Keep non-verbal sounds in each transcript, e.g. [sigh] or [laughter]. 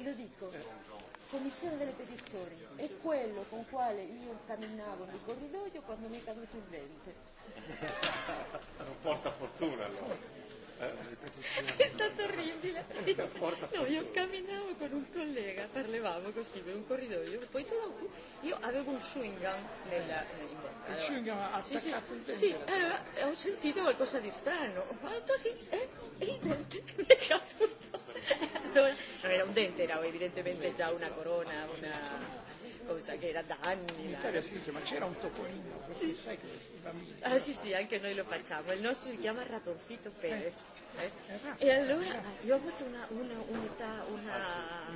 perché lo dico, commissione delle petizioni, è quello con quale io camminavo nel corridoio quando mi è caduto il vento. Non porta fortuna allora. È stato orribile. No, io camminavo con un collega, parlavamo così per un corridoio, poi tu, io avevo un chewing gum nella, in bocca. Il chewing gum attaccato sì, il dente? Sì, allora ho sentito qualcosa di strano, ho fatto sì, eh, il dente mi è caduto potente, era evidentemente già una corona, una cosa che era da anni. In Italia si dice ma c'era un topolino, sì. sai che i bambini. Ah sì sì, anche noi lo facciamo. Il nostro si chiama Radolfito Perez. Eh? E allora io ho avuto una, una unità, una,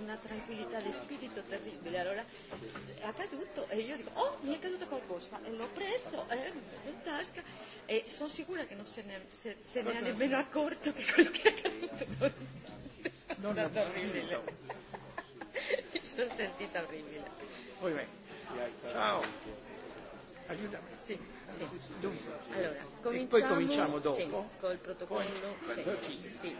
una tranquillità di spirito terribile. Allora è accaduto e io dico, oh mi è caduto qualcosa. E l'ho preso, eh, in tasca e sono sicura che non se ne, se, se ne ha nemmeno accorto che quello che è accaduto. No, è terribile. Eso sono sentita orribile. Muy bien. Chao. Ayúdame. Sí. sì. Dunque. Allora, cominciamo, e poi cominciamo dopo. Sì, col protocollo. Sì. Sì.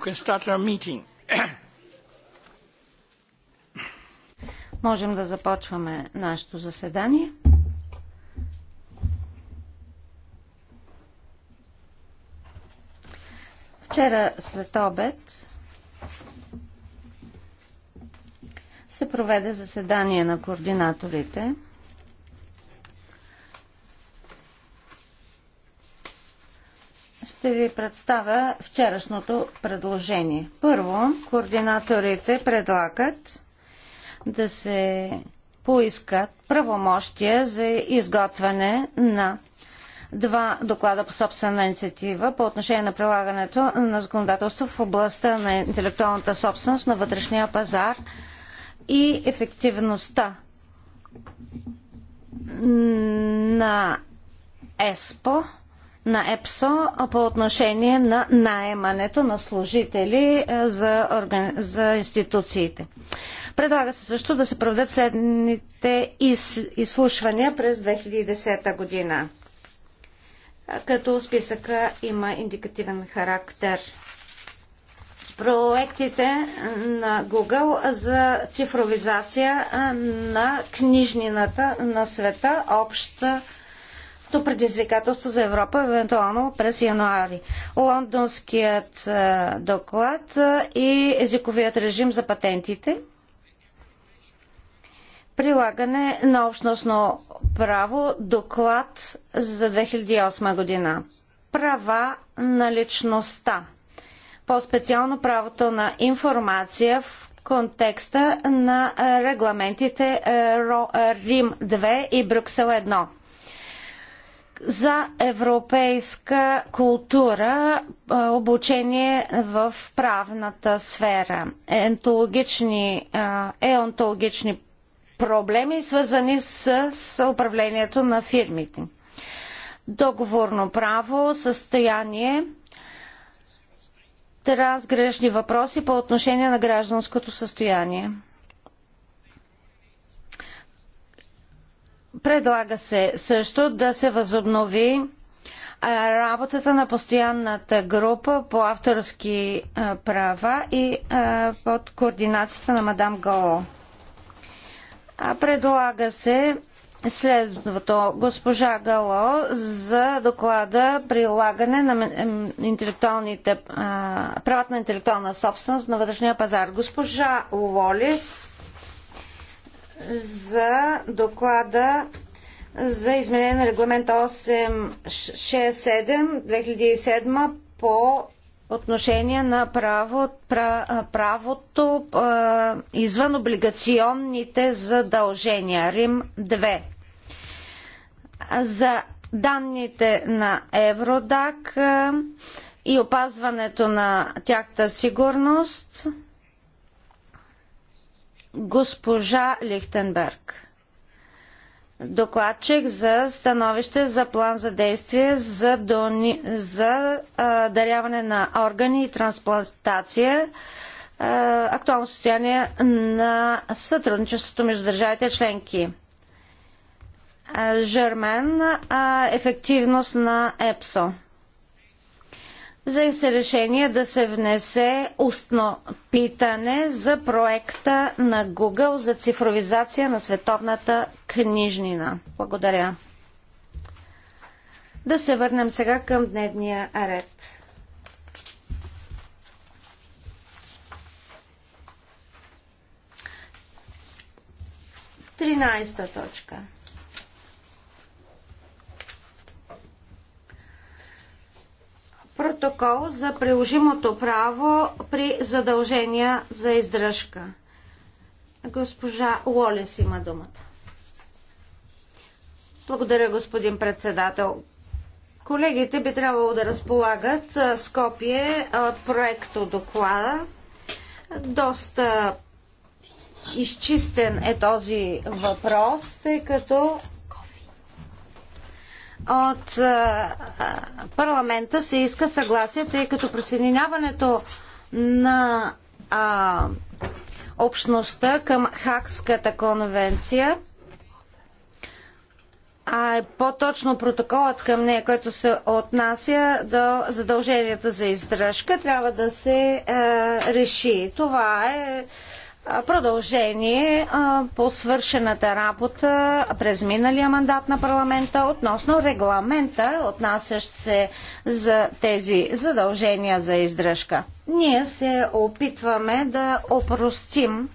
can start our meeting. Можем да започваме нашето заседание. Вчера след обед се проведе заседание на координаторите – ще ви представя вчерашното предложение. Първо, координаторите предлагат да се поискат правомощия за изготвяне на два доклада по собствена инициатива по отношение на прилагането на законодателство в областта на интелектуалната собственост на вътрешния пазар и ефективността на ЕСПО на ЕПСО по отношение на наемането на служители е, за, органи... за институциите. Предлага се също да се проведат следните из... изслушвания през 2010 година, като списъка има индикативен характер. Проектите на Google за цифровизация е, на книжнината на света, обща то предизвикателство за Европа, евентуално през януари. Лондонският е, доклад е, и езиковият режим за патентите. Прилагане на общностно право. Доклад за 2008 година. Права на личността. По-специално правото на информация в контекста на регламентите е, Рим 2 и Брюксел 1 за европейска култура, обучение в правната сфера, ентологични, еонтологични проблеми, свързани с управлението на фирмите. Договорно право, състояние, трансгрешни въпроси по отношение на гражданското състояние. Предлага се също да се възобнови работата на постоянната група по авторски права и под координацията на мадам Гало. Предлага се следното. Госпожа Гало за доклада прилагане на интелектуалните, правата на интелектуална собственост на вътрешния пазар. Госпожа Уолис за доклада за изменение на регламент 867-2007 по отношение на право, правото извън облигационните задължения. Рим 2. За данните на Евродак и опазването на тяхта сигурност – госпожа Лихтенберг. Докладчик за становище за план за действие за, дони... за а, даряване на органи и трансплантация актуално състояние на сътрудничеството между държавите членки. Жермен, ефективност на ЕПСО за се решение да се внесе устно питане за проекта на Google за цифровизация на световната книжнина. Благодаря. Да се върнем сега към дневния ред. Тринайста точка. протокол за приложимото право при задължения за издръжка. Госпожа Уолес има думата. Благодаря, господин председател. Колегите би трябвало да разполагат с копие проекто доклада. Доста изчистен е този въпрос, тъй като от е, е, парламента се иска съгласие, тъй като присъединяването на а, общността към Хакската конвенция а е по-точно протоколът към нея, който се отнася до задълженията за издръжка, трябва да се е, реши. Това е продължение по свършената работа през миналия мандат на парламента относно регламента, отнасящ се за тези задължения за издръжка. Ние се опитваме да опростим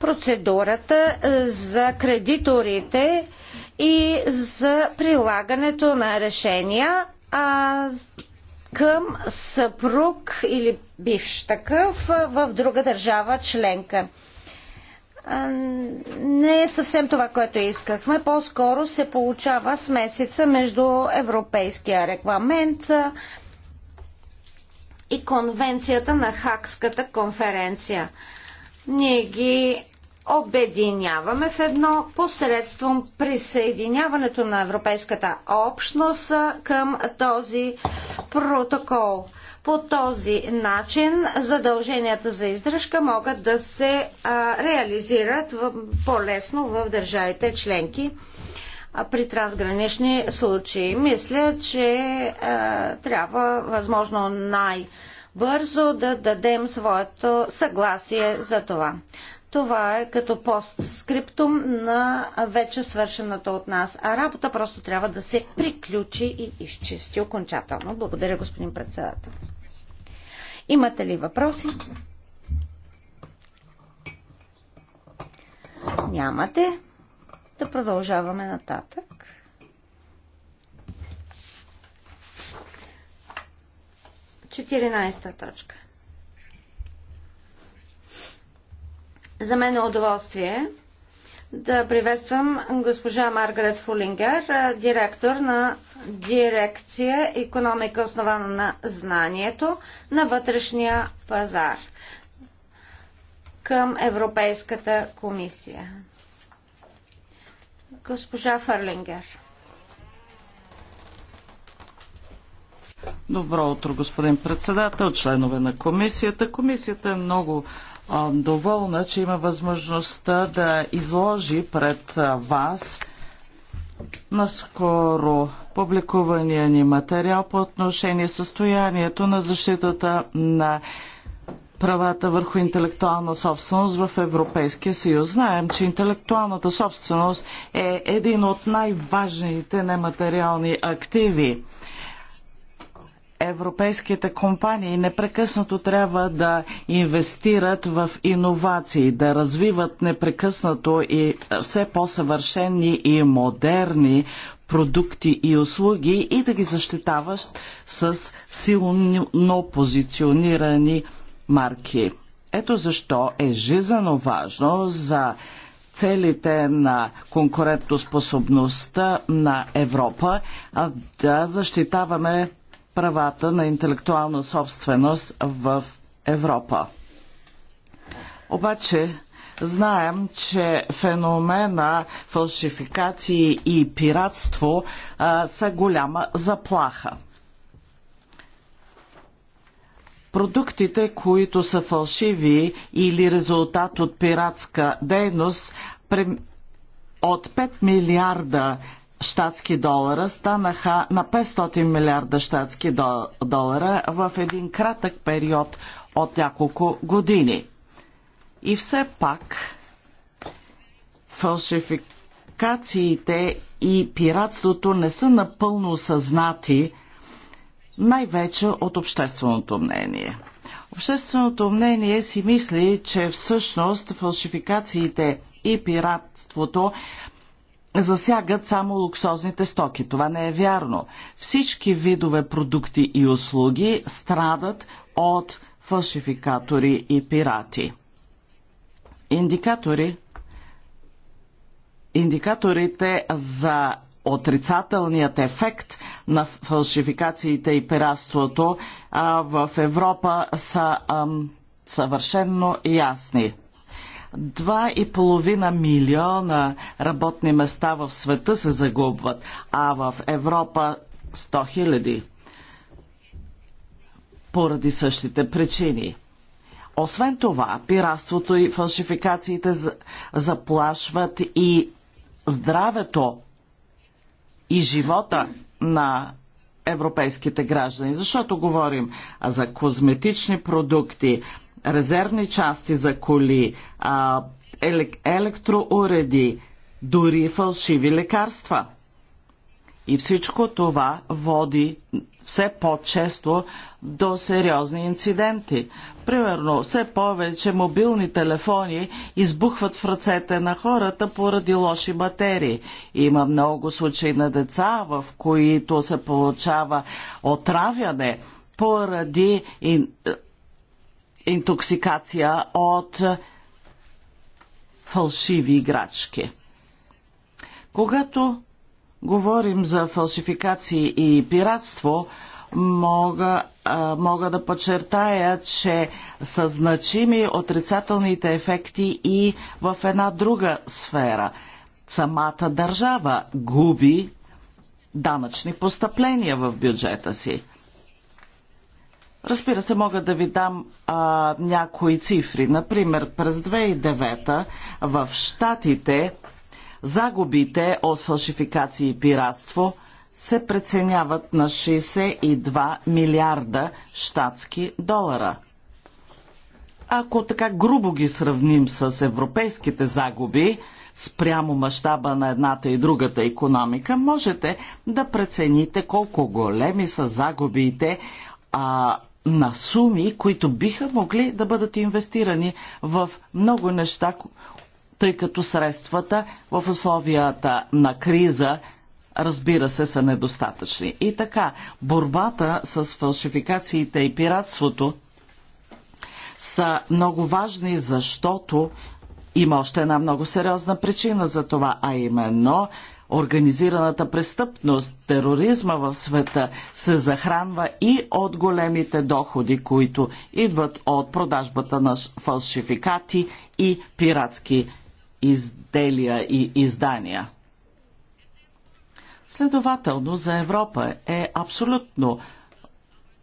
процедурата за кредиторите и за прилагането на решения а, към съпруг или бивш такъв в друга държава членка. Не е съвсем това, което искахме. По-скоро се получава смесица между европейския регламент и конвенцията на Хакската конференция. Ние ги обединяваме в едно посредством присъединяването на Европейската общност към този протокол. По този начин задълженията за издръжка могат да се а, реализират по-лесно в държавите членки а, при трансгранични случаи. Мисля, че а, трябва възможно най- бързо да дадем своето съгласие за това. Това е като постскриптум на вече свършената от нас а работа. Просто трябва да се приключи и изчисти окончателно. Благодаря, господин председател. Имате ли въпроси? Нямате. Да продължаваме нататък. Четиринайста точка. За мен е удоволствие да приветствам госпожа Маргарет Фулингер, директор на дирекция економика основана на знанието на вътрешния пазар към Европейската комисия. Госпожа Фарлингер. Добро утро, господин председател, членове на комисията. Комисията е много доволна, че има възможността да изложи пред вас наскоро публикувания ни материал по отношение състоянието на защитата на правата върху интелектуална собственост в Европейския съюз. Знаем, че интелектуалната собственост е един от най-важните нематериални активи европейските компании непрекъснато трябва да инвестират в иновации, да развиват непрекъснато и е, все по-съвършени и модерни продукти и услуги и да ги защитават с силно позиционирани марки. Ето защо е жизнено важно за целите на конкурентоспособността на Европа да защитаваме правата на интелектуална собственост в Европа. Обаче, знаем, че феномена фалшификации и пиратство а, са голяма заплаха. Продуктите, които са фалшиви или резултат от пиратска дейност, от 5 милиарда щатски долара станаха на 500 милиарда щатски долара в един кратък период от няколко години. И все пак фалшификациите и пиратството не са напълно осъзнати най-вече от общественото мнение. Общественото мнение си мисли, че всъщност фалшификациите и пиратството засягат само луксозните стоки. Това не е вярно. Всички видове продукти и услуги страдат от фалшификатори и пирати. Индикатори Индикаторите за отрицателният ефект на фалшификациите и пиратството а, в Европа са ам, съвършенно ясни. 2,5 милиона работни места в света се загубват, а в Европа 100 хиляди. Поради същите причини. Освен това, пиратството и фалшификациите заплашват и здравето и живота на европейските граждани, защото говорим за козметични продукти, резервни части за коли, а, електроуреди, дори фалшиви лекарства. И всичко това води все по-често до сериозни инциденти. Примерно, все повече мобилни телефони избухват в ръцете на хората поради лоши батерии. Има много случаи на деца, в които се получава отравяне поради интоксикация от фалшиви играчки. Когато говорим за фалшификации и пиратство, мога, а, мога да подчертая, че са значими отрицателните ефекти и в една друга сфера. Самата държава губи данъчни постъпления в бюджета си. Разбира се, мога да ви дам а, някои цифри. Например, през 2009 в Штатите загубите от фалшификации и пиратство се преценяват на 62 милиарда штатски долара. Ако така грубо ги сравним с европейските загуби, спрямо мащаба на едната и другата економика, можете да прецените колко големи са загубите а, на суми, които биха могли да бъдат инвестирани в много неща, тъй като средствата в условията на криза разбира се, са недостатъчни. И така, борбата с фалшификациите и пиратството са много важни, защото има още една много сериозна причина за това, а именно Организираната престъпност, тероризма в света се захранва и от големите доходи, които идват от продажбата на фалшификати и пиратски изделия и издания. Следователно за Европа е абсолютно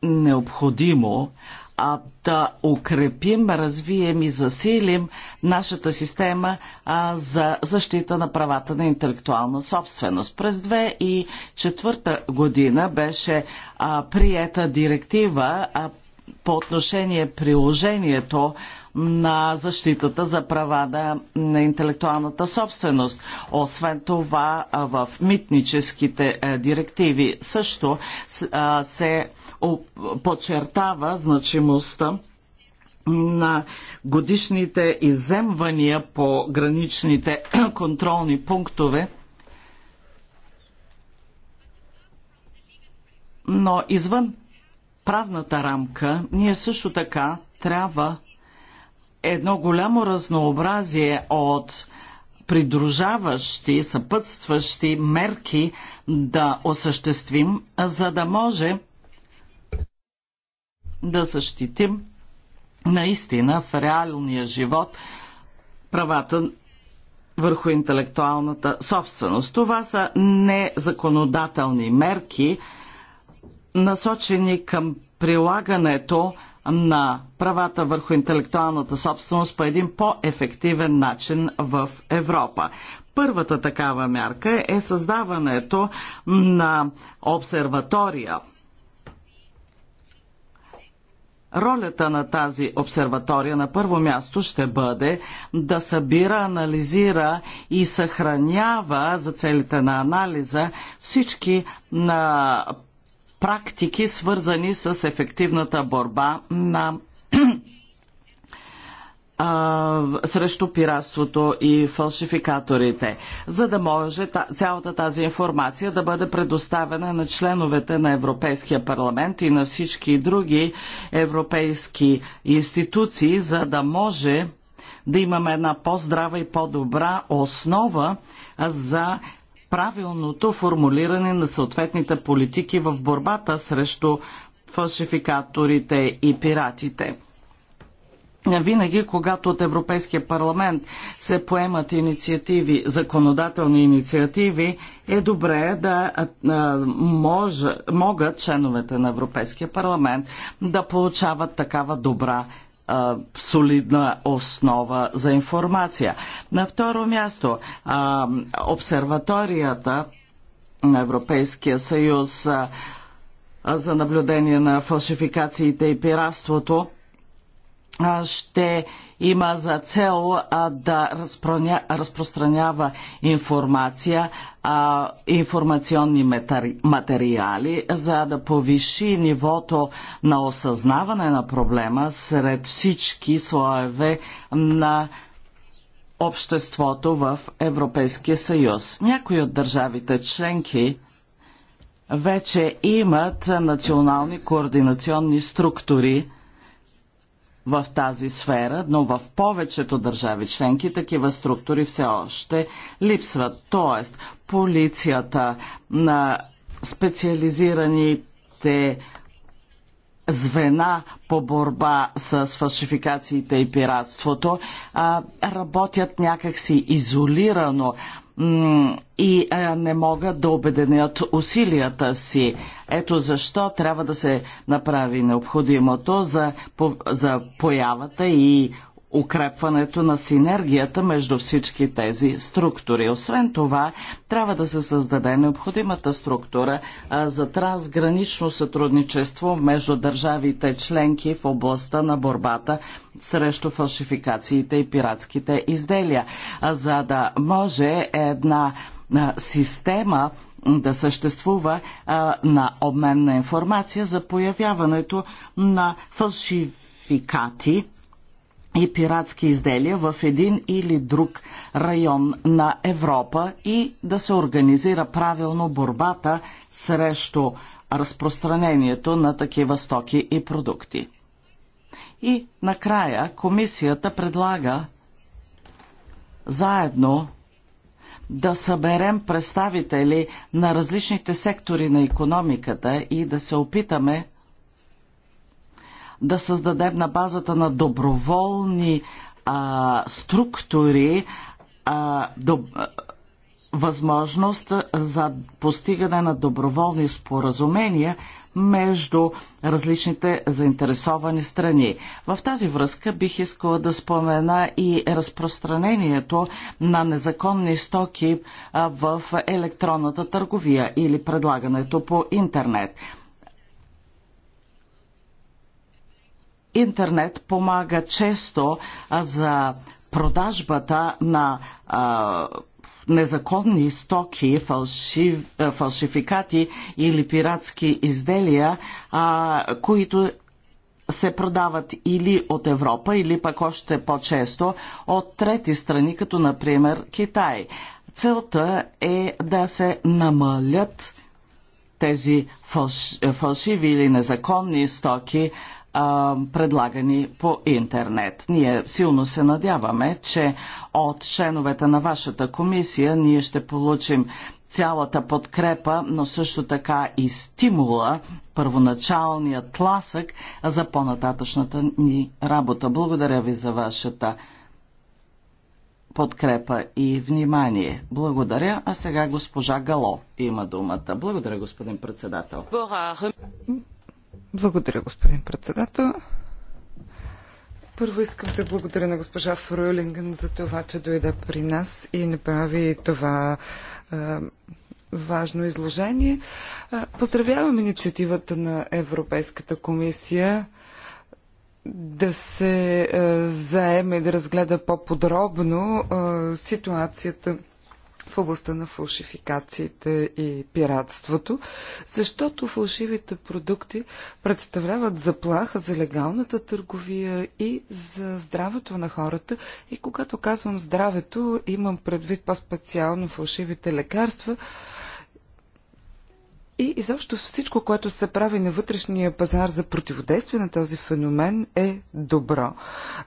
необходимо а, да укрепим, развием и засилим нашата система а, за защита на правата на интелектуална собственост. През 2004 година беше а, приета директива а, по отношение приложението на защитата за права на, на интелектуалната собственост. Освен това, в митническите е, директиви също се подчертава значимостта на годишните иземвания по граничните [clears throat] контролни пунктове, но извън правната рамка, ние също така трябва едно голямо разнообразие от придружаващи, съпътстващи мерки да осъществим, за да може да защитим наистина в реалния живот правата върху интелектуалната собственост. Това са незаконодателни мерки, насочени към прилагането на правата върху интелектуалната собственост по един по-ефективен начин в Европа. Първата такава мярка е създаването на обсерватория. Ролята на тази обсерватория на първо място ще бъде да събира, анализира и съхранява за целите на анализа всички на практики, свързани с ефективната борба на [clears throat] срещу пиратството и фалшификаторите, за да може цялата тази информация да бъде предоставена на членовете на Европейския парламент и на всички други европейски институции, за да може да имаме една по-здрава и по-добра основа за правилното формулиране на съответните политики в борбата срещу фалшификаторите и пиратите. Винаги, когато от Европейския парламент се поемат инициативи, законодателни инициативи, е добре да а, може, могат членовете на Европейския парламент да получават такава добра а, солидна основа за информация. На второ място, а, обсерваторията на Европейския съюз а, за наблюдение на фалшификациите и пиратството ще има за цел а, да разпроня, разпространява информация, а, информационни метари, материали, за да повиши нивото на осъзнаване на проблема сред всички слоеве на обществото в Европейския съюз. Някои от държавите членки вече имат национални координационни структури, в тази сфера, но в повечето държави членки такива структури все още липсват. Тоест, полицията на специализираните звена по борба с фалшификациите и пиратството а, работят някакси изолирано и а, не могат да обеденят усилията си. Ето защо трябва да се направи необходимото за, за появата и укрепването на синергията между всички тези структури. Освен това, трябва да се създаде необходимата структура а, за трансгранично сътрудничество между държавите членки в областта на борбата срещу фалшификациите и пиратските изделия, а, за да може една а, система да съществува а, на обмен на информация за появяването на фалшификати и пиратски изделия в един или друг район на Европа и да се организира правилно борбата срещу разпространението на такива стоки и продукти. И накрая комисията предлага заедно да съберем представители на различните сектори на економиката и да се опитаме да създадем на базата на доброволни а, структури а, до, а, възможност за постигане на доброволни споразумения между различните заинтересовани страни. В тази връзка бих искала да спомена и разпространението на незаконни стоки в електронната търговия или предлагането по интернет. интернет помага често за продажбата на а, незаконни стоки, фалшив, фалшификати или пиратски изделия, а, които се продават или от Европа, или пък още по-често от трети страни, като например Китай. Целта е да се намалят тези фалш... фалшиви или незаконни стоки а, предлагани по интернет. Ние силно се надяваме, че от членовете на вашата комисия ние ще получим цялата подкрепа, но също така и стимула, първоначалният тласък за по-нататъчната ни работа. Благодаря ви за вашата подкрепа и внимание. Благодаря, а сега госпожа Гало има думата. Благодаря, господин председател. Благодаря, господин председател. Първо искам да благодаря на госпожа Фройлинген за това, че дойде при нас и направи това важно изложение. Поздравявам инициативата на Европейската комисия да се заеме и да разгледа по-подробно ситуацията областта на фалшификациите и пиратството, защото фалшивите продукти представляват заплаха за легалната търговия и за здравето на хората. И когато казвам здравето, имам предвид по-специално фалшивите лекарства, и изобщо всичко, което се прави на вътрешния пазар за противодействие на този феномен е добро.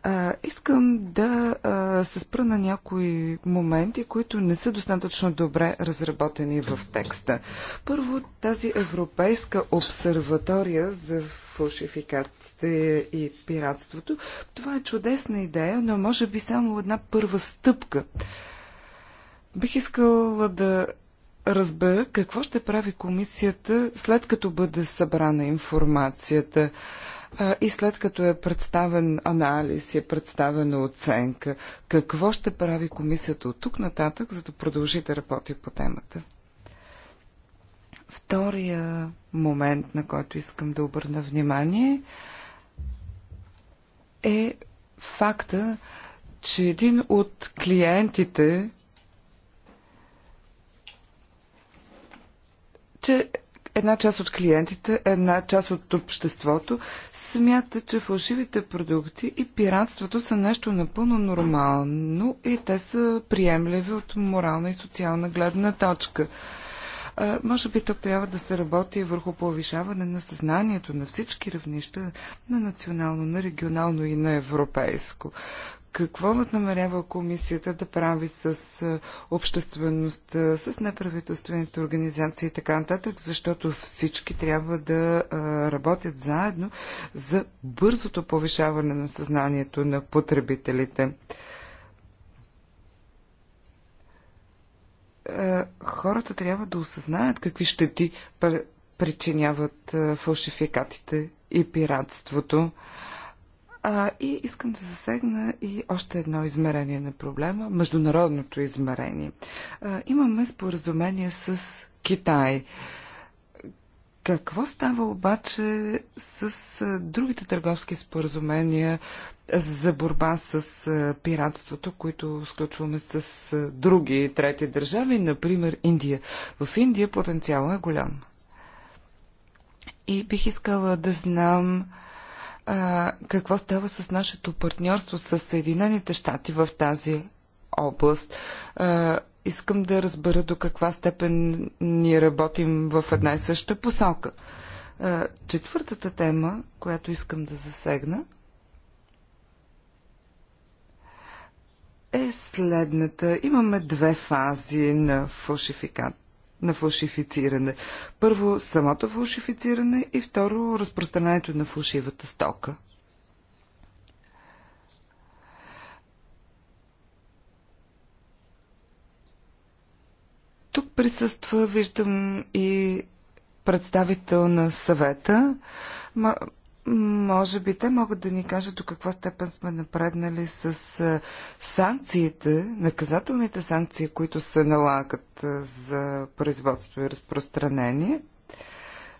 А, искам да а, се спра на някои моменти, които не са достатъчно добре разработени в текста. Първо, тази Европейска обсерватория за фалшификатите и пиратството. Това е чудесна идея, но може би само една първа стъпка. Бих искала да разбера какво ще прави комисията след като бъде събрана информацията и след като е представен анализ и е представена оценка. Какво ще прави комисията от тук нататък, за да продължи да работи по темата? Втория момент, на който искам да обърна внимание, е факта, че един от клиентите че една част от клиентите, една част от обществото смята, че фалшивите продукти и пиратството са нещо напълно нормално и те са приемливи от морална и социална гледна точка. А, може би тук трябва да се работи върху повишаване на съзнанието на всички равнища, на национално, на регионално и на европейско. Какво възнамерява комисията да прави с обществеността, с неправителствените организации и така нататък, защото всички трябва да работят заедно за бързото повишаване на съзнанието на потребителите. Хората трябва да осъзнаят какви щети причиняват фалшификатите и пиратството. А, и искам да засегна и още едно измерение на проблема международното измерение. А, имаме споразумение с Китай. Какво става обаче с другите търговски споразумения за борба с пиратството, които сключваме с други трети държави, например Индия? В Индия потенциалът е голям. И бих искала да знам а, а, какво става с нашето партньорство с Съединените щати в тази област. А, искам да разбера до каква степен ние работим в една и съща посока. А, четвъртата тема, която искам да засегна, е следната. Имаме две фази на фалшификат на фалшифициране. Първо, самото фалшифициране и второ, разпространението на фалшивата стока. Тук присъства, виждам и представител на съвета. Може би те могат да ни кажат до каква степен сме напреднали с санкциите, наказателните санкции, които се налагат за производство и разпространение.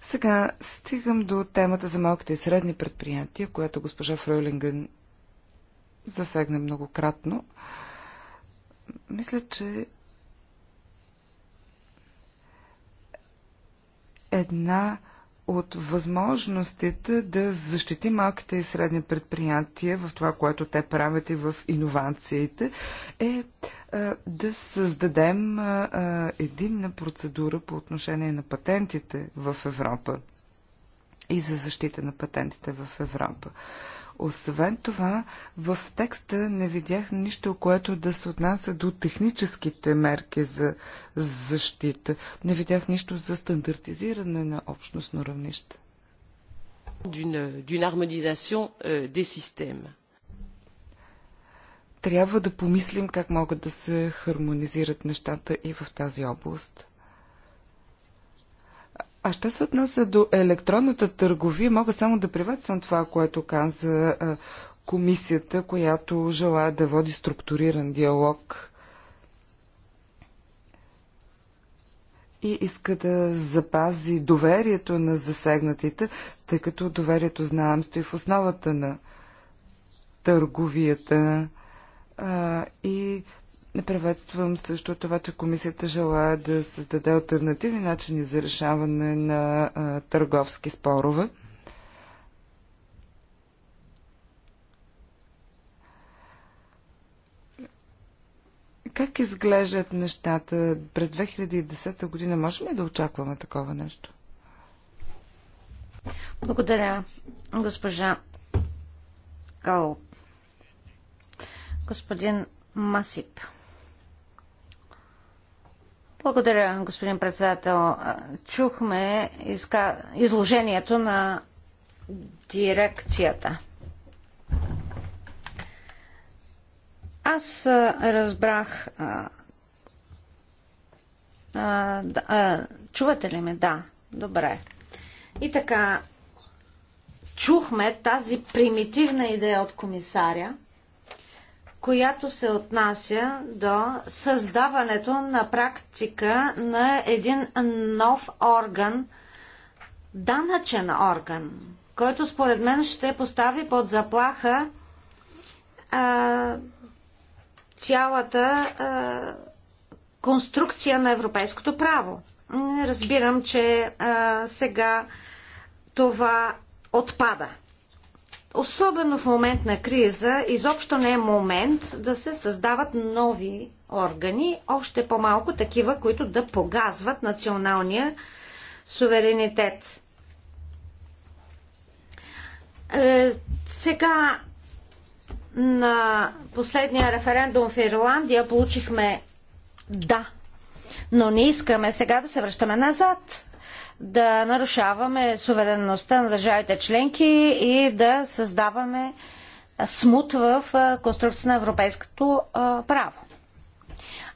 Сега стигам до темата за малките и средни предприятия, която госпожа Фройлинген засегна многократно. Мисля, че една от възможностите да защити малките и средни предприятия в това, което те правят и в иновациите, е, е да създадем е, е, единна процедура по отношение на патентите в Европа и за защита на патентите в Европа. Освен това, в текста не видях нищо, което да се отнася до техническите мерки за защита. Не видях нищо за стандартизиране на общностно равнище. D'une harmonisation euh, des systèmes. Трябва да помислим как могат да се хармонизират нещата и в тази област. А що се отнася до електронната търговия, мога само да приветствам това, което каза комисията, която желая да води структуриран диалог и иска да запази доверието на засегнатите, тъй като доверието, знаем, стои в основата на търговията а, и не приветствам също това, че комисията желая да създаде альтернативни начини за решаване на а, търговски спорове. Как изглеждат нещата през 2010 година? Можем ли да очакваме такова нещо? Благодаря, госпожа Као, Господин Масип. Благодаря, господин председател. Чухме изка... изложението на дирекцията. Аз разбрах. А, а, чувате ли ме? Да. Добре. И така, чухме тази примитивна идея от комисаря – която се отнася до създаването на практика на един нов орган, данъчен орган, който според мен ще постави под заплаха а, цялата а, конструкция на европейското право. Разбирам, че а, сега това отпада особено в момент на криза, изобщо не е момент да се създават нови органи, още по-малко такива, които да погазват националния суверенитет. Е, сега на последния референдум в Ирландия получихме да, но не искаме сега да се връщаме назад да нарушаваме суверенността на държавите членки и да създаваме смут в конструкция на европейското право.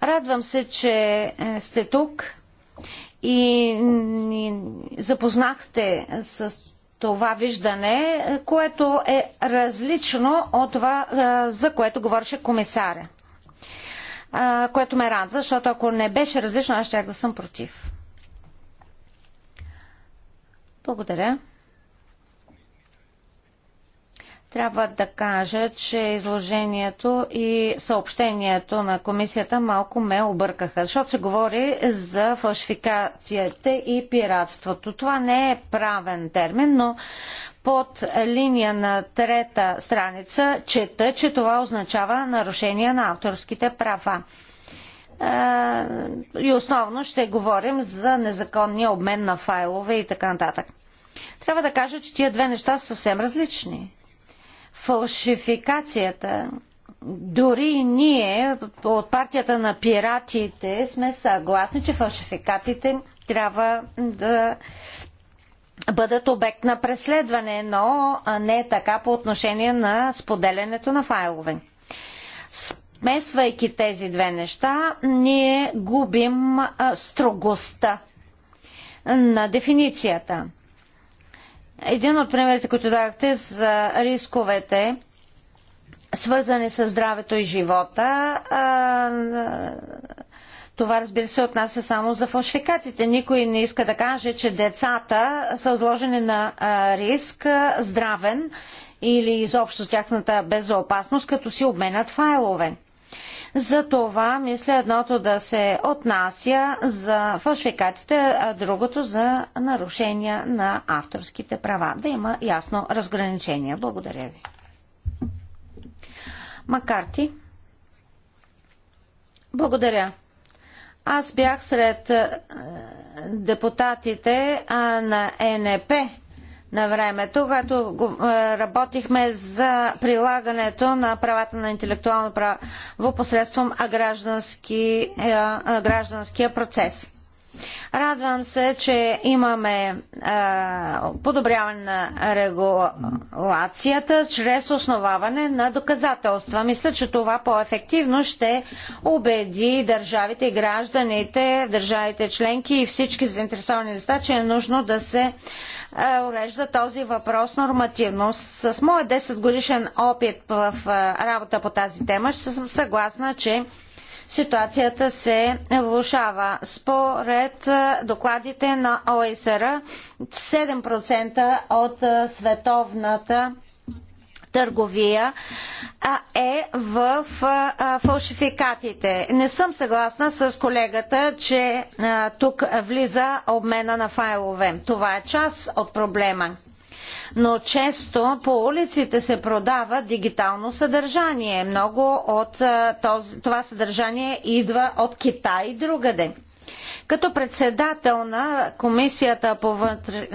Радвам се, че е, сте тук и ни запознахте с това виждане, което е различно от това, за което говореше комисаря. Което ме радва, защото ако не беше различно, аз ще да съм против. Благодаря. Трябва да кажа, че изложението и съобщението на комисията малко ме объркаха, защото се говори за фалшификацията и пиратството. Това не е правен термин, но под линия на трета страница чета, че това означава нарушение на авторските права и основно ще говорим за незаконния обмен на файлове и така нататък. Трябва да кажа, че тия две неща са съвсем различни. Фалшификацията дори и ние от партията на пиратите сме съгласни, че фалшификатите трябва да бъдат обект на преследване, но не е така по отношение на споделянето на файлове смесвайки тези две неща, ние губим строгостта на дефиницията. Един от примерите, които дадахте за рисковете, свързани с здравето и живота, това разбира се отнася само за фалшификациите. Никой не иска да каже, че децата са изложени на риск здравен или изобщо с тяхната безопасност, като си обменят файлове. За това мисля едното да се отнася за фалшификатите, а другото за нарушения на авторските права. Да има ясно разграничение. Благодаря ви. Макарти. Благодаря. Аз бях сред депутатите на ЕНП на времето, когато е, работихме за прилагането на правата на интелектуално право посредством е, е, гражданския процес. Радвам се, че имаме подобряване на регулацията чрез основаване на доказателства. Мисля, че това по-ефективно ще убеди държавите и гражданите държавите членки и всички заинтересовани лица, че е нужно да се а, урежда този въпрос нормативно. С, моят 10 годишен опит в работа по тази тема, ще съм съгласна, че ситуацията се влушава. Според докладите на ОСР, 7% от световната търговия е в фалшификатите. Не съм съгласна с колегата, че тук влиза обмена на файлове. Това е част от проблема но често по улиците се продава дигитално съдържание. Много от това съдържание идва от Китай и другаде. Като председател на Комисията по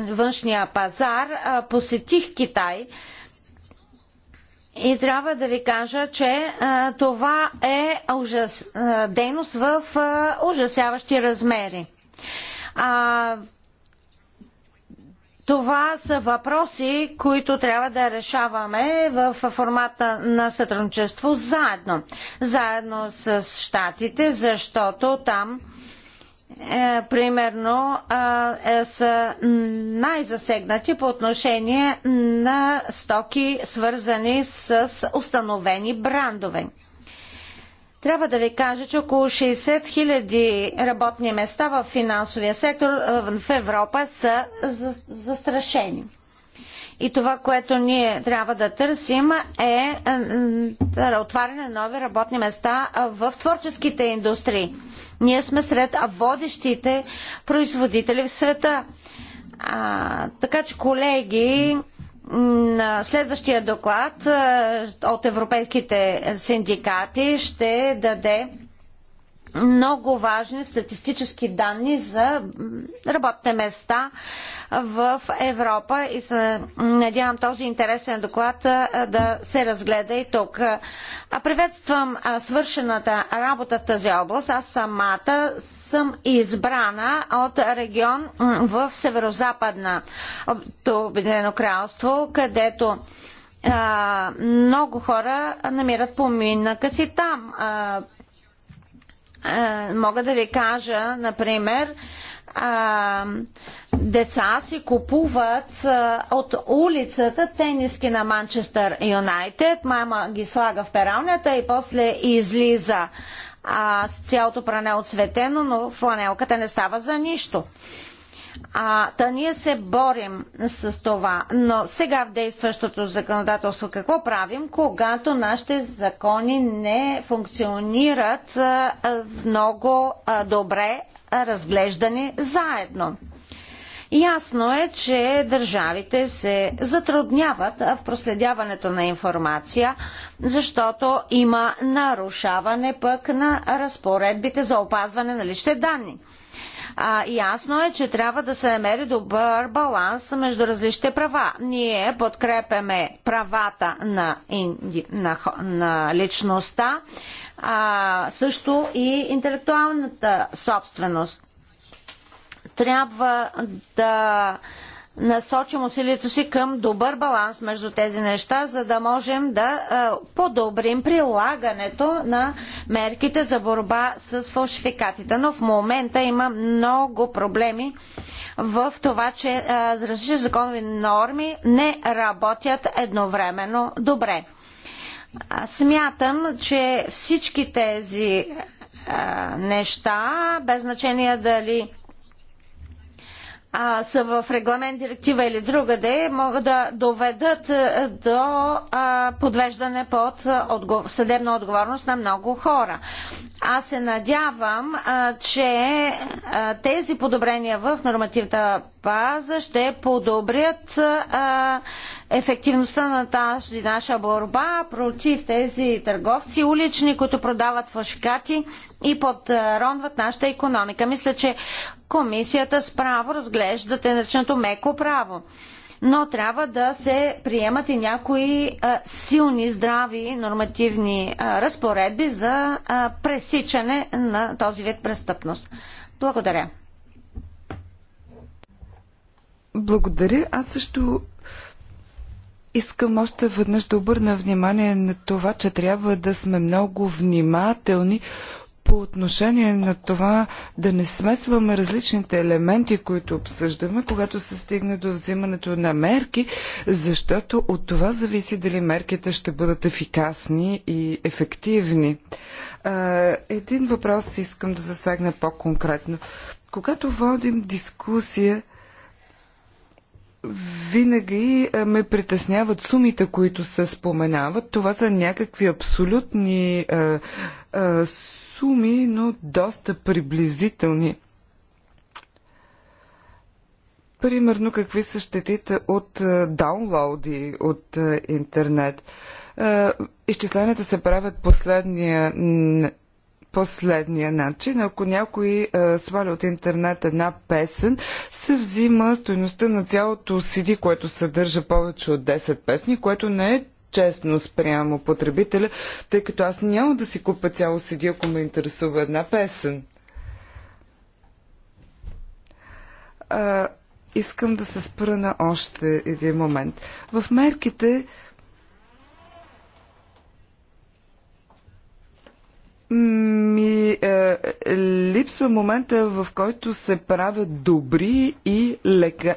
външния пазар посетих Китай и трябва да ви кажа, че това е ужас, дейност в ужасяващи размери. Това са въпроси, които трябва да решаваме в формата на сътрудничество заедно. Заедно с щатите, защото там е, примерно е, е са най-засегнати по отношение на стоки, свързани с установени брандове. Трябва да ви кажа, че около 60 000 работни места в финансовия сектор в Европа са застрашени. И това, което ние трябва да търсим е отваряне на нови работни места в творческите индустрии. Ние сме сред водещите производители в света. А, така че, колеги, на следващия доклад от европейските синдикати ще даде много важни статистически данни за работните места в Европа и се надявам този интересен доклад да се разгледа и тук. Приветствам свършената работа в тази област. Аз самата съм избрана от регион в северо-западна Обединено кралство, където много хора намират поминъка си там. Е, мога да ви кажа, например, а, е, деца си купуват а, е, от улицата тениски на Манчестър Юнайтед. Мама ги слага в пералнята и после излиза а, с цялото пране отсветено, но фланелката не става за нищо. А, та ние се борим с това. Но сега в действащото законодателство какво правим, когато нашите закони не функционират а, много а, добре а, разглеждани заедно? Ясно е, че държавите се затрудняват в проследяването на информация, защото има нарушаване пък на разпоредбите за опазване на личните данни. А, ясно е, че трябва да се намери добър баланс между различните права. Ние подкрепяме правата на, инди, на, на личността, а, също и интелектуалната собственост. Трябва да насочим усилието си към добър баланс между тези неща, за да можем да подобрим прилагането на мерките за борба с фалшификатите. Но в момента има много проблеми в това, че различни законови норми не работят едновременно добре. Смятам, че всички тези неща, без значение дали а, са в регламент, директива или другаде, могат да доведат е, до а, подвеждане под а, е, съдебна отговорност на много хора. Аз се надявам, а, че а, тези подобрения в нормативната база ще подобрят а, ефективността на тази наша борба против тези търговци улични, които продават фашкати и подронват нашата економика. Мисля, че комисията справо разглежда нареченото меко право но трябва да се приемат и някои а, силни, здрави нормативни а, разпоредби за а, пресичане на този вид престъпност. Благодаря. Благодаря. Аз също Искам още веднъж да обърна внимание на това, че трябва да сме много внимателни по отношение на това да не смесваме различните елементи, които обсъждаме, когато се стигне до взимането на мерки, защото от това зависи дали мерките ще бъдат ефикасни и ефективни. Един въпрос искам да засегна по-конкретно. Когато водим дискусия, винаги ме притесняват сумите, които се споменават. Това са някакви абсолютни суми, но доста приблизителни. Примерно, какви са щетите от е, даунлоуди от е, интернет. Е, изчисленията се правят последния последния начин. Ако някой а, сваля от интернет една песен, се взима стоеността на цялото CD, което съдържа повече от 10 песни, което не е честно спрямо потребителя, тъй като аз няма да си купя цяло седи, ако ме интересува една песен. А, искам да се спра на още един момент. В мерките ми е, липсва момента, в който се правят добри и, лега,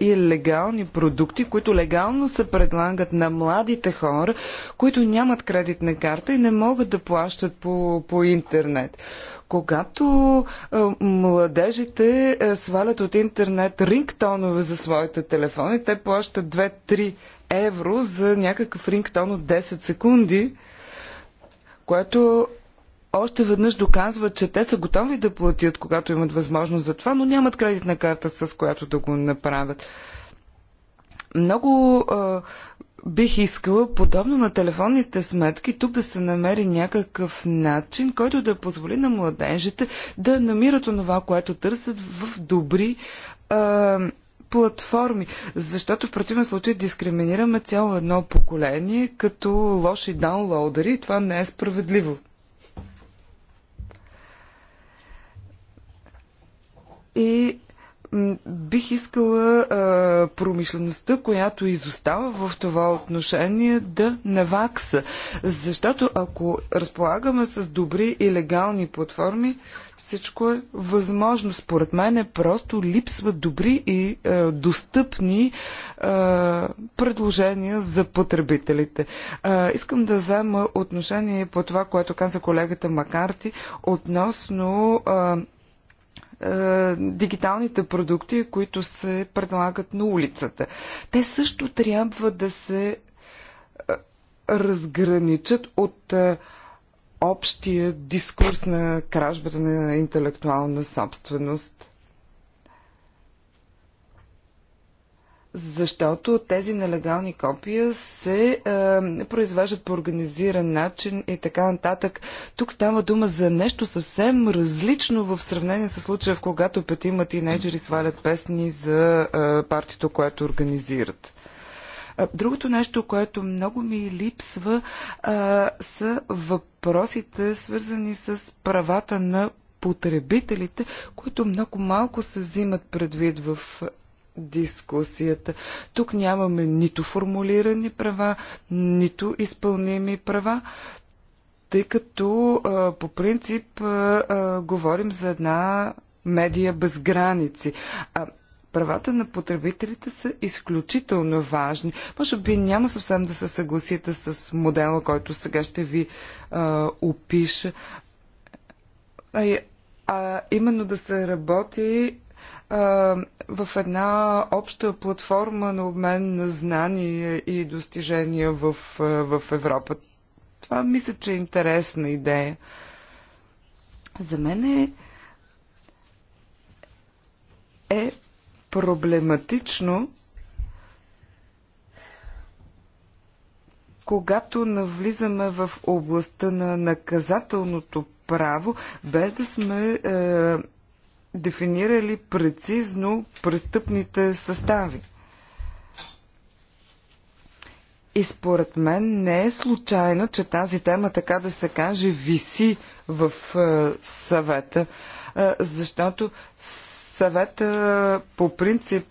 е, и легални продукти, които легално се предлагат на младите хора, които нямат кредитна карта и не могат да плащат по, по интернет когато е, младежите е, свалят от интернет рингтонове за своите телефони, те плащат 2-3 евро за някакъв рингтон от 10 секунди, което още веднъж доказват, че те са готови да платят, когато имат възможност за това, но нямат кредитна карта, с която да го направят. Много а, бих искала, подобно на телефонните сметки, тук да се намери някакъв начин, който да позволи на младежите да намират онова, което търсят в добри а, платформи, защото в противен случай дискриминираме цяло едно поколение като лоши даунлоудери и това не е справедливо. И бих искала а, промишлеността, която изостава в това отношение, да навакса. Защото ако разполагаме с добри и легални платформи, всичко е възможно. Според мен е просто липсват добри и а, е, достъпни а, е, предложения за потребителите. А, е, искам да взема отношение по това, което каза колегата Макарти относно а, е, дигиталните продукти, които се предлагат на улицата. Те също трябва да се е, разграничат от е, общия дискурс на кражбата на интелектуална собственост. защото тези нелегални копия се е, произвеждат по организиран начин и така нататък. Тук става дума за нещо съвсем различно в сравнение с случая, в когато петима тинейджери свалят песни за е, партито, което организират. Е, другото нещо, което много ми липсва, е, са въпросите, свързани с правата на потребителите, които много малко се взимат предвид в е, дискусията. Тук нямаме нито формулирани права, нито изпълними права, тъй като а, по принцип а, а, говорим за една медия без граници. А, правата на потребителите са изключително важни. Може би няма съвсем да се съгласите с модела, който сега ще ви а, опиша. А, а именно да се работи в една обща платформа на обмен на знания и достижения в, в Европа. Това мисля, че е интересна идея. За мен е, е проблематично, когато навлизаме в областта на наказателното право, без да сме е, дефинирали прецизно престъпните състави. И според мен не е случайно, че тази тема, така да се каже, виси в е, съвета, е, защото съвета по принцип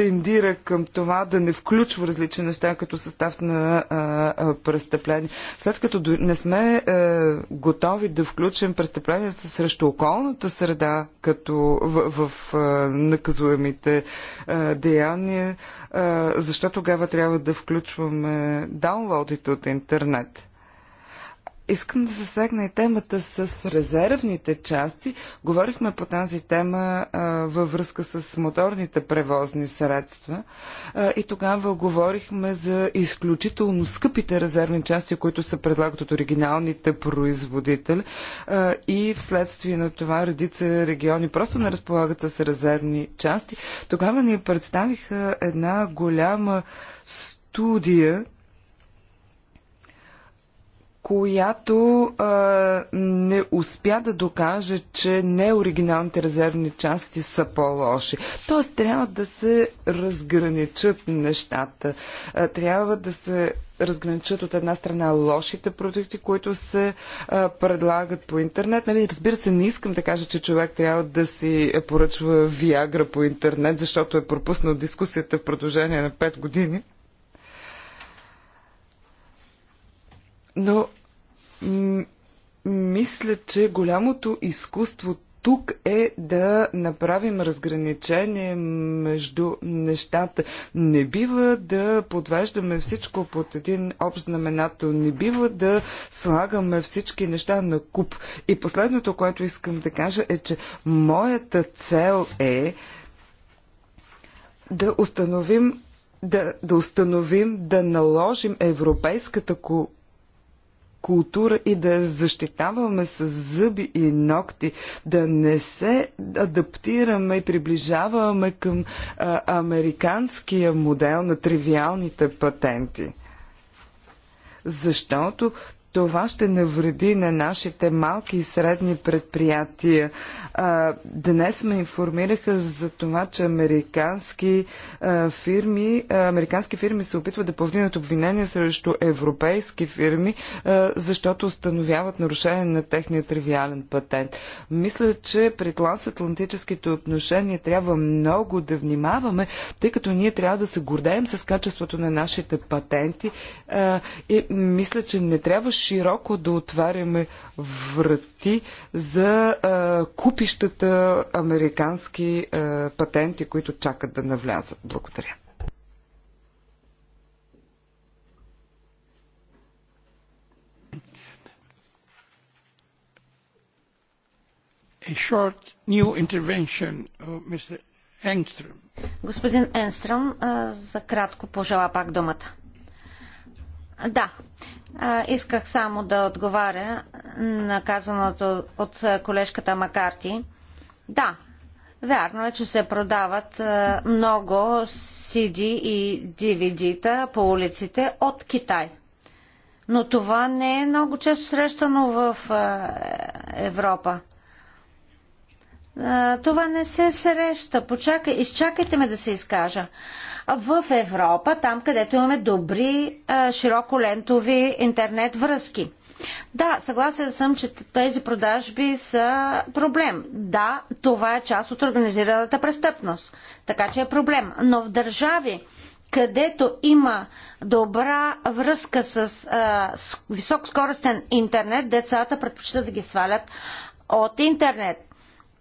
тендира към това да не включва различни неща като състав на а, а, престъпление. След като не сме а, готови да включим престъпления срещу околната среда като в, в а, наказуемите а, деяния, а, защо тогава трябва да включваме даунлоудите от интернет? Искам да засегна и темата с резервните части. Говорихме по тази тема а, във връзка с моторните превозни средства а, и тогава говорихме за изключително скъпите резервни части, които се предлагат от оригиналните производители а, и вследствие на това редица региони просто не разполагат с резервни части. Тогава ни представиха една голяма студия, която а, не успя да докаже, че неоригиналните резервни части са по-лоши. Тоест трябва да се разграничат нещата. А, трябва да се разграничат от една страна лошите продукти, които се а, предлагат по интернет. Нали, разбира се, не искам да кажа, че човек трябва да си поръчва Виагра по интернет, защото е пропуснал дискусията в продължение на 5 години. Но мисля, че голямото изкуство тук е да направим разграничение между нещата. Не бива да подвеждаме всичко под един общ знаменател. Не бива да слагаме всички неща на куп. И последното, което искам да кажа е, че моята цел е да установим да, да установим, да наложим европейската култура и да я защитаваме с зъби и ногти, да не се адаптираме и приближаваме към а, американския модел на тривиалните патенти. Защото това ще навреди на нашите малки и средни предприятия. Днес ме информираха за това, че американски фирми, американски фирми се опитват да повдигнат обвинения срещу европейски фирми, защото установяват нарушение на техния тривиален патент. Мисля, че при трансатлантическите отношения трябва много да внимаваме, тъй като ние трябва да се гордеем с качеството на нашите патенти и мисля, че не трябваше широко да отваряме врати за а, купищата американски а, патенти, които чакат да навлязат. Благодаря. A short new intervention of Mr. Engström. Господин Енстром, за кратко пожела пак думата. Да, а, исках само да отговаря на казаното от колежката Макарти. Да, вярно е, че се продават много CD и DVD-та по улиците от Китай. Но това не е много често срещано в Европа. Това не се среща. Почакай, изчакайте ме да се изкажа в Европа, там където имаме добри широколентови интернет връзки. Да, съгласен съм, че тези продажби са проблем. Да, това е част от организираната престъпност. Така че е проблем. Но в държави, където има добра връзка с, а, с високоскоростен интернет, децата предпочитат да ги свалят от интернет.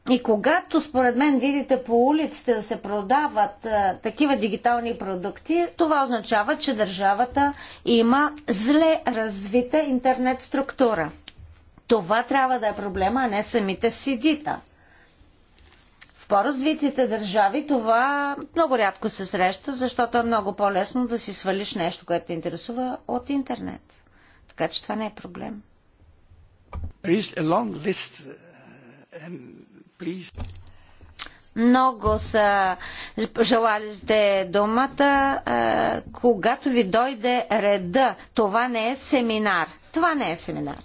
И когато според мен видите по улиците да се продават а, такива дигитални продукти, това означава, че държавата има зле развита интернет структура. Това трябва да е проблема, а не самите сидита. В по-развитите държави това много рядко се среща, защото е много по-лесно да си свалиш нещо, което те интересува от интернет. Така че това не е проблем. There is a long list, uh, много са желалите думата. Е, когато ви дойде реда, това не е семинар. Това не е семинар.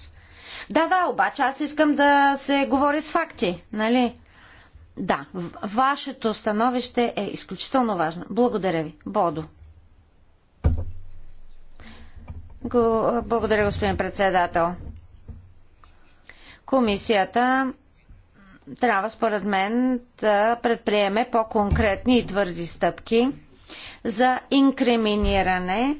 Да, да, обаче аз искам да се говори с факти, нали? Да, вашето становище е изключително важно. Благодаря ви. Бодо. Благодаря, господин председател. Комисията трябва според мен да предприеме по-конкретни и твърди стъпки за инкриминиране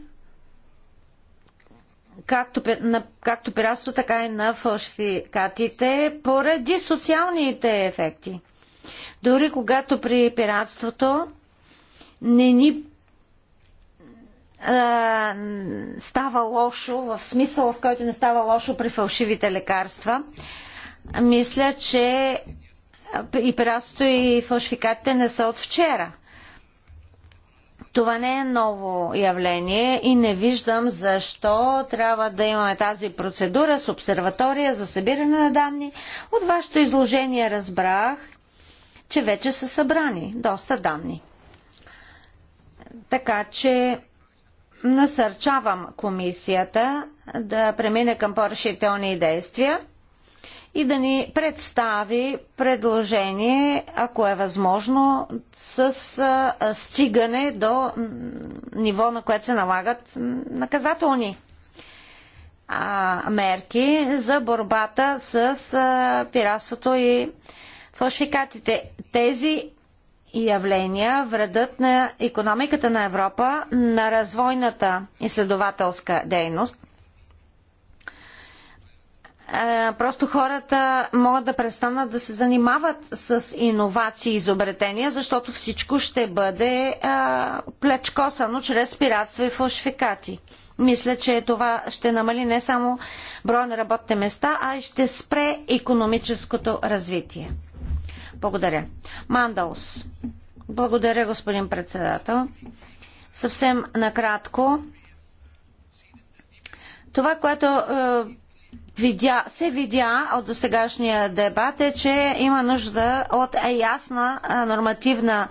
както, на, както пиратство, така и на фалшификатите поради социалните ефекти. Дори когато при пиратството не ни става лошо, в смисъл в който не става лошо при фалшивите лекарства, мисля, че и прасто и фалшификатите не са от вчера. Това не е ново явление и не виждам защо трябва да имаме тази процедура с обсерватория за събиране на данни. От вашето изложение разбрах, че вече са събрани доста данни. Така че насърчавам комисията да премине към по-решителни действия – и да ни представи предложение, ако е възможно, с стигане до ниво, на което се налагат наказателни мерки за борбата с пиратството и фалшификатите. Тези явления вредат на економиката на Европа, на развойната изследователска дейност – е, просто хората могат да престанат да се занимават с иновации и изобретения, защото всичко ще бъде е, плечкосано чрез пиратство и фалшификати. Мисля, че това ще намали не само броя на работните места, а и ще спре економическото развитие. Благодаря. Мандалс. Благодаря, господин председател. Съвсем накратко. Това, което е, видя, се видя от досегашния дебат е, че има нужда от ясна нормативна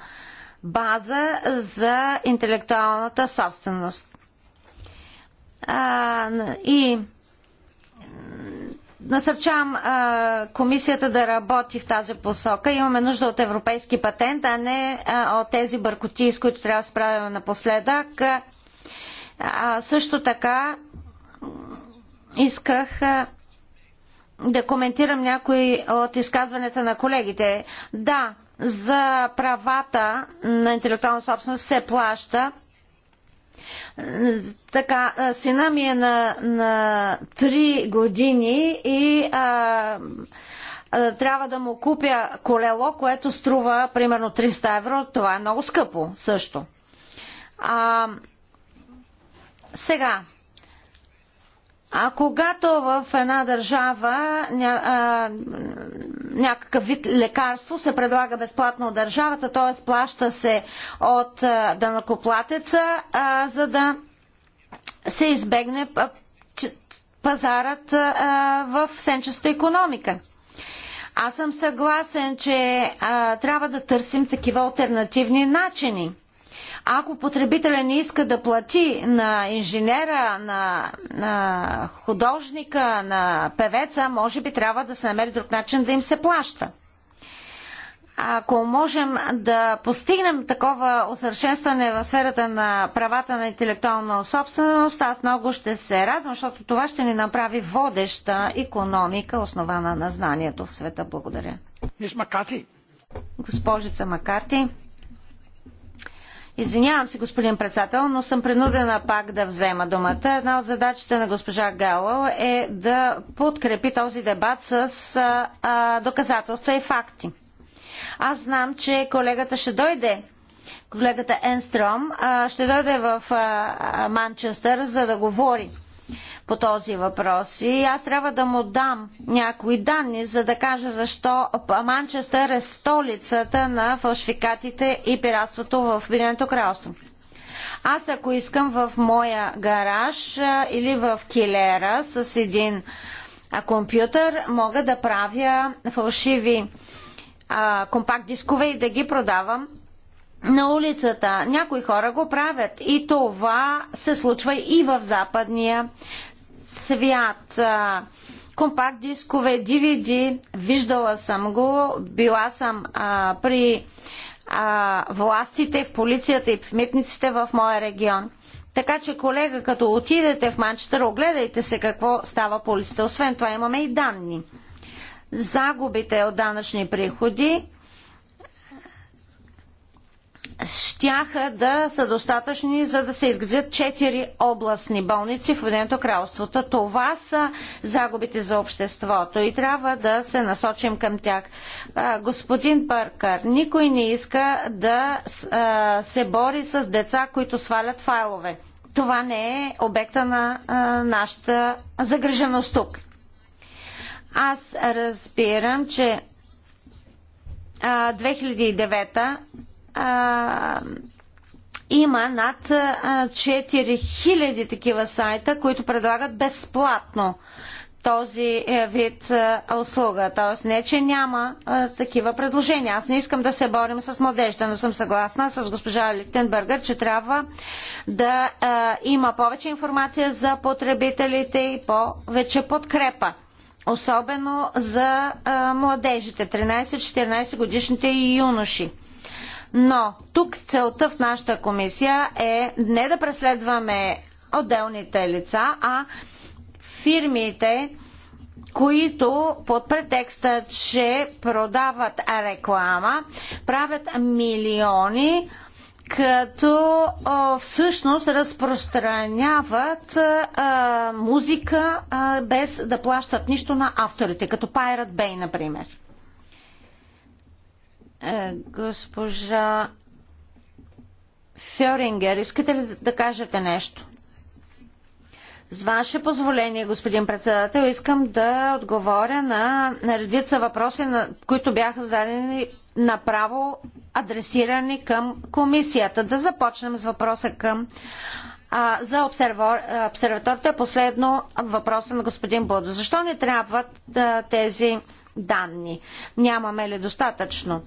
база за интелектуалната собственост. А, и насърчавам а, комисията да работи в тази посока. Имаме нужда от европейски патент, а не а, от тези бъркоти, с които трябва да справяме напоследък. А, също така исках да коментирам някои от изказванията на колегите. Да, за правата на интелектуална собственост се плаща. Така, сина ми е на, на 3 години и а, трябва да му купя колело, което струва примерно 300 евро. Това е много скъпо също. А, сега, а когато в една държава ня, а, някакъв вид лекарство се предлага безплатно от държавата, т.е. плаща се от а, данакоплатеца, а, за да се избегне пазарът а, в сенчеста економика. Аз съм съгласен, че а, трябва да търсим такива альтернативни начини – ако потребителя не иска да плати на инженера, на, на художника, на певеца, може би трябва да се намери друг начин да им се плаща. Ако можем да постигнем такова усъвършенстване в сферата на правата на интелектуална собственост, аз много ще се радвам, защото това ще ни направи водеща економика, основана на знанието в света. Благодаря. Госпожица Макарти. Извинявам се, господин председател, но съм принудена пак да взема думата. Една от задачите на госпожа Гало е да подкрепи този дебат с а, доказателства и факти. Аз знам, че колегата ще дойде колегата Енстром ще дойде в Манчестър, за да говори по този въпрос. И аз трябва да му дам някои данни, за да кажа защо Манчестър е столицата на фалшификатите и пиратството в Обединеното кралство. Аз ако искам в моя гараж или в килера с един компютър, мога да правя фалшиви компакт дискове и да ги продавам на улицата. Някои хора го правят и това се случва и в западния свят. Компакт дискове, DVD, виждала съм го, била съм а, при а, властите, в полицията и в митниците в моя регион. Така че, колега, като отидете в Манчестър, огледайте се какво става полицията. Освен това имаме и данни. Загубите от данъчни приходи щяха да са достатъчни за да се изградят 4 областни болници в Обединеното кралство. Това са загубите за обществото и трябва да се насочим към тях. Господин Паркър, никой не иска да се бори с деца, които свалят файлове. Това не е обекта на нашата загриженост тук. Аз разбирам, че 2009 а, има над 4000 такива сайта, които предлагат безплатно този е, вид услуга. Тоест не, че няма а, такива предложения. Аз не искам да се борим с младежта, но съм съгласна с госпожа Литтенбъргър, че трябва да а, има повече информация за потребителите и повече подкрепа. Особено за а, младежите, 13-14 годишните и юноши но тук целта в нашата комисия е не да преследваме отделните лица, а фирмите, които под претекста, че продават реклама, правят милиони, като о, всъщност разпространяват а, музика а, без да плащат нищо на авторите, като Pirate Bay, например. Е, госпожа Фьорингер, искате ли да кажете нещо? С ваше позволение, господин председател, искам да отговоря на, на редица въпроси, на, които бяха зададени направо адресирани към комисията. Да започнем с въпроса към а, за обсерваторите. Последно въпроса на господин Бодо. Защо ни трябват а, тези данни? Нямаме ли достатъчно?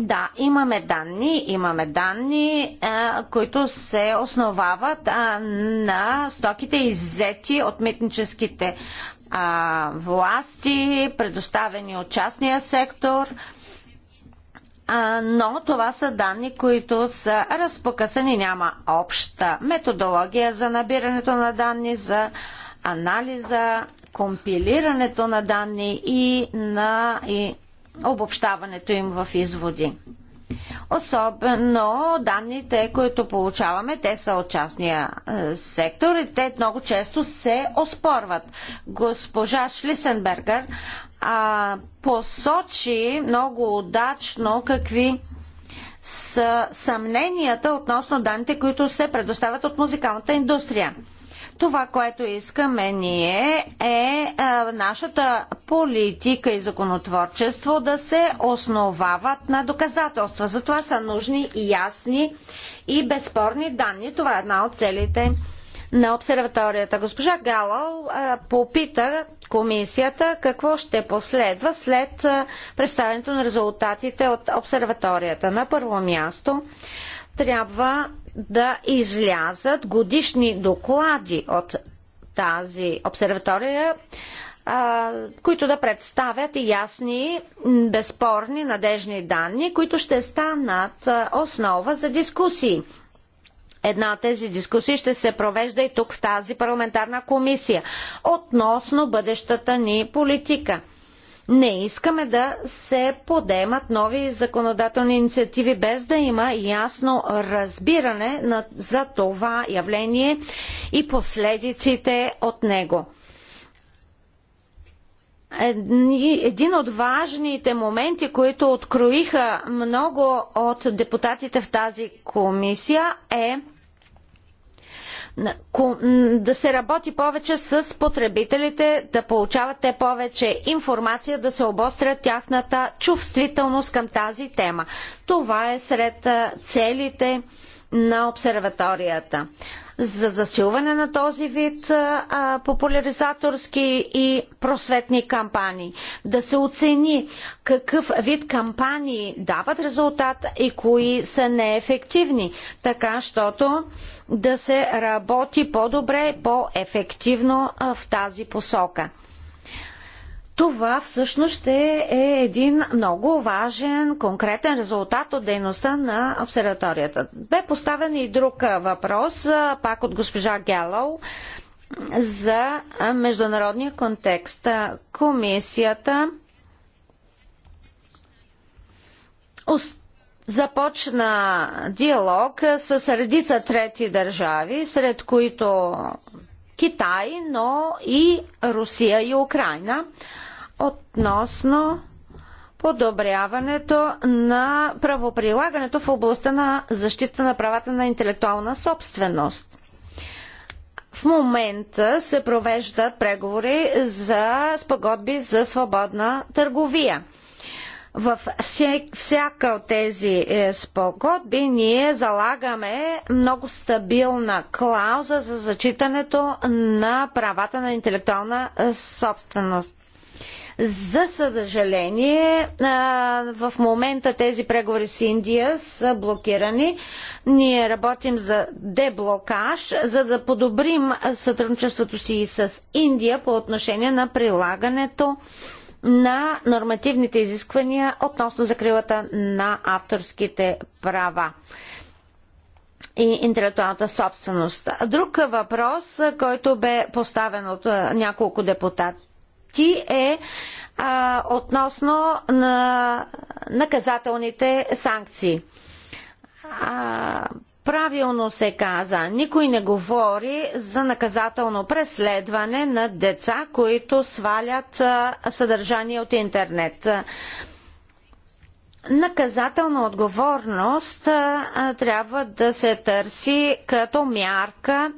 Да, имаме данни, имаме данни, а, е, които се основават а, е, на стоките иззети от митническите а, е, власти, предоставени от частния сектор. А, но това са данни, които са разпокъсани, няма обща методология за набирането на данни, за анализа, компилирането на данни и на и обобщаването им в изводи. Особено данните, които получаваме, те са от частния е, сектор и те много често се оспорват. Госпожа Шлисенбергер а, посочи много удачно какви са съмненията относно данните, които се предоставят от музикалната индустрия. Това, което искаме ние е а, е, нашата политика и законотворчество да се основават на доказателства. Затова са нужни и ясни и безспорни данни. Това е една от целите на обсерваторията. Госпожа Галал попита комисията какво ще последва след представенето на резултатите от обсерваторията. На първо място трябва да излязат годишни доклади от тази обсерватория, които да представят ясни, безспорни, надежни данни, които ще станат основа за дискусии. Една от тези дискусии ще се провежда и тук в тази парламентарна комисия относно бъдещата ни политика. Не искаме да се подемат нови законодателни инициативи без да има ясно разбиране на, за това явление и последиците от него. Един от важните моменти, които откроиха много от депутатите в тази комисия е да се работи повече с потребителите, да получават те повече информация, да се обостря тяхната чувствителност към тази тема. Това е сред целите на обсерваторията за засилване на този вид а, популяризаторски и просветни кампании. Да се оцени какъв вид кампании дават резултат и кои са неефективни, така щото да се работи по-добре, по-ефективно в тази посока. Това всъщност ще е един много важен, конкретен резултат от дейността на обсерваторията. Бе поставен и друг въпрос, пак от госпожа Гялоу, за международния контекст. Комисията започна диалог с редица трети държави, сред които Китай, но и Русия и Украина относно подобряването на правоприлагането в областта на защита на правата на интелектуална собственост. В момента се провеждат преговори за спогодби за свободна търговия. В всяка от тези е, спогодби ние залагаме много стабилна клауза за зачитането на правата на интелектуална е, собственост. За съжаление, в момента тези преговори с Индия са блокирани. Ние работим за деблокаж, за да подобрим сътрудничеството си и с Индия по отношение на прилагането на нормативните изисквания относно закрилата на авторските права и интелектуалната собственост. Друг въпрос, който бе поставен от няколко депутати, ти е а, относно на наказателните санкции. А, правилно се каза, никой не говори за наказателно преследване на деца, които свалят а, съдържание от интернет. Наказателна отговорност а, трябва да се търси като мярка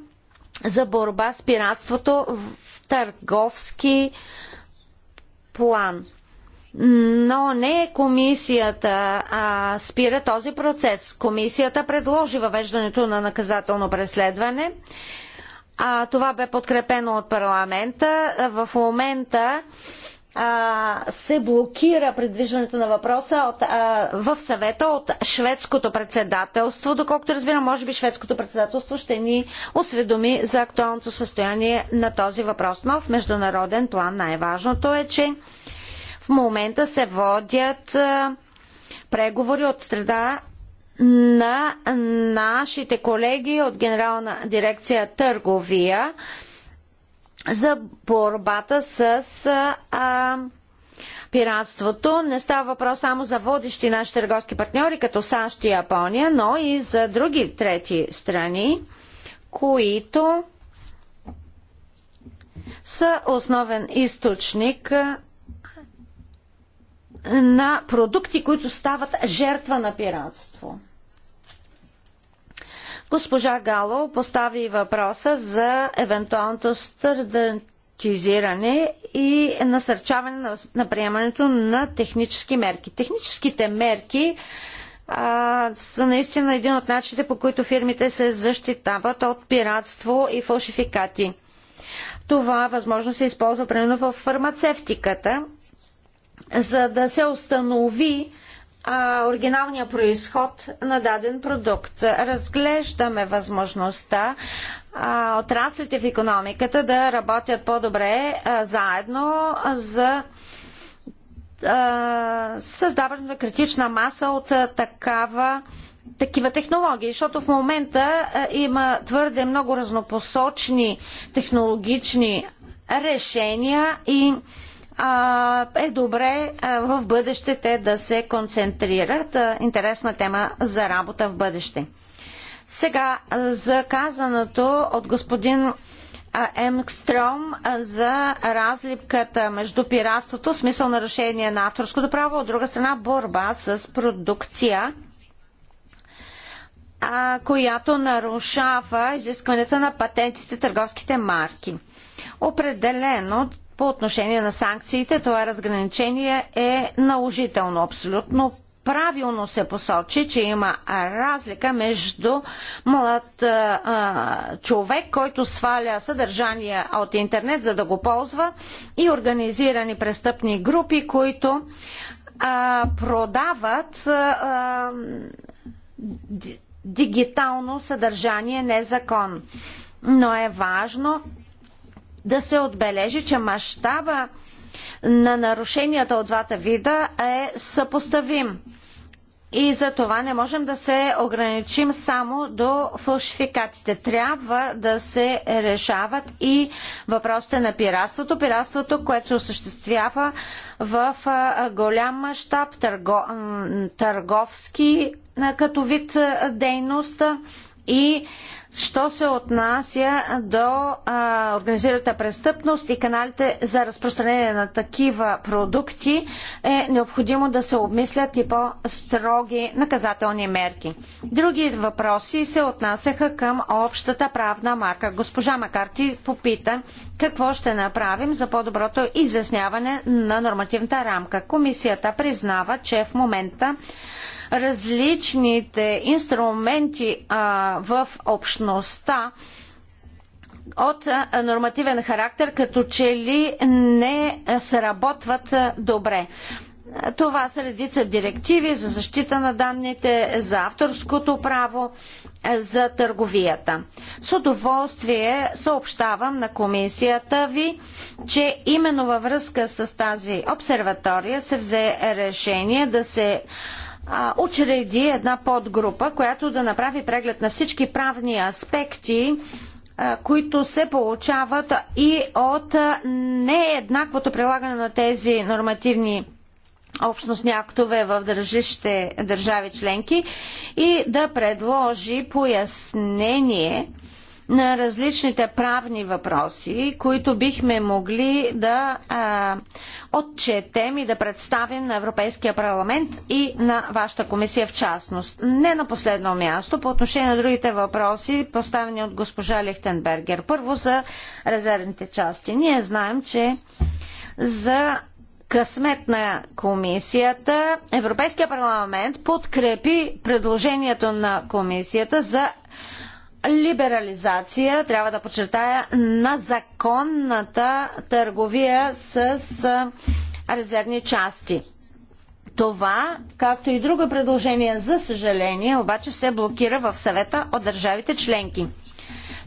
за борба с пиратството търговски план. Но не комисията а, спира този процес. Комисията предложи въвеждането на наказателно преследване. А, това бе подкрепено от парламента. В момента а, се блокира предвиждането на въпроса от, а, в съвета от шведското председателство. Доколкото разбирам, може би шведското председателство ще ни осведоми за актуалното състояние на този въпрос. Но в международен план най-важното е, че в момента се водят а, преговори от среда на нашите колеги от Генерална дирекция търговия за борбата с а, пиратството. Не става въпрос само за водещи наши търговски партньори, като САЩ и Япония, но и за други трети страни, които са основен източник на продукти, които стават жертва на пиратство. Госпожа Гало постави въпроса за евентуалното стандартизиране и насърчаване на, на приемането на технически мерки. Техническите мерки а, са наистина един от начините, по които фирмите се защитават от пиратство и фалшификати. Това възможно се използва примерно в фармацевтиката, за да се установи а, оригиналния происход на даден продукт. Разглеждаме възможността а, отраслите в економиката да работят по-добре заедно за създаването на критична маса от такава такива технологии, защото в момента има твърде много разнопосочни технологични решения и е добре в бъдеще те да се концентрират. Интересна тема за работа в бъдеще. Сега за казаното от господин Емкстром за разликата между пиратството смисъл нарушение на авторското право, от друга страна борба с продукция, която нарушава изискванията на патентите, търговските марки. Определено по отношение на санкциите, това разграничение е наложително. Абсолютно правилно се посочи, че има разлика между млад а, човек, който сваля съдържание от интернет, за да го ползва, и организирани престъпни групи, които а, продават а, дигитално съдържание незакон. Но е важно да се отбележи, че мащаба на нарушенията от двата вида е съпоставим. И за това не можем да се ограничим само до фалшификатите. Трябва да се решават и въпросите на пиратството. Пиратството, което се осъществява в голям мащаб, търго, търговски като вид дейност, и що се отнася до а, организирата престъпност и каналите за разпространение на такива продукти, е необходимо да се обмислят и по-строги наказателни мерки. Други въпроси се отнасяха към общата правна марка. Госпожа Макарти попита какво ще направим за по-доброто изясняване на нормативната рамка. Комисията признава, че в момента различните инструменти а, в общността от нормативен характер, като че ли не сработват добре. Това са редица директиви за защита на данните, за авторското право, за търговията. С удоволствие съобщавам на комисията ви, че именно във връзка с тази обсерватория се взе решение да се а, учреди една подгрупа, която да направи преглед на всички правни аспекти, а, които се получават и от нееднаквото прилагане на тези нормативни общностни актове в държище държави членки и да предложи пояснение на различните правни въпроси, които бихме могли да а, отчетем и да представим на Европейския парламент и на вашата комисия в частност. Не на последно място, по отношение на другите въпроси, поставени от госпожа Лихтенбергер. Първо за резервните части. Ние знаем, че за късмет на комисията, Европейския парламент подкрепи предложението на комисията за либерализация, трябва да подчертая, на законната търговия с резервни части. Това, както и друго предложение, за съжаление, обаче се блокира в съвета от държавите членки.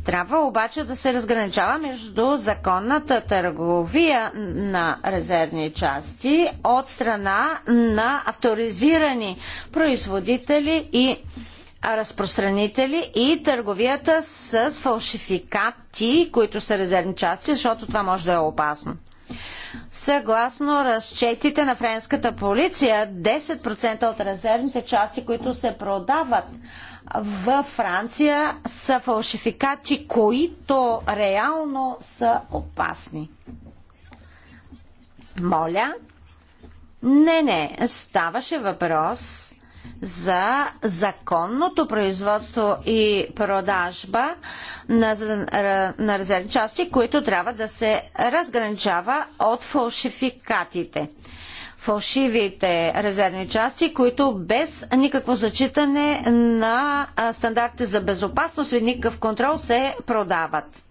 Трябва обаче да се разграничава между законната търговия на резервни части от страна на авторизирани производители и разпространители и търговията с фалшификати, които са резервни части, защото това може да е опасно. Съгласно разчетите на френската полиция, 10% от резервните части, които се продават във Франция, са фалшификати, които реално са опасни. Моля, не, не, ставаше въпрос за законното производство и продажба на, на резервни части, които трябва да се разграничава от фалшификатите фалшивите резервни части, които без никакво зачитане на стандартите за безопасност и никакъв контрол се продават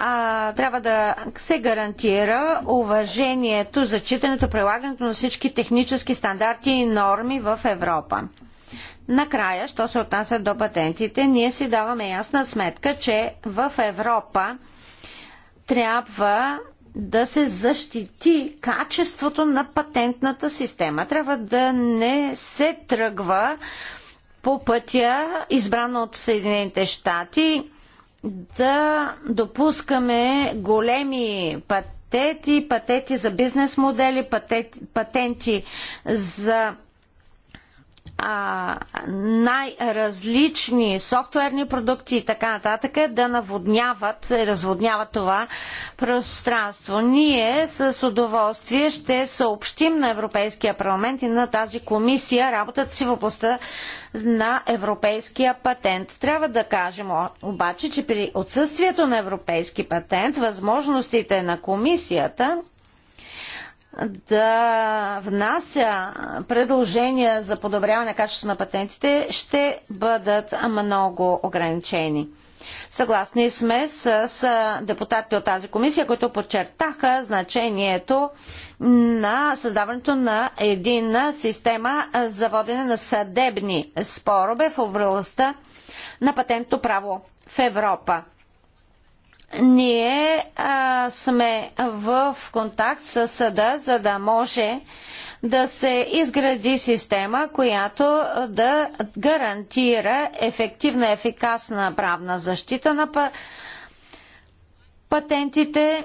а, трябва да се гарантира уважението, зачитането, прилагането на всички технически стандарти и норми в Европа. Накрая, що се отнася до патентите, ние си даваме ясна сметка, че в Европа трябва да се защити качеството на патентната система. Трябва да не се тръгва по пътя, избран от Съединените щати, да допускаме големи патети, патети за бизнес модели, патети, патенти за най-различни софтуерни продукти и така нататък да наводняват и разводняват това пространство. Ние с удоволствие ще съобщим на Европейския парламент и на тази комисия работата си в областта на европейския патент. Трябва да кажем обаче, че при отсъствието на европейски патент възможностите на комисията да внася предложения за подобряване на качеството на патентите, ще бъдат много ограничени. Съгласни сме с, с депутатите от тази комисия, които подчертаха значението на създаването на единна система за водене на съдебни спорове в областта на патентното право в Европа. Ние а, сме в контакт с съда, за да може да се изгради система, която да гарантира ефективна, ефикасна правна защита на патентите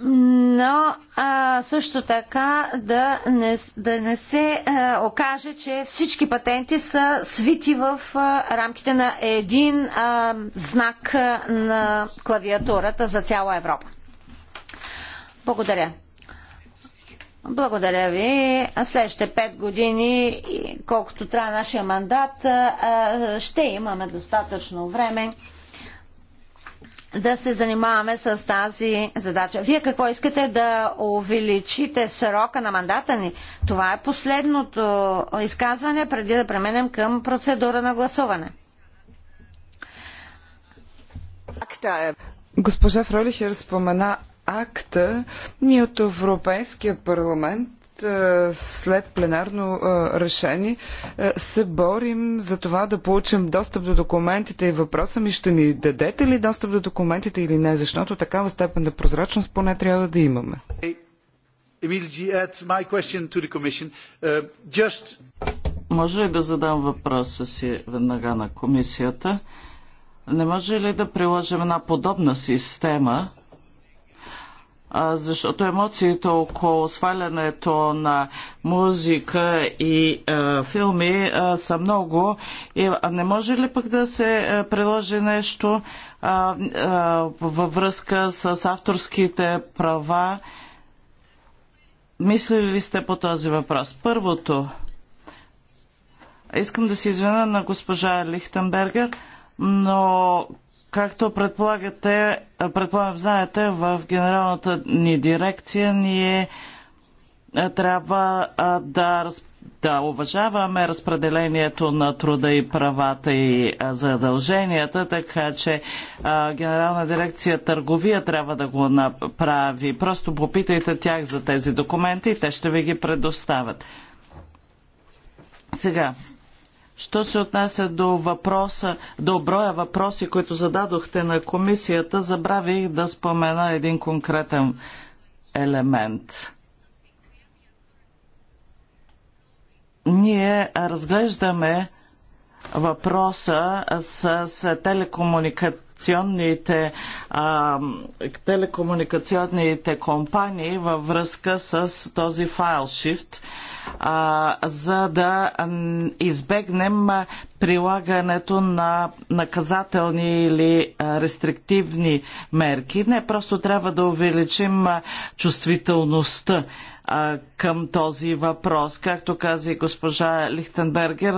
но а, също така да не, да не се а, окаже, че всички патенти са свити в а, рамките на един а, знак а, на клавиатурата за цяла Европа. Благодаря. Благодаря ви. Следващите 5 години, колкото трябва нашия мандат, а, ще имаме достатъчно време да се занимаваме с тази задача. Вие какво искате да увеличите срока на мандата ни? Това е последното изказване преди да преминем към процедура на гласуване. Е. Госпожа Фролихер спомена акта. Ние от Европейския парламент е, след пленарно е, решение е, се борим за това да получим достъп до документите и въпроса ми ще ни дадете ли достъп до документите или не, защото такава степен на прозрачност поне трябва да имаме. Uh, може ли да задам въпроса си веднага на комисията? Не може ли да приложим една подобна система защото емоциите около свалянето на музика и е, филми е, са много. И, а не може ли пък да се е, приложи нещо е, е, във връзка с авторските права? Мислили ли сте по този въпрос? Първото. Искам да се извина на госпожа Лихтенбергер, но Както предполагате, предполагам, знаете, в генералната ни дирекция ние е, трябва е, да, да уважаваме разпределението на труда и правата и е, задълженията, така че а, Генерална дирекция търговия трябва да го направи. Просто попитайте тях за тези документи и те ще ви ги предоставят. Сега, Що се отнася до въпроса, до броя въпроси, които зададохте на комисията, забравих да спомена един конкретен елемент. Ние разглеждаме въпроса с телекомуникацията телекомуникационните, а, телекомуникационните компании във връзка с този файлшифт, а, за да избегнем прилагането на наказателни или рестриктивни мерки. Не, просто трябва да увеличим чувствителността към този въпрос. Както каза и госпожа Лихтенбергер,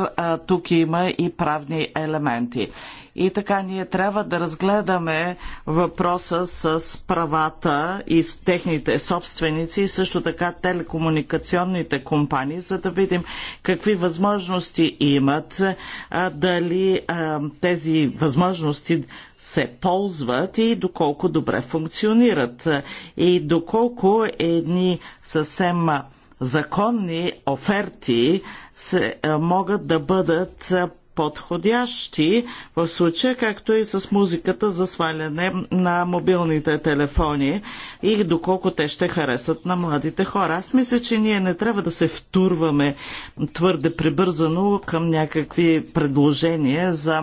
тук има и правни елементи. И така ние трябва да разгледаме въпроса с правата и с техните собственици и също така телекомуникационните компании, за да видим какви възможности имат, дали тези възможности се ползват и доколко добре функционират. И доколко едни съвсем законни оферти се, е, могат да бъдат е, подходящи в случая, както и с музиката за сваляне на мобилните телефони и доколко те ще харесат на младите хора. Аз мисля, че ние не трябва да се втурваме твърде прибързано към някакви предложения за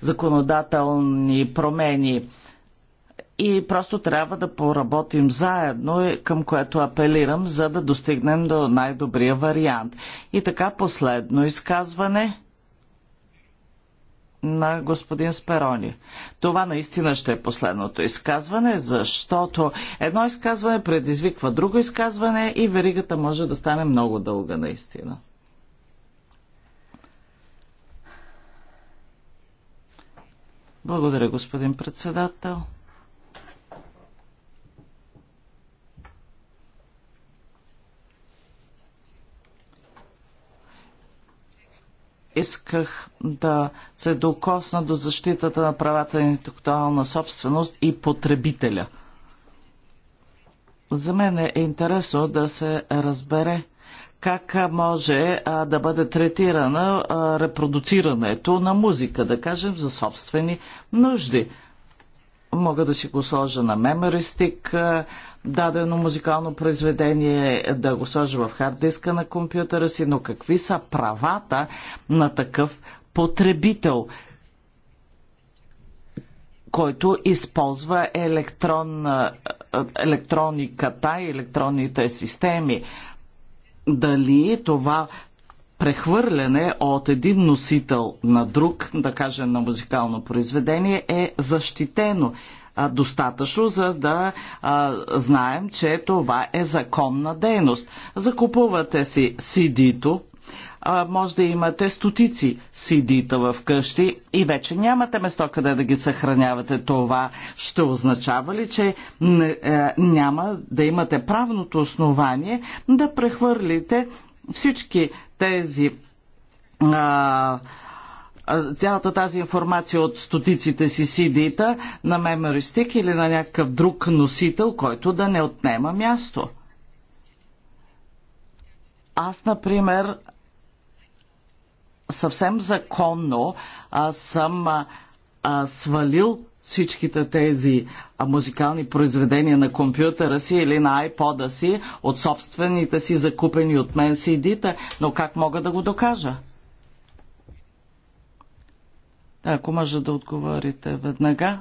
законодателни промени и просто трябва да поработим заедно, е, към което апелирам, за да достигнем до най-добрия вариант. И така последно изказване на господин Сперони. Това наистина ще е последното изказване, защото едно изказване предизвиква друго изказване и веригата може да стане много дълга наистина. Благодаря, господин председател. исках да се докосна до защитата на правата на интелектуална собственост и потребителя. За мен е интересно да се разбере как може а, да бъде третирана а, репродуцирането на музика, да кажем, за собствени нужди. Мога да си го сложа на мемористик, дадено музикално произведение, да го сложи в хард диска на компютъра си, но какви са правата на такъв потребител, който използва електрон, електрониката и електронните системи. Дали това прехвърляне от един носител на друг, да кажем на музикално произведение, е защитено достатъчно, за да а, знаем, че това е законна дейност. Закупувате си CD-то, а, може да имате стотици CD-та в къщи и вече нямате место къде да ги съхранявате. Това ще означава ли, че не, а, е, няма да имате правното основание да прехвърлите всички тези а, цялата тази информация от стотиците си CD-та на Memory Stick или на някакъв друг носител, който да не отнема място. Аз, например, съвсем законно а, съм а, свалил всичките тези музикални произведения на компютъра си или на ipod си от собствените си закупени от мен CD-та, но как мога да го докажа? Ако може да отговорите веднага.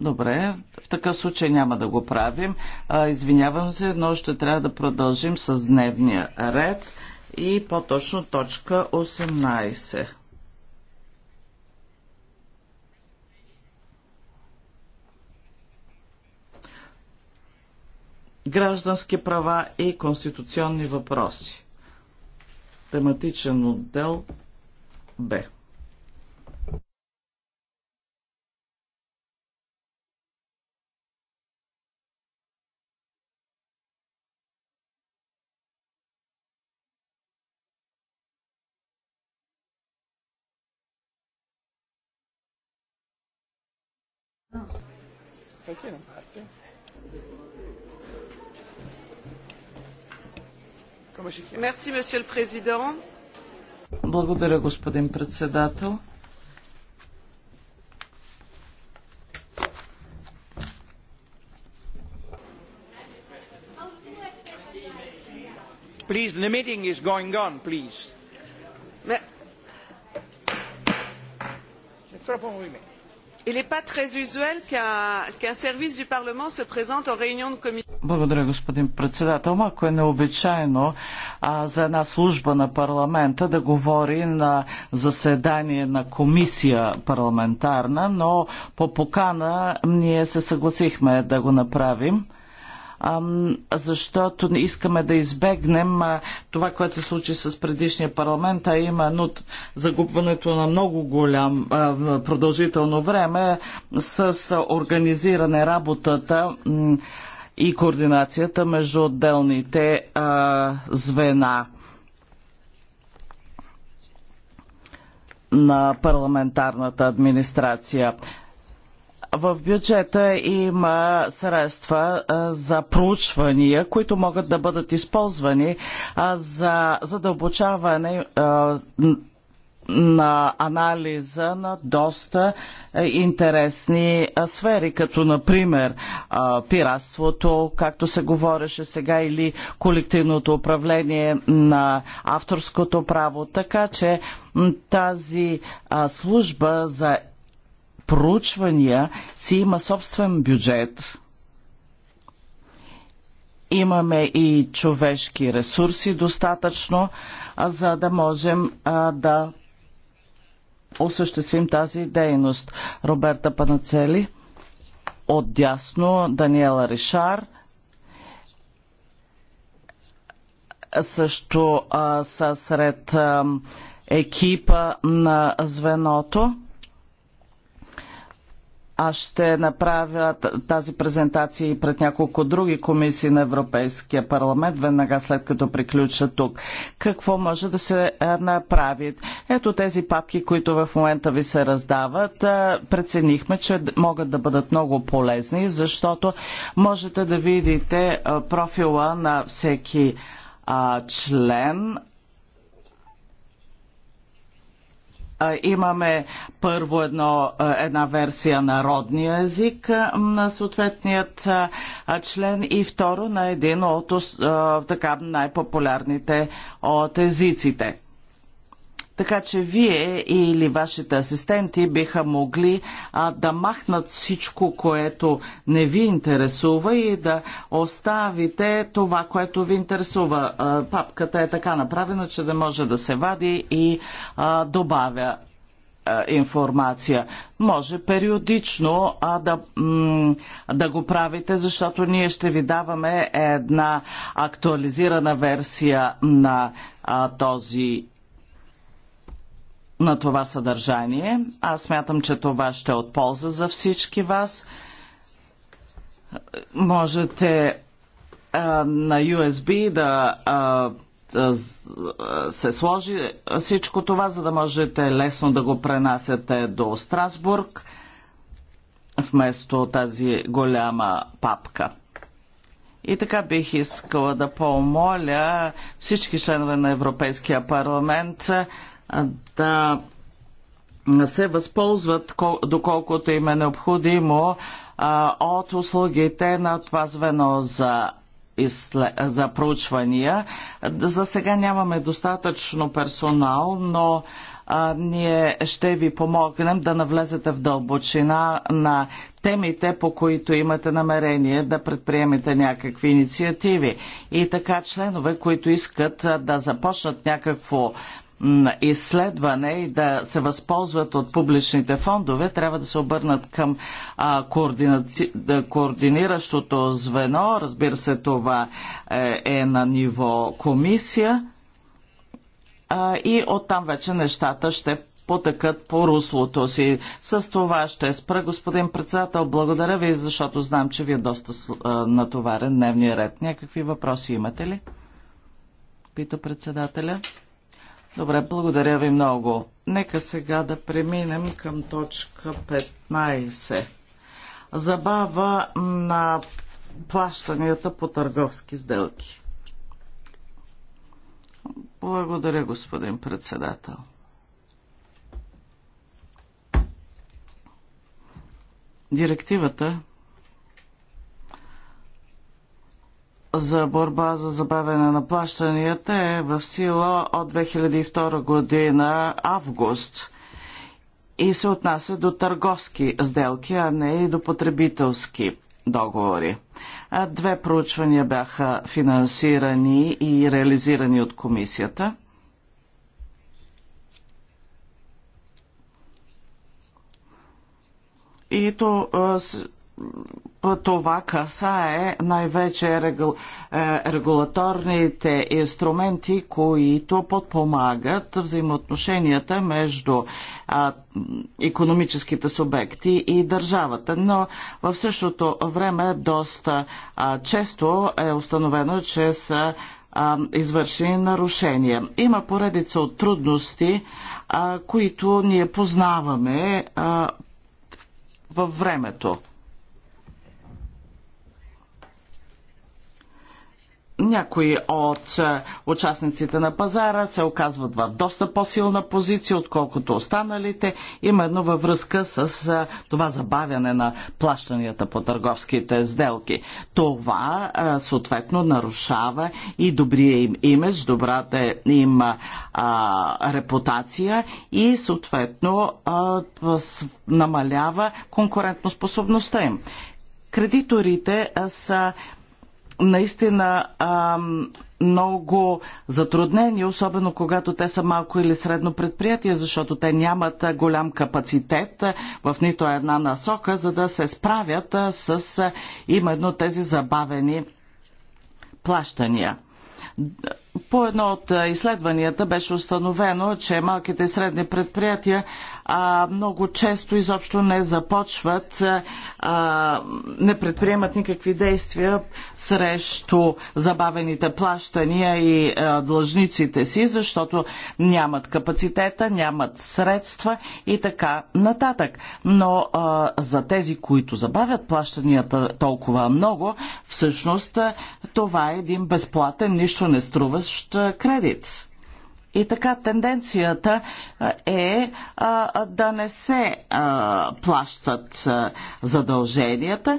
Добре, в такъв случай няма да го правим. А, извинявам се, но ще трябва да продължим с дневния ред и по-точно точка 18. граждански права и конституционни въпроси. Тематичен отдел Б. you. Thank you. Благодаря, господин председател. Please, the meeting is going on, please. Il n'est pas très usuel qu'un service du Parlement se présente en réunion de commission. Благодаря, господин председател. Малко е необичайно а, за една служба на парламента да говори на заседание на комисия парламентарна, но по покана ние се съгласихме да го направим защото искаме да избегнем това, което се случи с предишния парламент, а именно загубването на много голям продължително време с организиране работата и координацията между отделните а, звена на парламентарната администрация. В бюджета има средства за проучвания, които могат да бъдат използвани за задълбочаване на анализа на доста е, интересни е, сфери, като например е, пиратството, както се говореше сега, или колективното управление на авторското право. Така че тази служба за проучвания си има собствен бюджет. Имаме и човешки ресурси достатъчно, за да можем да осъществим тази дейност. Роберта Панацели, от дясно Даниела Ришар, също а, са сред а, екипа на звеното. Аз ще направя тази презентация и пред няколко други комисии на Европейския парламент, веднага след като приключа тук. Какво може да се направи? Ето тези папки, които в момента ви се раздават, преценихме, че могат да бъдат много полезни, защото можете да видите профила на всеки член имаме първо едно, една версия на родния език на съответният член и второ на един от така най-популярните от езиците. Така че вие или вашите асистенти биха могли а, да махнат всичко, което не ви интересува и да оставите това, което ви интересува. А, папката е така направена, че да може да се вади и а, добавя информация. Може периодично а, да, да го правите, защото ние ще ви даваме една актуализирана версия на а, този на това съдържание. Аз смятам, че това ще е от полза за всички вас. Можете а, на USB да а, се сложи всичко това, за да можете лесно да го пренасяте до Страсбург вместо тази голяма папка. И така бих искала да помоля всички членове на Европейския парламент да се възползват доколкото им е необходимо от услугите на това звено за за проучвания. За сега нямаме достатъчно персонал, но а, ние ще ви помогнем да навлезете в дълбочина на темите, по които имате намерение да предприемете някакви инициативи. И така членове, които искат да започнат някакво изследване и да се възползват от публичните фондове, трябва да се обърнат към а, координаци... координиращото звено. Разбира се, това е, е на ниво комисия. А, и оттам вече нещата ще потъкат по руслото си. С това ще спра, господин председател. Благодаря ви, защото знам, че ви е доста натоварен дневния ред. Някакви въпроси имате ли? Пита председателя. Добре, благодаря ви много. Нека сега да преминем към точка 15. Забава на плащанията по търговски сделки. Благодаря, господин председател. Директивата за борба за забавяне на плащанията е в сила от 2002 година август и се отнася до търговски сделки, а не и до потребителски договори. Две проучвания бяха финансирани и реализирани от комисията. И то това касае най-вече регу... Е, регулаторните инструменти, които подпомагат взаимоотношенията между а, економическите субекти и държавата. Но в същото време доста а, често е установено, че са а, извършени нарушения. Има поредица от трудности, а, които ние познаваме а, във времето. някои от е, участниците на пазара се оказват в доста по-силна позиция, отколкото останалите, именно във връзка с е, това забавяне на плащанията по търговските сделки. Това е, съответно нарушава и добрия им имидж, добрата им а, репутация и съответно а, намалява конкурентоспособността им кредиторите са наистина ам, много затруднени, особено когато те са малко или средно предприятие, защото те нямат голям капацитет в нито една насока, за да се справят с именно тези забавени плащания по едно от изследванията беше установено, че малките и средни предприятия а, много често изобщо не започват, а, не предприемат никакви действия срещу забавените плащания и а, длъжниците си, защото нямат капацитета, нямат средства и така нататък. Но а, за тези, които забавят плащанията толкова много, всъщност това е един безплатен, нищо не струва отпускащ кредит. И така тенденцията е а, да не се а, плащат а, задълженията,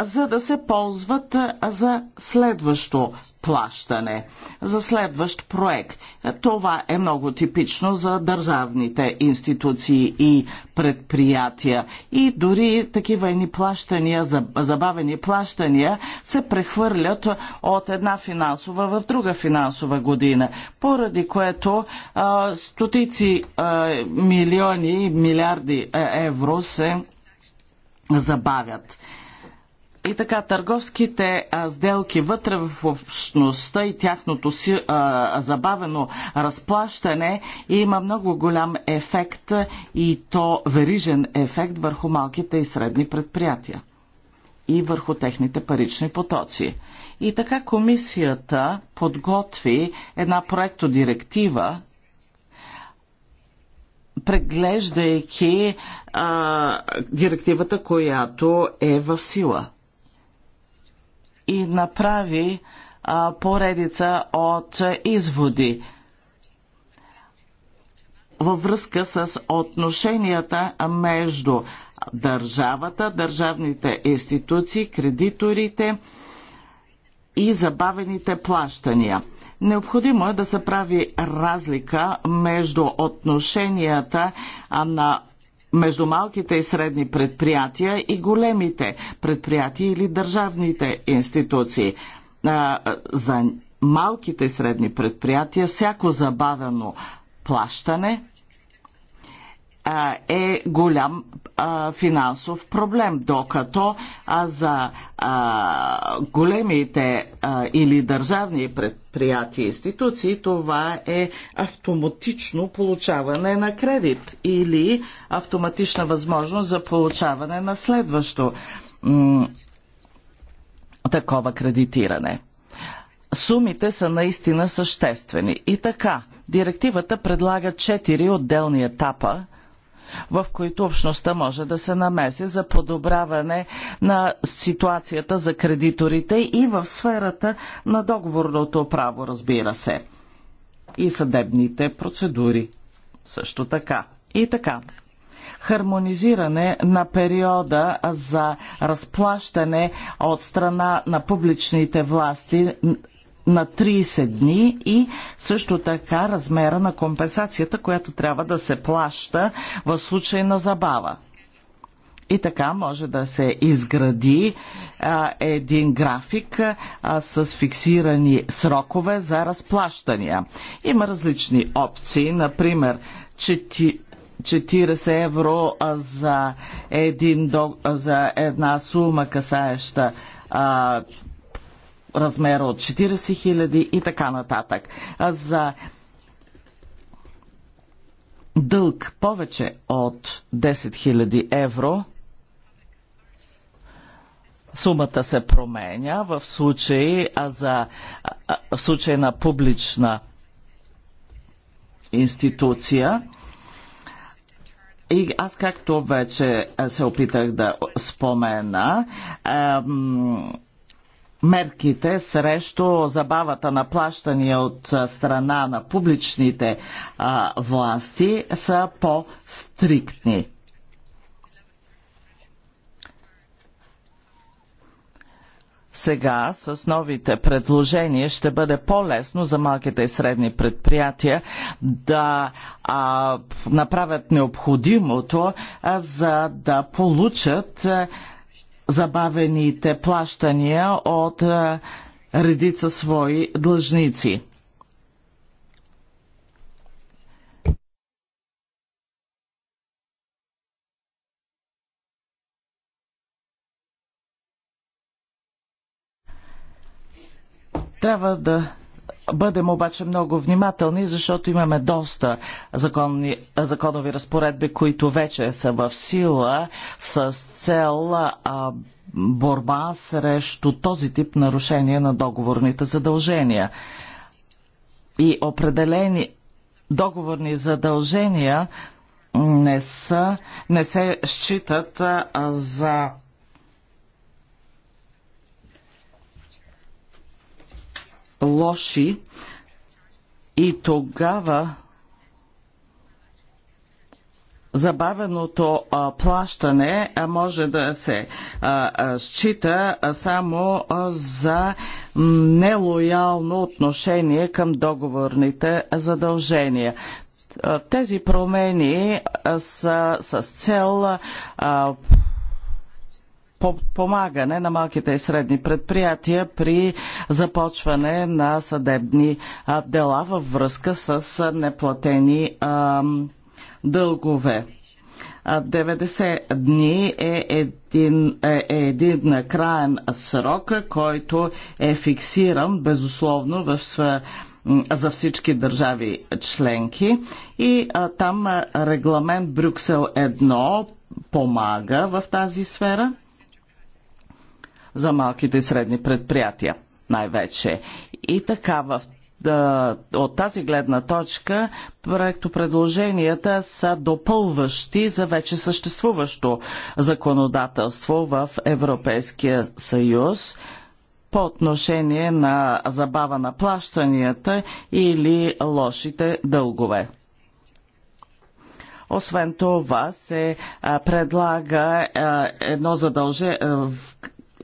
за да се ползват а, за следващо плащане за следващ проект. Това е много типично за държавните институции и предприятия. И дори такива ини плащания, забавени плащания, се прехвърлят от една финансова в друга финансова година, поради което а, стотици а, милиони, милиарди е, евро се забавят. И така, търговските а, сделки вътре в общността и тяхното си а, забавено разплащане има много голям ефект и то верижен ефект върху малките и средни предприятия и върху техните парични потоци. И така комисията подготви една проектодиректива, преглеждайки а, директивата, която е в сила и направи а, поредица от изводи във връзка с отношенията между държавата, държавните институции, кредиторите и забавените плащания. Необходимо е да се прави разлика между отношенията на между малките и средни предприятия и големите предприятия или държавните институции. За малките и средни предприятия всяко забавено плащане а, е голям а, финансов проблем, докато а за а, големите а, или държавни предприятия и институции това е автоматично получаване на кредит или автоматична възможност за получаване на следващо такова кредитиране. Сумите са наистина съществени. И така, директивата предлага четири отделни етапа в които общността може да се намеси за подобряване на ситуацията за кредиторите и в сферата на договорното право, разбира се. И съдебните процедури също така. И така. Хармонизиране на периода за разплащане от страна на публичните власти на 30 дни и също така размера на компенсацията, която трябва да се плаща в случай на забава. И така може да се изгради а, един график а, с фиксирани срокове за разплащания. Има различни опции, например 40 евро а, за, един, за една сума касаеща а, размера от 40 хиляди и така нататък. За дълг повече от 10 000 евро сумата се променя в случай, а за, в случай на публична институция. И аз, както вече се опитах да спомена, ем, мерките срещу забавата на плащания от страна на публичните а, власти са по-стриктни. Сега с новите предложения ще бъде по-лесно за малките и средни предприятия да а, направят необходимото, а, за да получат а, забавените плащания от е, редица свои длъжници. Трябва да бъдем обаче много внимателни, защото имаме доста законни, законови разпоредби, които вече са в сила с цел а, борба срещу този тип нарушение на договорните задължения. И определени договорни задължения не, са, не се считат а, за лоши и тогава забавеното плащане може да се счита само за нелоялно отношение към договорните задължения. Тези промени са с цел подпомагане на малките и средни предприятия при започване на съдебни дела във връзка с неплатени дългове. 90 дни е един, е, е един краен срок, който е фиксиран безусловно в за всички държави членки и а, там регламент Брюксел 1 помага в тази сфера за малките и средни предприятия най-вече. И така в от тази гледна точка проектопредложенията са допълващи за вече съществуващо законодателство в Европейския съюз по отношение на забава на плащанията или лошите дългове. Освен това се предлага едно задължение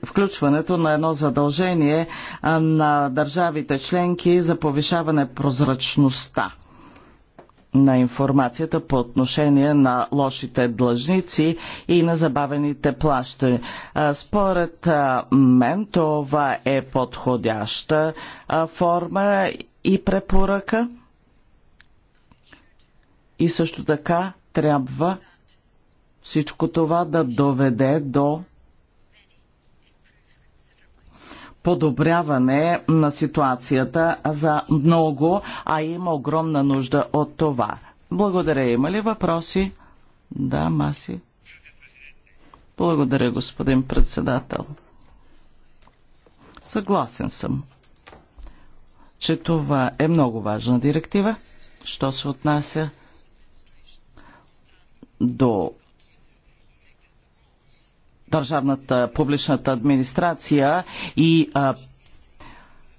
включването на едно задължение на държавите членки за повишаване прозрачността на информацията по отношение на лошите длъжници и на забавените плащания. Според мен това е подходяща форма и препоръка. И също така трябва всичко това да доведе до подобряване на ситуацията за много, а има огромна нужда от това. Благодаря. Има ли въпроси? Да, Маси. Благодаря, господин председател. Съгласен съм, че това е много важна директива, що се отнася до държавната публичната администрация и а,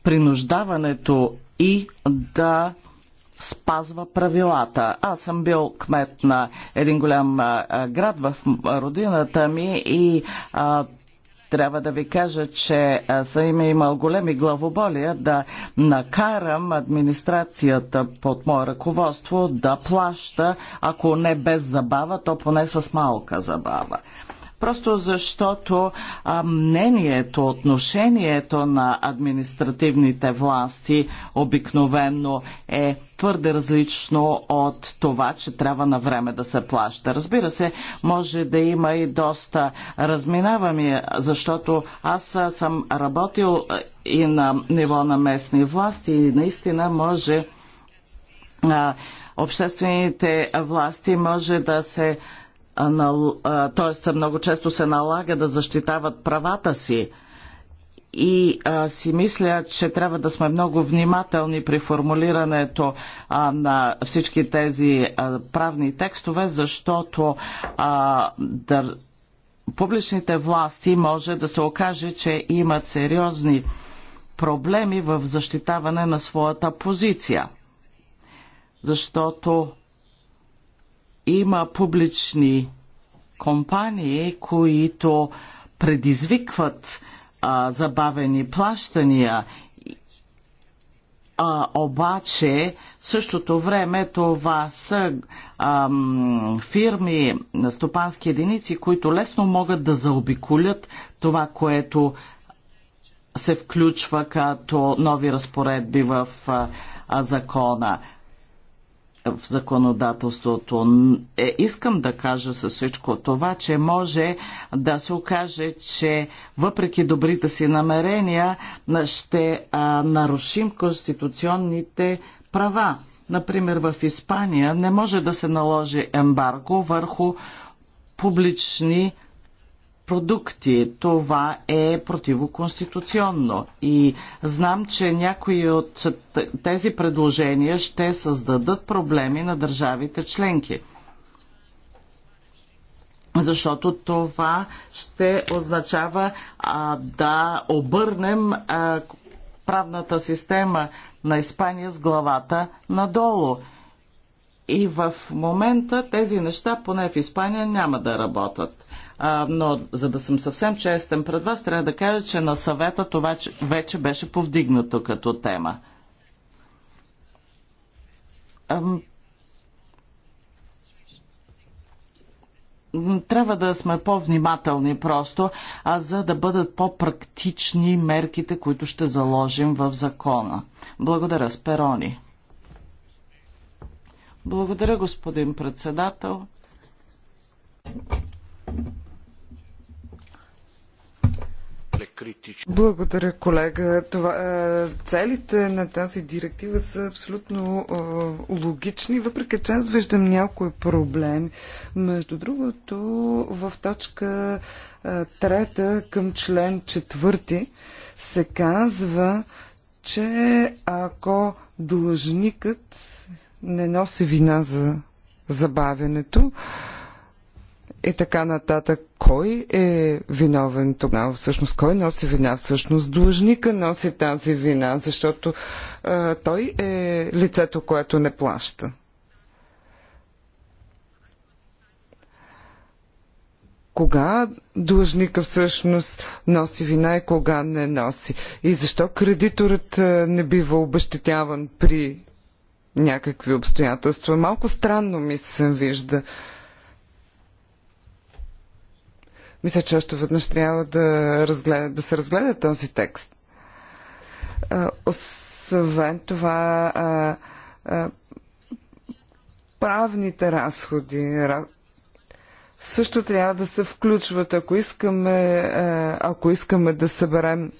принуждаването и да спазва правилата. Аз съм бил кмет на един голям а, град в родината ми и а, трябва да ви кажа, че съм имал големи главоболия да накарам администрацията под мое ръководство да плаща, ако не без забава, то поне с малка забава просто защото а, мнението, отношението на административните власти обикновенно е твърде различно от това, че трябва на време да се плаща. Разбира се, може да има и доста разминавания, защото аз съм работил и на ниво на местни власти и наистина може а, обществените власти може да се т.е. много често се налага да защитават правата си. И а, си мисля, че трябва да сме много внимателни при формулирането а, на всички тези а, правни текстове, защото а, да, публичните власти може да се окаже, че имат сериозни проблеми в защитаване на своята позиция. Защото има публични компании, които предизвикват а, забавени плащания, а, обаче в същото време това са ам, фирми, стопански единици, които лесно могат да заобиколят това, което се включва като нови разпоредби в а, а, закона в законодателството. Е, искам да кажа със всичко това, че може да се окаже, че въпреки добрите си намерения ще а, нарушим конституционните права. Например, в Испания не може да се наложи ембарго върху публични продукти. Това е противоконституционно. И знам, че някои от тези предложения ще създадат проблеми на държавите членки. Защото това ще означава а, да обърнем а, правната система на Испания с главата надолу. И в момента тези неща, поне в Испания, няма да работят а, но за да съм съвсем честен пред вас, трябва да кажа, че на съвета това вече беше повдигнато като тема. Ам... трябва да сме по-внимателни просто, а за да бъдат по-практични мерките, които ще заложим в закона. Благодаря, Сперони. Благодаря, господин председател. Благодаря, колега. Това, е, целите на тази директива са абсолютно е, логични, въпреки че аз виждам някои проблеми. Между другото, в точка е, към член 4 се казва, че ако длъжникът не носи вина за забавянето, и така нататък. Кой е виновен тогава всъщност? Кой носи вина всъщност? Длъжника носи тази вина, защото а, той е лицето, което не плаща. кога длъжника всъщност носи вина и кога не носи. И защо кредиторът не бива обещетяван при някакви обстоятелства. Малко странно ми се вижда. Мисля, че още веднъж трябва да, разгледа, да се разгледа този текст. Освен това, правните разходи също трябва да се включват, ако искаме, ако искаме да съберем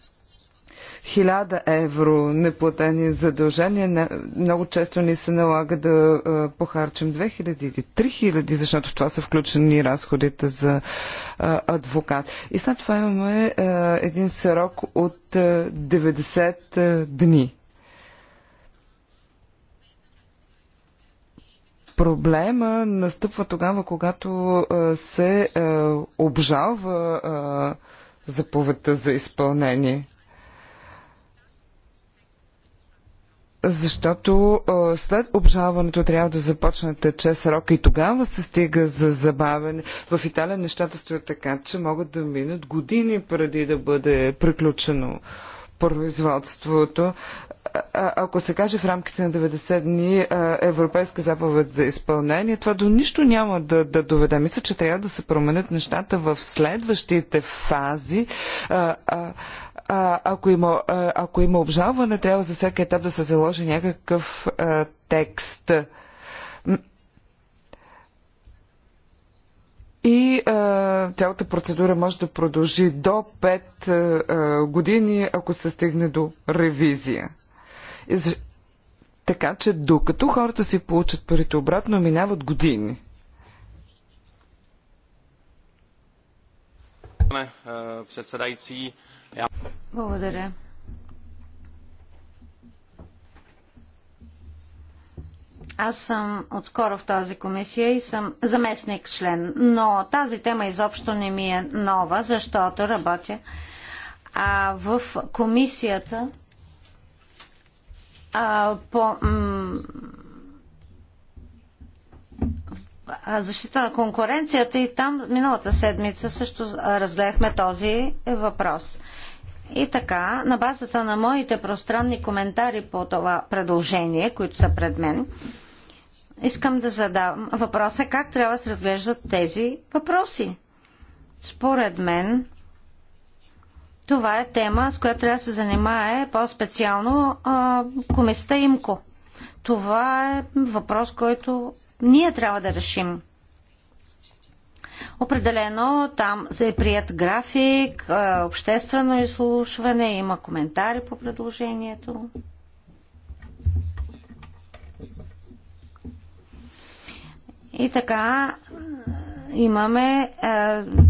1000 евро неплатени задължения, много често ни се налага да похарчим 2000 или 3000, защото в това са включени разходите за адвокат. И след това имаме един срок от 90 дни. проблема настъпва тогава, когато се обжалва заповедта за изпълнение. защото а, след обжалването трябва да започне тече срок и тогава се стига за забавене. В Италия нещата стоят така, че могат да минат години преди да бъде приключено производството. А, ако се каже в рамките на 90 дни а, европейска заповед за изпълнение, това до нищо няма да, да доведе. Мисля, че трябва да се променят нещата в следващите фази. А, а, а, ако, има, ако има обжалване, трябва за всеки етап да се заложи някакъв а, текст. И а, цялата процедура може да продължи до 5 а, години, ако се стигне до ревизия. Така че докато хората си получат парите обратно, минават години. Председající, благодаря. Аз съм отскоро в тази комисия и съм заместник член, но тази тема изобщо не ми е нова, защото работя а, в комисията а, по защита на конкуренцията и там миналата седмица също разгледахме този въпрос. И така, на базата на моите пространни коментари по това предложение, които са пред мен, искам да задам въпроса е как трябва да се разглеждат тези въпроси. Според мен, това е тема, с която трябва да се занимае по-специално комисията ИМКО. Това е въпрос, който ние трябва да решим. Определено там се е прият график, е, обществено изслушване, има коментари по предложението. И така имаме е,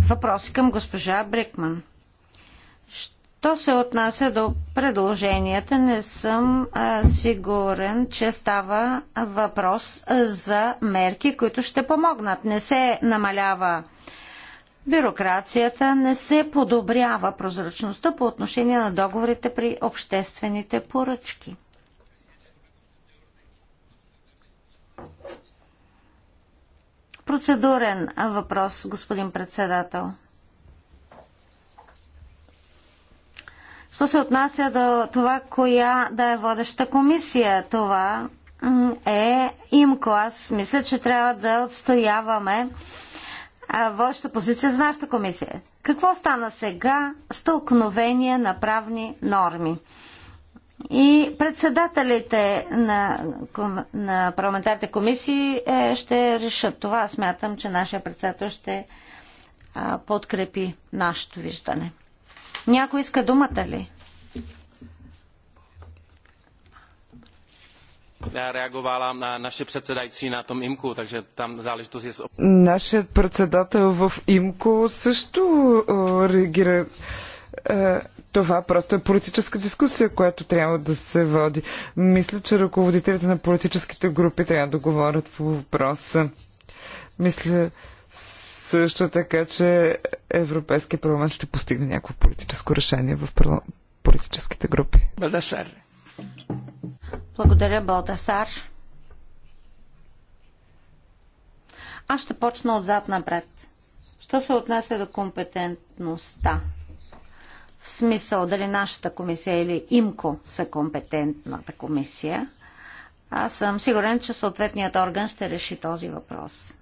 въпроси към госпожа Брикман. Ще Що се отнася до предложенията, не съм а, сигурен, че става въпрос за мерки, които ще помогнат. Не се намалява бюрокрацията, не се подобрява прозрачността по отношение на договорите при обществените поръчки. Процедурен въпрос, господин председател. Що се отнася до това, коя да е водеща комисия, това е имко. Аз мисля, че трябва да отстояваме водеща позиция за нашата комисия. Какво стана сега с тълкновение на правни норми? И председателите на, на парламентарните комисии е, ще решат това. Смятам, че нашия председател ще а, подкрепи нашето виждане. Някой иска думата ли? reagovala na naše předsedající na tom IMKU, takže tam záležitost je... Нашият председател в ИМКО също реагира. Това просто е политическа дискусия, която трябва да се води. Мисля, че ръководителите на политическите групи трябва да говорят по въпроса. Мисля, също така, че Европейския парламент ще постигне някакво политическо решение в парла... политическите групи. Балдасар. Благодаря, Балдасар. Аз ще почна отзад напред. Що се отнася до компетентността? В смисъл дали нашата комисия или ИМКО са компетентната комисия, аз съм сигурен, че съответният орган ще реши този въпрос.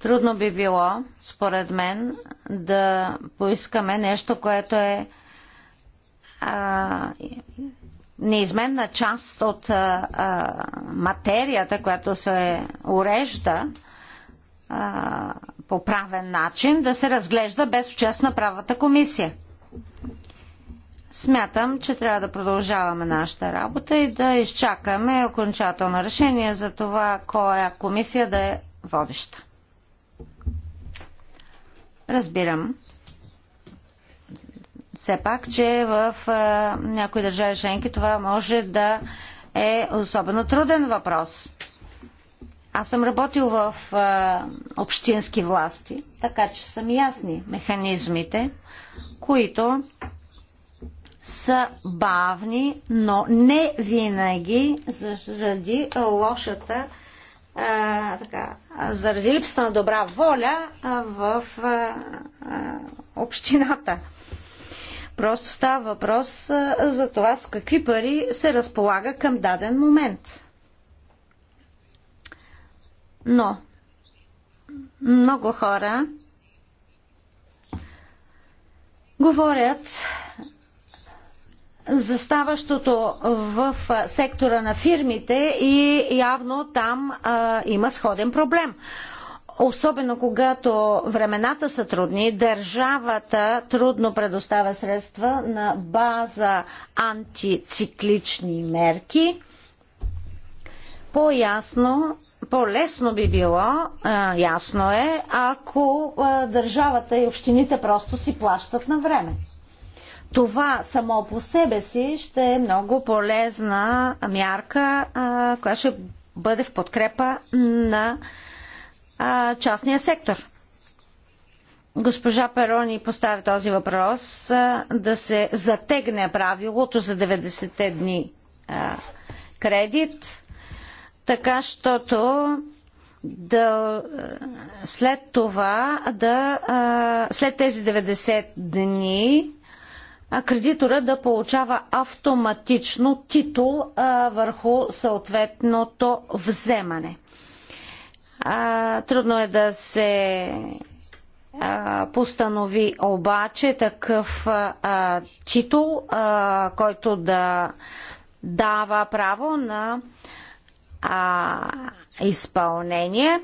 Трудно би било, според мен, да поискаме нещо, което е а, неизменна част от а, а, материята, която се урежда а, по правен начин, да се разглежда без участ на правата комисия. Смятам, че трябва да продължаваме нашата работа и да изчакаме окончателно решение за това, коя комисия да е водеща. Разбирам. Все пак, че в а, някои държави членки това може да е особено труден въпрос. Аз съм работил в а, общински власти, така че са ми ясни механизмите, които са бавни, но не винаги заради лошата а, така, заради липса на добра воля а, в а, а, общината. Просто става въпрос а, за това с какви пари се разполага към даден момент. Но много хора говорят заставащото в сектора на фирмите и явно там а, има сходен проблем. Особено когато времената са трудни, държавата трудно предоставя средства на база антициклични мерки. По-ясно, по-лесно би било, а, ясно е, ако а, държавата и общините просто си плащат на време това само по себе си ще е много полезна мярка, която ще бъде в подкрепа на частния сектор. Госпожа Перони постави този въпрос да се затегне правилото за 90-те дни кредит, така щото да, след това да, след тези 90 дни кредитора да получава автоматично титул а, върху съответното вземане. А, трудно е да се а, постанови обаче такъв а, титул, а, който да дава право на а, изпълнение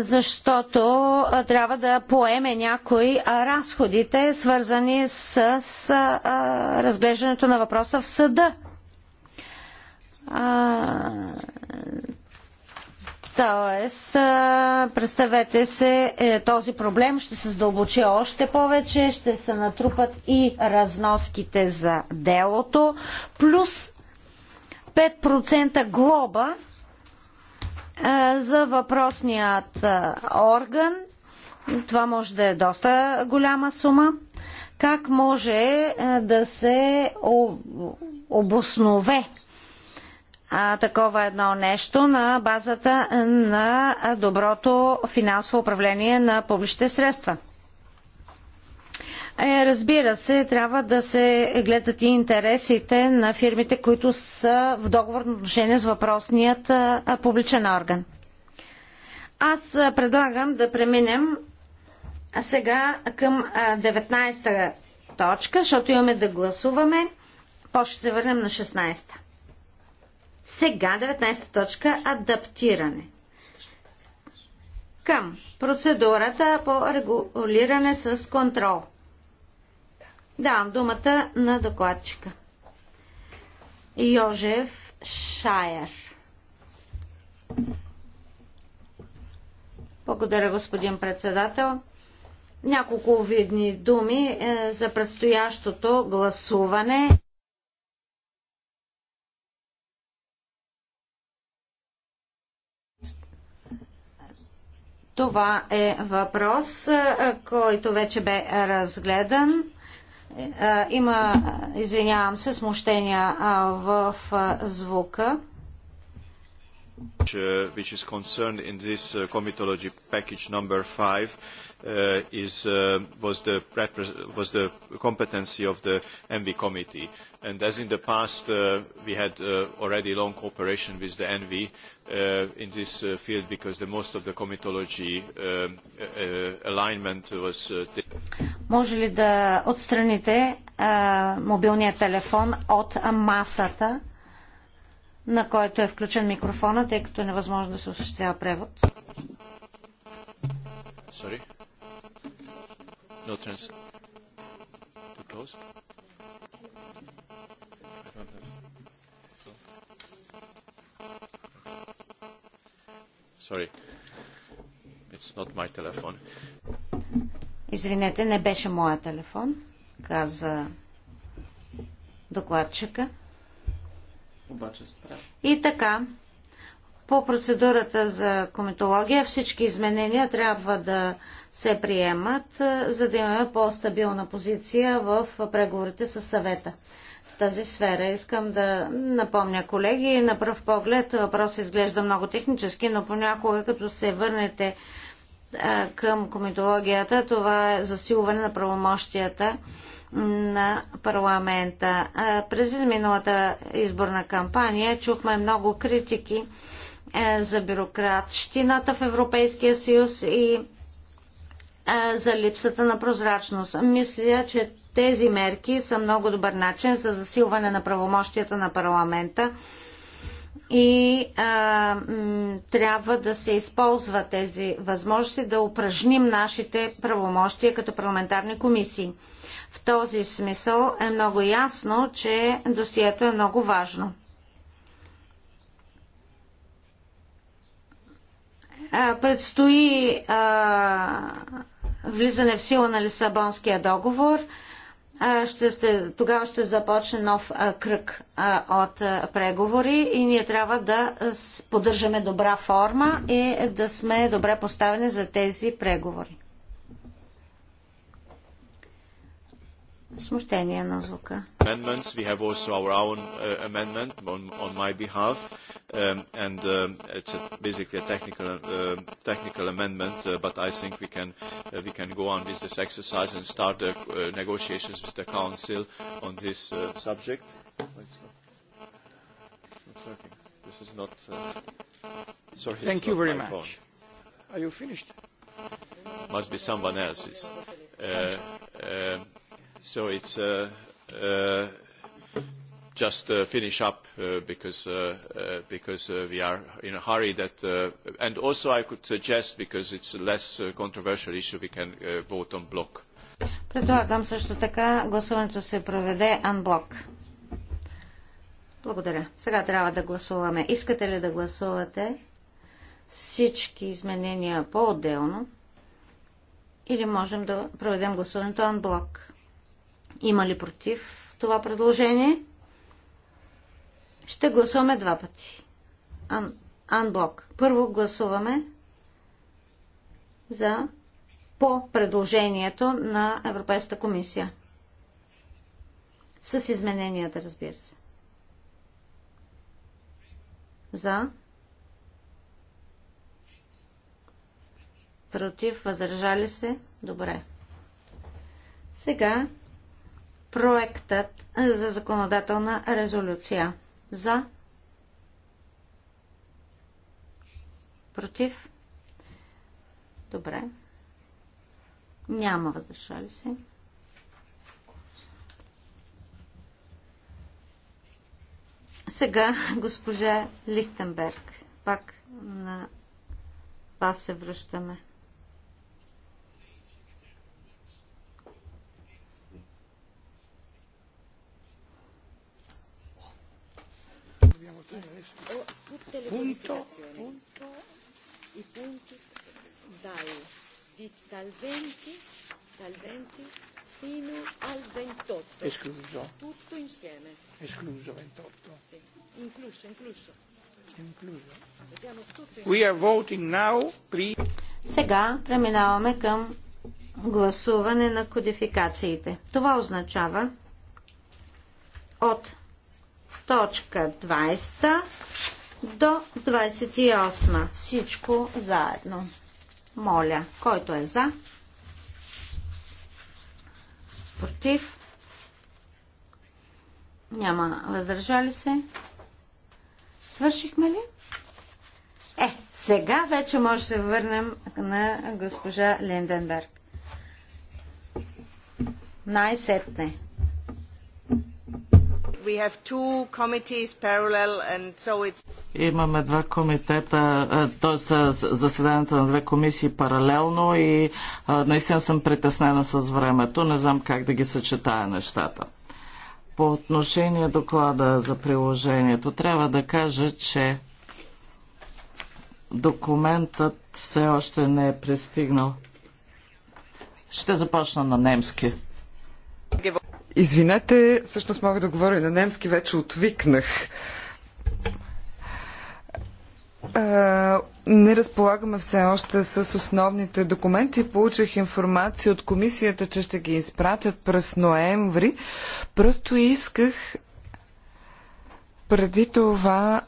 защото трябва да поеме някои разходите, свързани с разглеждането на въпроса в съда. Тоест, представете се, е, този проблем ще се задълбочи още повече, ще се натрупат и разноските за делото, плюс 5% глоба за въпросният орган. Това може да е доста голяма сума. Как може да се обоснове такова едно нещо на базата на доброто финансово управление на публичните средства? Е, разбира се, трябва да се гледат и интересите на фирмите, които са в договорно отношение с въпросният а, публичен орган. Аз а, предлагам да преминем сега към 19-та точка, защото имаме да гласуваме. После се върнем на 16-та. Сега 19-та точка адаптиране към процедурата по регулиране с контрол. Давам думата на докладчика. Йожев Шайер. Благодаря, господин председател. Няколко видни думи е, за предстоящото гласуване. Това е въпрос, е, който вече бе разгледан е, има, извинявам се, смущения в звука which is concerned in this comitology package number five is was the was the competency of the envi committee and as in the past we had already long cooperation with the envi in this field because the most of the comitology alignment was Може ли да отстраните мобилния телефон от масата на който е включен микрофона, тъй като е невъзможно да се осъществява превод. Sorry. No trans. To close. Sorry. It's not my telephone. Извинете, не беше моя телефон, каза докладчика обаче спря. И така, по процедурата за кометология всички изменения трябва да се приемат, за да имаме по-стабилна позиция в преговорите с съвета в тази сфера. Искам да напомня, колеги, на пръв поглед въпрос изглежда много технически, но понякога като се върнете към кометологията, това е засилване на правомощията на парламента. През изминалата изборна кампания чухме много критики е, за бюрократщината в Европейския съюз и е, за липсата на прозрачност. Мисля, че тези мерки са много добър начин за засилване на правомощията на парламента и а, е, трябва да се използва тези възможности да упражним нашите правомощия като парламентарни комисии. В този смисъл е много ясно, че досието е много важно. Предстои а, влизане в сила на Лисабонския договор. А, ще сте, тогава ще започне нов а, кръг а, от а, преговори и ние трябва да поддържаме добра форма и да сме добре поставени за тези преговори. смущение на звука. Amendments. We have also our own uh, amendment on, on my behalf, um, and um, it's a, basically a technical uh, technical amendment. Uh, but I think we can uh, we can go on with this exercise and start the uh, negotiations with the council on this uh, subject. This is not. Uh, sorry. Thank you very much. Phone. Are you finished? Must be someone else's. Uh, uh, So it's uh, uh, just uh, finish up because we are in a hurry that. And also I could suggest, because it's a less controversial issue, we can vote on block. Предлагам също така гласуването се проведе анблок. Благодаря. Сега трябва да гласуваме. Искате ли да гласувате всички изменения по-отделно? Или можем да проведем гласуването анблок? Има ли против това предложение? Ще гласуваме два пъти. Ан, анблок. Първо гласуваме за по предложението на Европейската комисия. С измененията, разбира се. За. Против, въздържали се. Добре. Сега проектът за законодателна резолюция. За. Против. Добре. Няма въздържали се. Сега госпожа Лихтенберг. Пак на вас се връщаме. le punto, punto. I punti dal, di, dal 20, dal 20 fino al 28. Escluso. Tutto insieme. Escluso 28. Sì. Incluso, incluso. We are voting now, please. Сега преминаваме към гласуване на кодификациите. Това означава от точка 20 до 28. Всичко заедно. Моля, който е за, против, няма въздържали се. Свършихме ли? Е, сега вече може да се върнем на госпожа Линденберг. Най-сетне. Имаме два комитета, т.е. заседанията на две комисии паралелно и наистина съм притеснена с времето. Не знам как да ги съчетая нещата. По отношение доклада за приложението, трябва да кажа, че документът все още не е пристигнал. Ще започна на немски. Извинете, всъщност мога да говоря на немски, вече отвикнах. Не разполагаме все още с основните документи. Получих информация от комисията, че ще ги изпратят през ноември. Просто исках преди това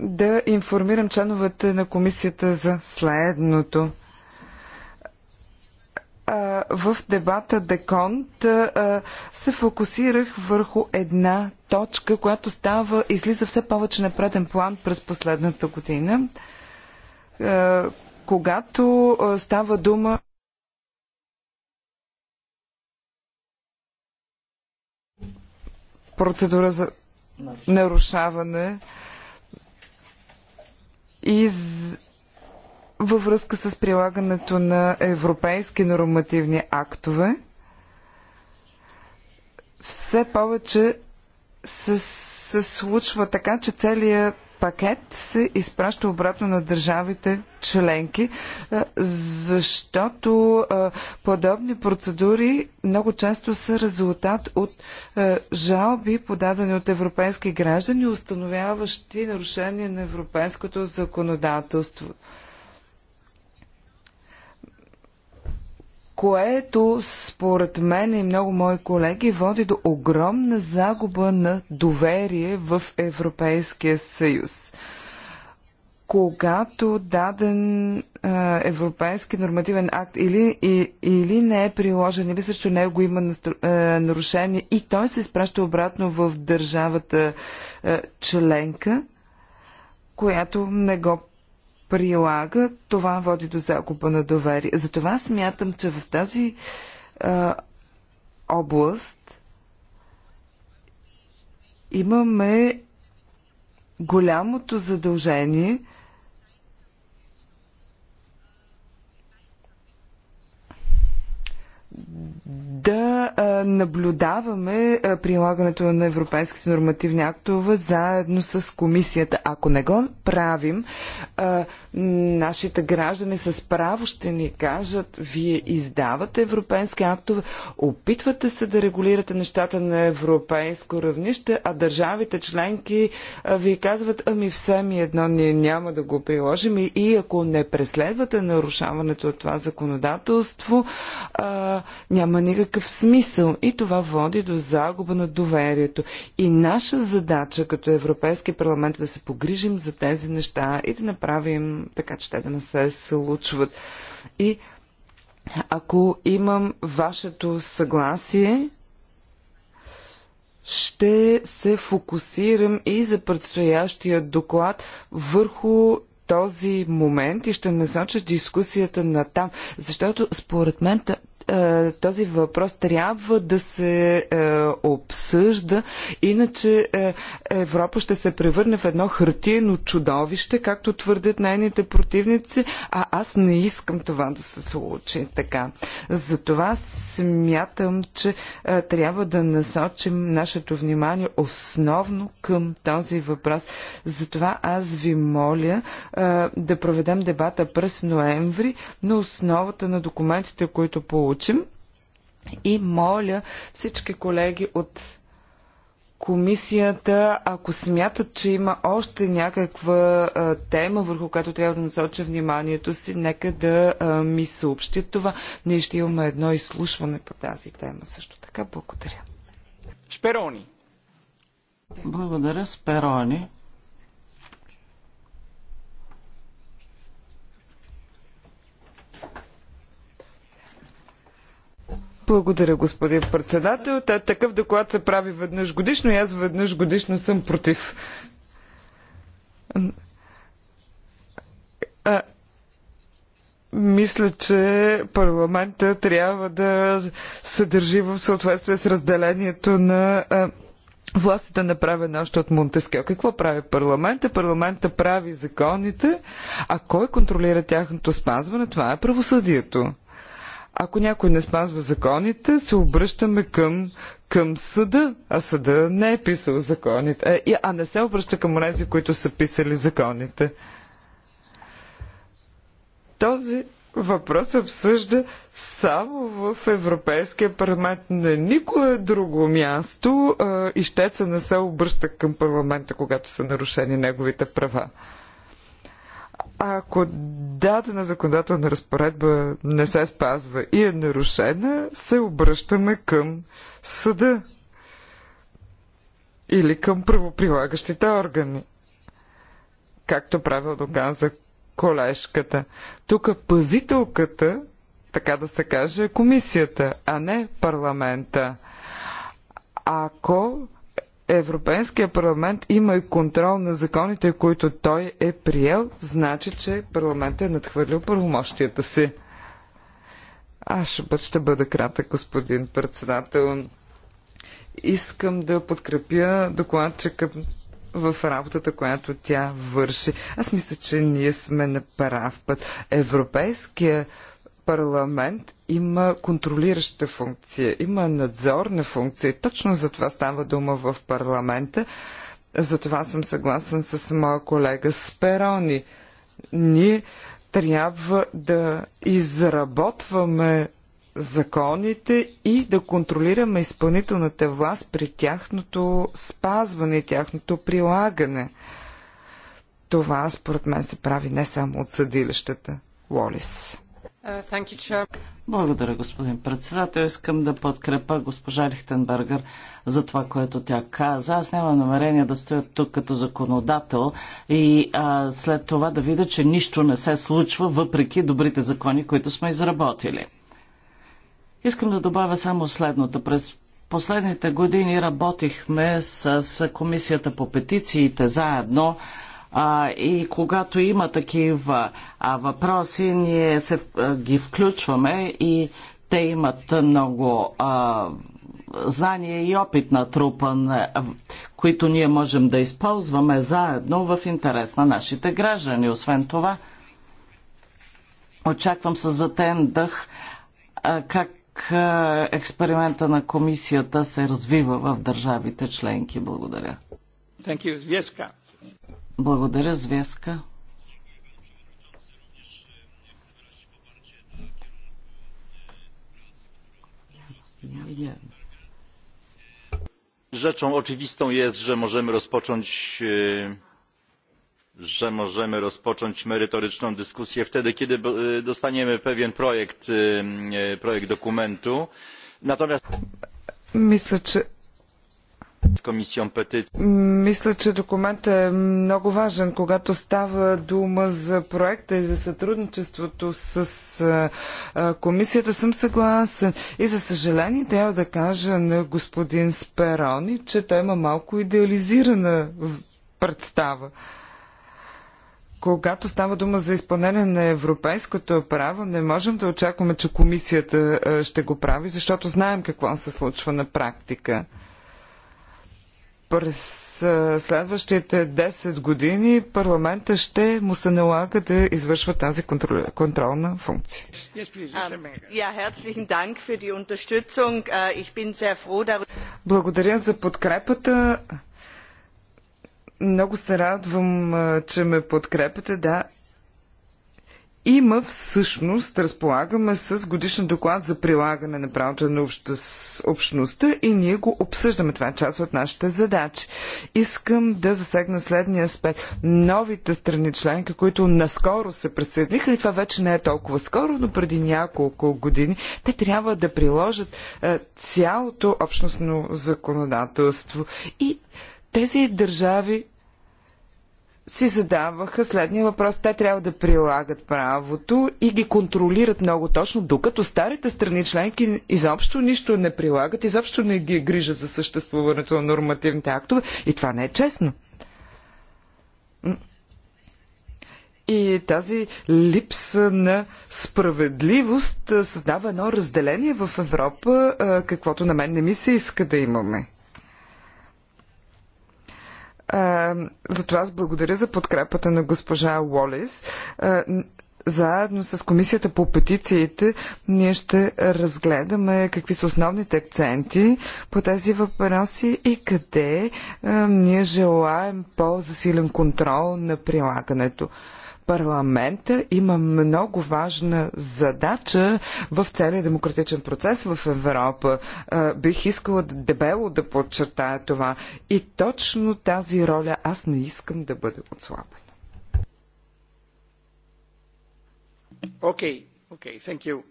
да информирам членовете на комисията за следното в дебата Деконт се фокусирах върху една точка, която става, излиза все повече на преден план през последната година, когато става дума процедура за нарушаване и във връзка с прилагането на европейски нормативни актове, все повече се, се случва така, че целият пакет се изпраща обратно на държавите членки, защото подобни процедури много често са резултат от жалби, подадени от европейски граждани, установяващи нарушение на европейското законодателство. което според мен и много мои колеги води до огромна загуба на доверие в Европейския съюз. Когато даден а, европейски нормативен акт или, и, или не е приложен, или също него има нарушение и той се изпраща обратно в държавата а, членка, която не го прилага, това води до загуба на доверие. Затова смятам, че в тази а, област имаме голямото задължение – да наблюдаваме прилагането на европейските нормативни актове заедно с комисията. Ако не го правим, нашите граждани с право ще ни кажат, вие издавате европейски актове, опитвате се да регулирате нещата на европейско равнище, а държавите членки ви казват, ами все ми едно, ние няма да го приложим и, и ако не преследвате нарушаването от това законодателство, а, няма никакъв никакъв смисъл и това води до загуба на доверието. И наша задача като Европейски парламент е да се погрижим за тези неща и да направим така, че те да не се случват. И ако имам вашето съгласие, ще се фокусирам и за предстоящия доклад върху този момент и ще насоча дискусията на там, защото според мен е, този въпрос трябва да се е, обсъжда, иначе е, Европа ще се превърне в едно хартиено чудовище, както твърдят нейните противници, а аз не искам това да се случи така. Затова смятам, че трябва да насочим нашето внимание основно към този въпрос. Затова аз ви моля да проведем дебата през ноември на основата на документите, които получим получим. И моля всички колеги от комисията, ако смятат, че има още някаква а, тема, върху която трябва да насоча вниманието си, нека да а, ми съобщят това. Ние ще имаме едно изслушване по тази тема също така. Благодаря. Шперони. Благодаря, Сперони. Благодаря, господин председател. Та, такъв доклад се прави веднъж годишно и аз веднъж годишно съм против. А, мисля, че парламента трябва да се държи в съответствие с разделението на а, властите направено още от Монтескио. Какво прави парламента? Парламента прави законите, а кой контролира тяхното спазване? Това е правосъдието. Ако някой не спазва законите, се обръщаме към, към съда, а съда не е писал законите, а, е, а не се обръща към тези, които са писали законите. Този въпрос се обсъжда само в Европейския парламент. На никое друго място а, ищеца не се обръща към парламента, когато са нарушени неговите права. Ако дадена законодателна разпоредба не се спазва и е нарушена, се обръщаме към съда или към правоприлагащите органи. Както правил Доган за колешката. Тук пазителката, така да се каже, е комисията, а не парламента. Ако Европейския парламент има и контрол на законите, които той е приел, значи, че парламентът е надхвърлил правомощията си. Аз ще бъда, ще бъда кратък, господин председател. Искам да подкрепя докладчика в работата, която тя върши. Аз мисля, че ние сме на прав път. Европейския парламент има контролираща функция, има надзорна функция. Точно за това става дума в парламента. Затова съм съгласен с моя колега Сперони. Ние трябва да изработваме законите и да контролираме изпълнителната власт при тяхното спазване и тяхното прилагане. Това според мен се прави не само от съдилищата. Лолис. Благодаря, господин председател. Искам да подкрепа госпожа Лихтенбергер за това, което тя каза. Аз нямам намерение да стоя тук като законодател и а, след това да видя, че нищо не се случва, въпреки добрите закони, които сме изработили. Искам да добавя само следното. През последните години работихме с Комисията по петициите заедно. А, и когато има такива а, въпроси, ние се, а, ги включваме и те имат много а, знания и опит на трупа, които ние можем да използваме заедно в интерес на нашите граждани. Освен това, очаквам с затен дъх а, как експеримента на комисията се развива в държавите членки. Благодаря. Thank you. Yes, благодаря, Звезка. Rzeczą oczywistą jest, że możemy rozpocząć że możemy rozpocząć merytoryczną dyskusję wtedy, kiedy dostaniemy pewien projekt, dokumentu. Natomiast... Myślę, czy мисля, че документът е много важен, когато става дума за проекта и за сътрудничеството с комисията. Съм съгласен. И за съжаление трябва да кажа на господин Сперони, че той има малко идеализирана представа когато става дума за изпълнение на европейското право, не можем да очакваме, че комисията ще го прави, защото знаем какво се случва на практика през следващите 10 години парламента ще му се налага да извършва тази контролна функция. Благодаря за подкрепата. Много се радвам, че ме подкрепяте. Да, има всъщност, разполагаме с годишен доклад за прилагане на правото на общността и ние го обсъждаме. Това е част от нашите задачи. Искам да засегна следния аспект. Новите страни членки, които наскоро се присъединиха, и това вече не е толкова скоро, но преди няколко години, те трябва да приложат е, цялото общностно законодателство. И тези държави си задаваха следния въпрос. Те трябва да прилагат правото и ги контролират много точно, докато старите страни членки изобщо нищо не прилагат, изобщо не ги грижат за съществуването на нормативните актове. И това не е честно. И тази липса на справедливост създава едно разделение в Европа, каквото на мен не ми се иска да имаме. Затова аз благодаря за подкрепата на госпожа Уолис. Заедно с Комисията по петициите ние ще разгледаме какви са основните акценти по тези въпроси и къде ние желаем по-засилен контрол на прилагането. Парламента има много важна задача в целия демократичен процес в Европа. Е, бих искала дебело да подчертая това. И точно тази роля аз не искам да бъде отслабена. Окей, окей, thank you.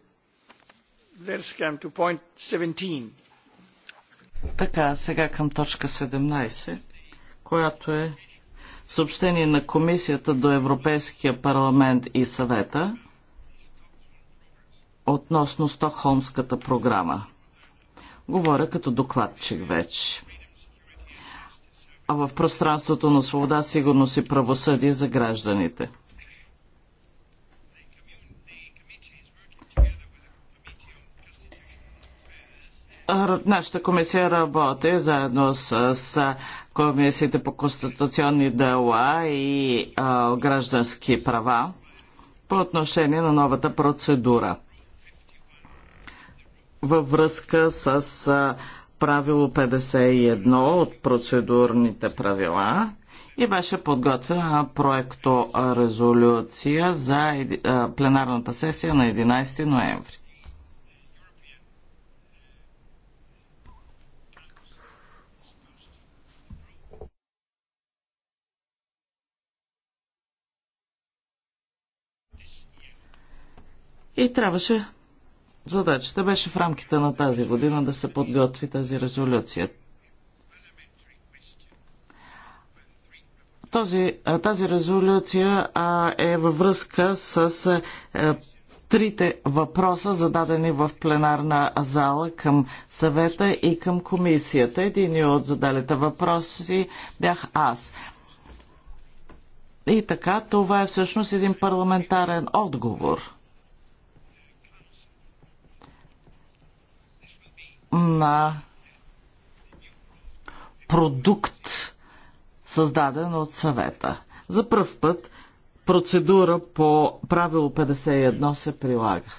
Let's come to point 17. Така, сега към точка 17, която е Съобщение на Комисията до Европейския парламент и съвета относно Стокхолмската програма. Говоря като докладчик вече. А в пространството на свобода, сигурност и правосъдие за гражданите. Нашата комисия работи заедно с, с Комисията по конституционни дела и а, граждански права по отношение на новата процедура във връзка с а, правило 51 от процедурните правила и беше подготвена проекто резолюция за пленарната сесия на 11 ноември. И трябваше задачата беше в рамките на тази година да се подготви тази резолюция. Този, тази резолюция а, е във връзка с а, трите въпроса, зададени в пленарна зала към съвета и към комисията. Един от задалите въпроси бях аз. И така, това е всъщност един парламентарен отговор. на продукт, създаден от съвета. За първ път процедура по правило 51 се прилага.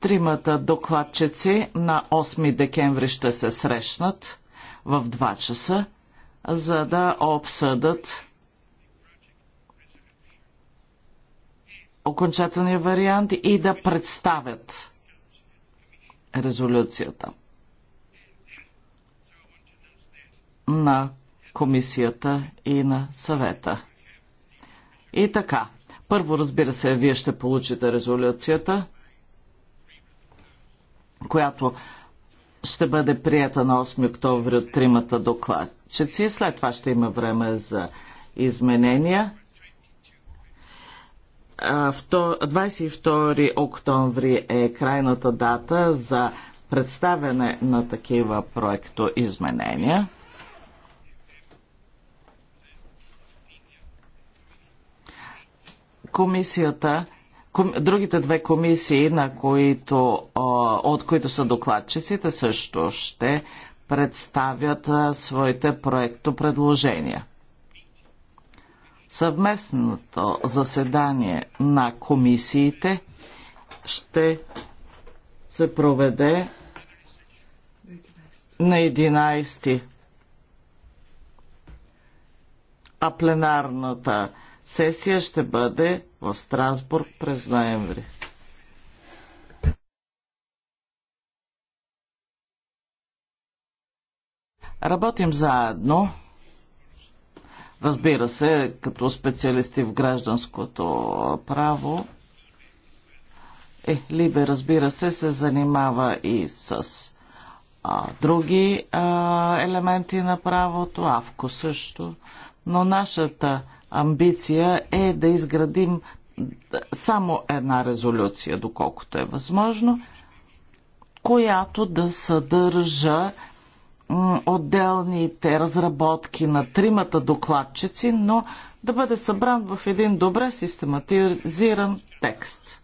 Тримата докладчици на 8 декември ще се срещнат в 2 часа, за да обсъдат окончателния вариант и да представят резолюцията на комисията и на съвета. И така, първо разбира се, вие ще получите резолюцията, която ще бъде прията на 8 октомври от тримата докладчици. След това ще има време за изменения. 22 октомври е крайната дата за представяне на такива проекто изменения. Комисията, ком, другите две комисии, на които, от които са докладчиците, също ще представят своите проекто предложения съвместното заседание на комисиите ще се проведе на 11 а пленарната сесия ще бъде в Страсбург през ноември. Работим заедно. Разбира се, като специалисти в гражданското право, е, Либе, разбира се, се занимава и с а, други а, елементи на правото, Авко също, но нашата амбиция е да изградим само една резолюция, доколкото е възможно, която да съдържа отделните разработки на тримата докладчици, но да бъде събран в един добре систематизиран текст.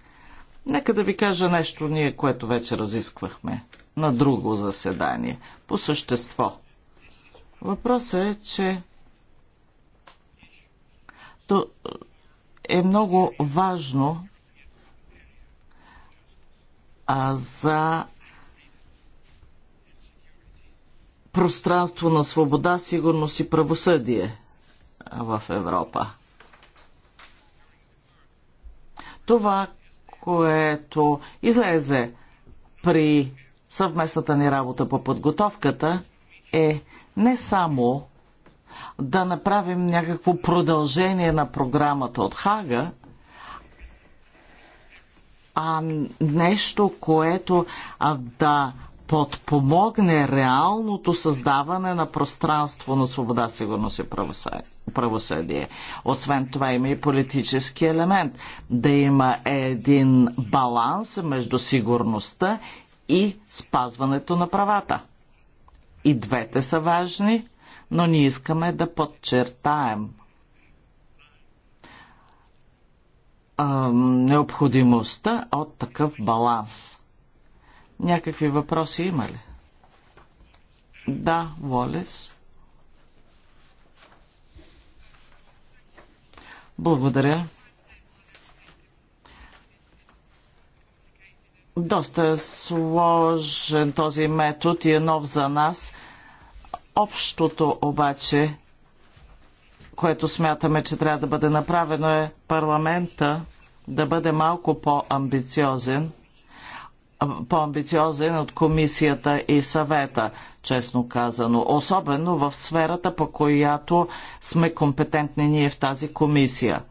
Нека да ви кажа нещо ние, което вече разисквахме на друго заседание. По същество. Въпросът е, че то е, е много важно а, за пространство на свобода, сигурност и правосъдие в Европа. Това, което излезе при съвместната ни работа по подготовката е не само да направим някакво продължение на програмата от Хага, а нещо, което да подпомогне реалното създаване на пространство на свобода, сигурност и правосъдие. Освен това има и политически елемент. Да има един баланс между сигурността и спазването на правата. И двете са важни, но ние искаме да подчертаем а, необходимостта от такъв баланс. Някакви въпроси има ли? Да, Волес. Благодаря. Доста е сложен този метод и е нов за нас. Общото обаче, което смятаме, че трябва да бъде направено е парламента да бъде малко по-амбициозен по-амбициозен от комисията и съвета, честно казано. Особено в сферата, по която сме компетентни ние в тази комисия.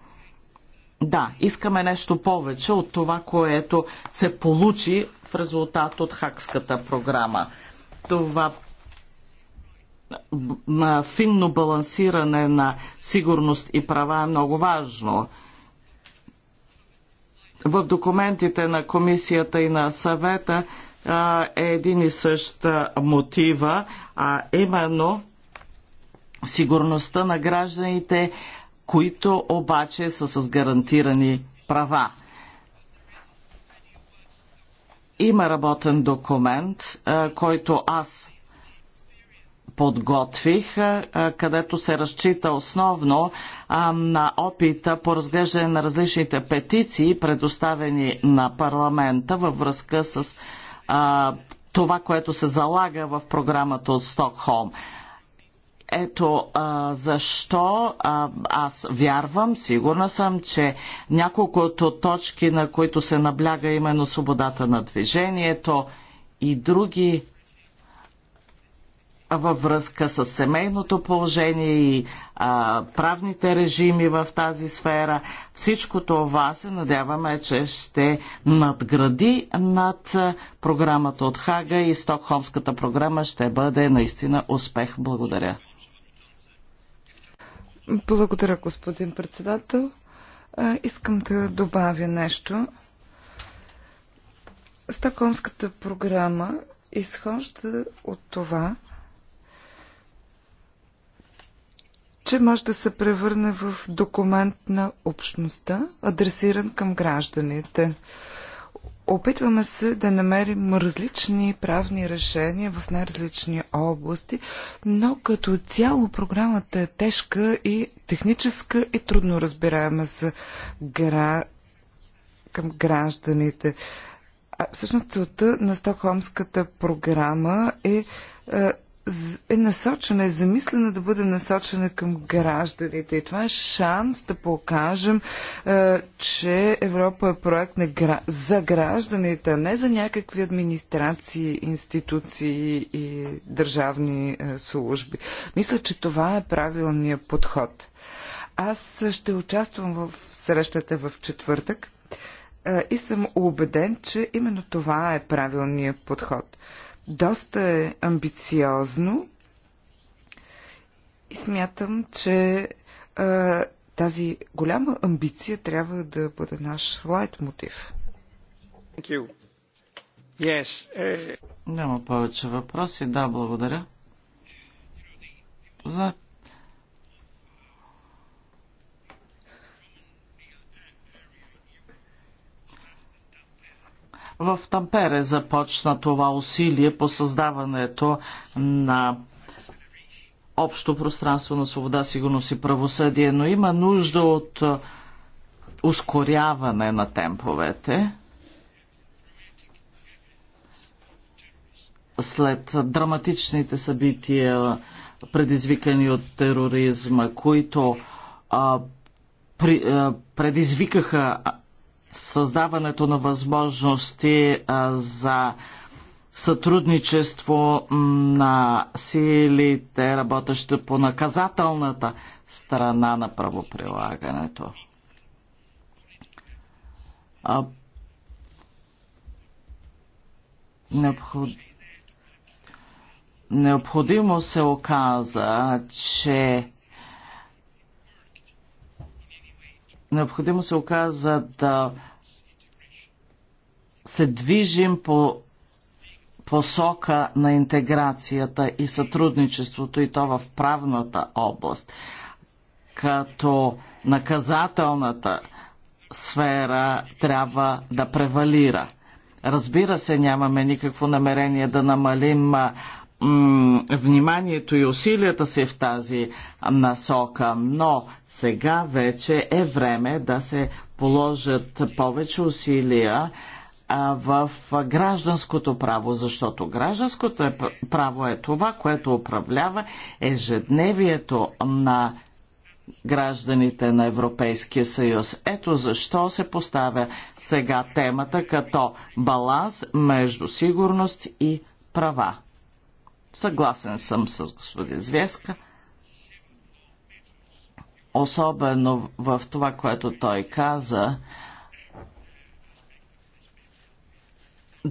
Да, искаме нещо повече от това, което се получи в резултат от хакската програма. Това финно балансиране на сигурност и права е много важно в документите на комисията и на съвета е един и същ мотива, а именно сигурността на гражданите, които обаче са с гарантирани права. Има работен документ, който аз подготвих, където се разчита основно на опита по разглеждане на различните петиции, предоставени на парламента във връзка с това, което се залага в програмата от Стокхолм. Ето а, защо а, аз вярвам, сигурна съм, че няколкото точки, на които се набляга именно свободата на движението и други във връзка с семейното положение и а, правните режими в тази сфера. Всичко това се надяваме, че ще надгради над програмата от Хага и Стокхолмската програма ще бъде наистина успех. Благодаря. Благодаря, господин председател. Искам да добавя нещо. Стокхолмската програма изхожда от това, че може да се превърне в документ на общността, адресиран към гражданите. Опитваме се да намерим различни правни решения в най-различни области, но като цяло програмата е тежка и техническа и трудно разбираема за гра... към гражданите. А, всъщност целта на Стокхолмската програма е, е е насочена, е замислена да бъде насочена към гражданите. И това е шанс да покажем, е, че Европа е проект на, за гражданите, а не за някакви администрации, институции и държавни е, служби. Мисля, че това е правилният подход. Аз ще участвам в срещата в четвъртък е, и съм убеден, че именно това е правилният подход доста е амбициозно и смятам, че а, тази голяма амбиция трябва да бъде наш лайт мотив. Yes. Е. Няма повече въпроси. Да, благодаря. За В Тампере започна това усилие по създаването на общо пространство на свобода, сигурност и правосъдие, но има нужда от ускоряване на темповете. След драматичните събития, предизвикани от тероризма, които а, при, а, предизвикаха създаването на възможности за сътрудничество на силите, работещи по наказателната страна на правоприлагането. Необход... Необходимо се оказа, че необходимо се оказа да се движим по посока на интеграцията и сътрудничеството и то в правната област, като наказателната сфера трябва да превалира. Разбира се, нямаме никакво намерение да намалим вниманието и усилията си в тази насока, но сега вече е време да се положат повече усилия в гражданското право, защото гражданското е право е това, което управлява ежедневието на гражданите на Европейския съюз. Ето защо се поставя сега темата като баланс между сигурност и права. Съгласен съм с господин Звеска. Особено в това, което той каза,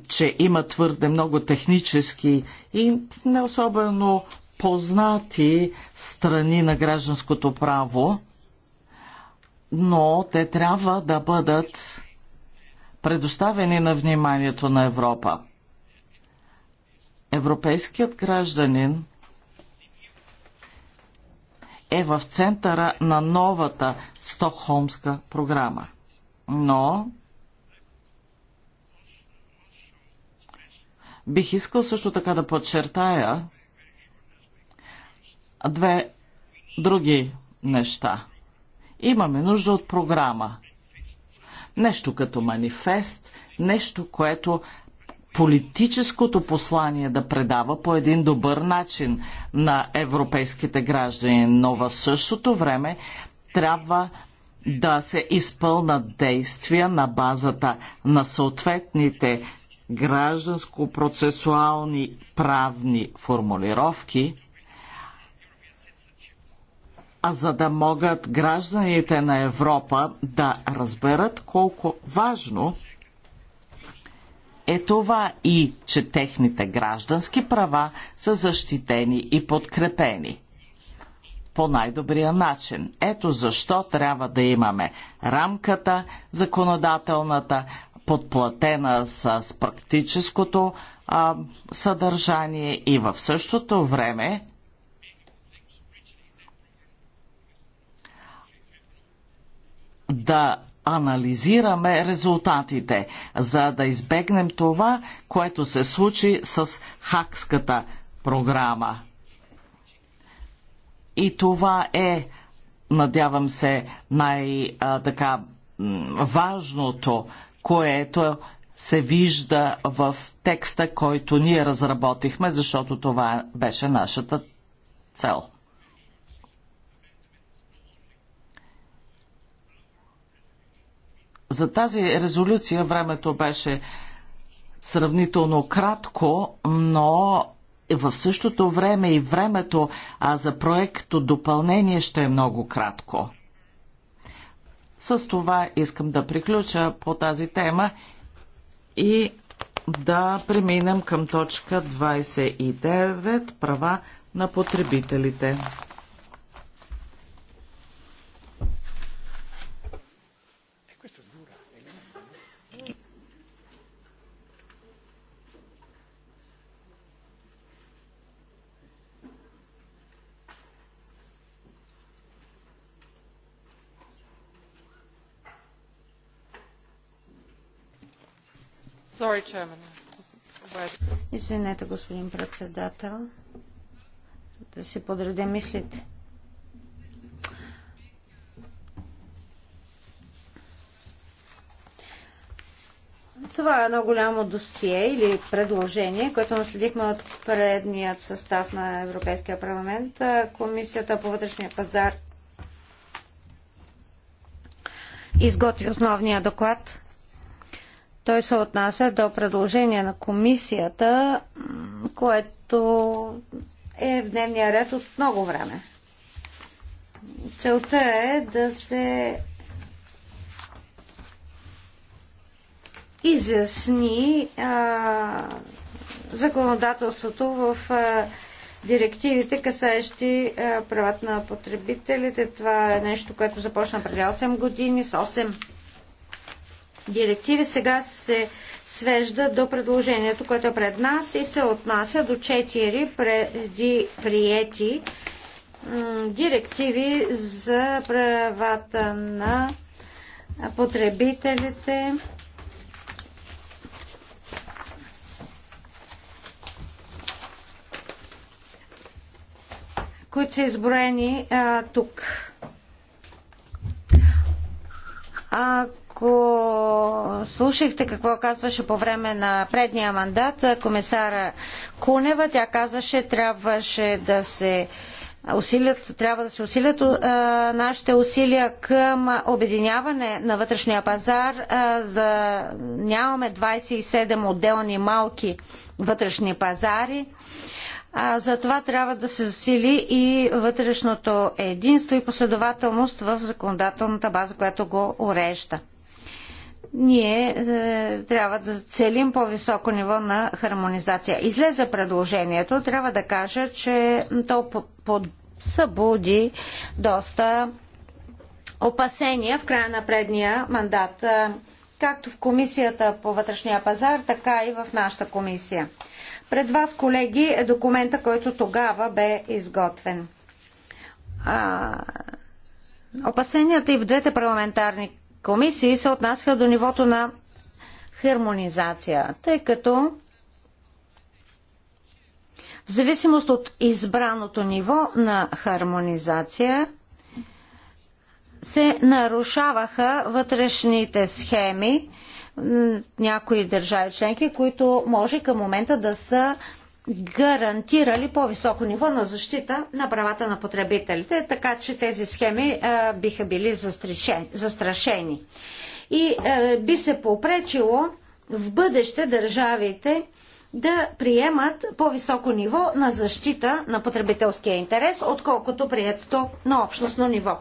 че има твърде много технически и не особено познати страни на гражданското право, но те трябва да бъдат предоставени на вниманието на Европа. Европейският гражданин е в центъра на новата Стокхолмска програма. Но бих искал също така да подчертая две други неща. Имаме нужда от програма. Нещо като манифест, нещо, което политическото послание да предава по един добър начин на европейските граждани, но в същото време трябва да се изпълнат действия на базата на съответните гражданско-процесуални правни формулировки, а за да могат гражданите на Европа да разберат колко важно е е това и, че техните граждански права са защитени и подкрепени по най-добрия начин. Ето защо трябва да имаме рамката, законодателната, подплатена с практическото а, съдържание и в същото време да анализираме резултатите, за да избегнем това, което се случи с хакската програма. И това е, надявам се, най важното, което се вижда в текста, който ние разработихме, защото това беше нашата цел. За тази резолюция времето беше сравнително кратко, но е в същото време и времето а за проекто допълнение ще е много кратко. С това искам да приключа по тази тема и да преминем към точка 29 права на потребителите. Извинете, господин председател. Да си подредя мислите. Това е едно голямо досие или предложение, което наследихме от предният състав на Европейския парламент. Комисията по вътрешния пазар изготви основния доклад той се отнася до предложение на комисията, което е в дневния ред от много време. Целта е да се изясни а, законодателството в а, директивите, касаещи правата на потребителите. Това е нещо, което започна преди 8 години с 8 директиви сега се свежда до предложението, което е пред нас и се отнася до 4 преди приети директиви за правата на потребителите. които са изброени а, тук. А, ако слушахте какво казваше по време на предния мандат комисара Кунева, тя казваше, трябваше да се усилят, трябва да се усилят а, нашите усилия към обединяване на вътрешния пазар, а, за нямаме 27 отделни малки вътрешни пазари. А, за това трябва да се засили и вътрешното единство и последователност в законодателната база, която го урежда ние е, трябва да целим по-високо ниво на хармонизация. Излезе предложението, трябва да кажа, че то събуди доста опасения в края на предния мандат, е, както в комисията по вътрешния пазар, така и в нашата комисия. Пред вас, колеги, е документа, който тогава бе изготвен. А, опасенията и в двете парламентарни комисии се отнасяха до нивото на хармонизация, тъй като в зависимост от избраното ниво на хармонизация се нарушаваха вътрешните схеми някои държави членки, които може към момента да са гарантирали по-високо ниво на защита на правата на потребителите, така че тези схеми а, биха били застрашени. И а, би се попречило в бъдеще държавите да приемат по-високо ниво на защита на потребителския интерес, отколкото приетото на общностно ниво.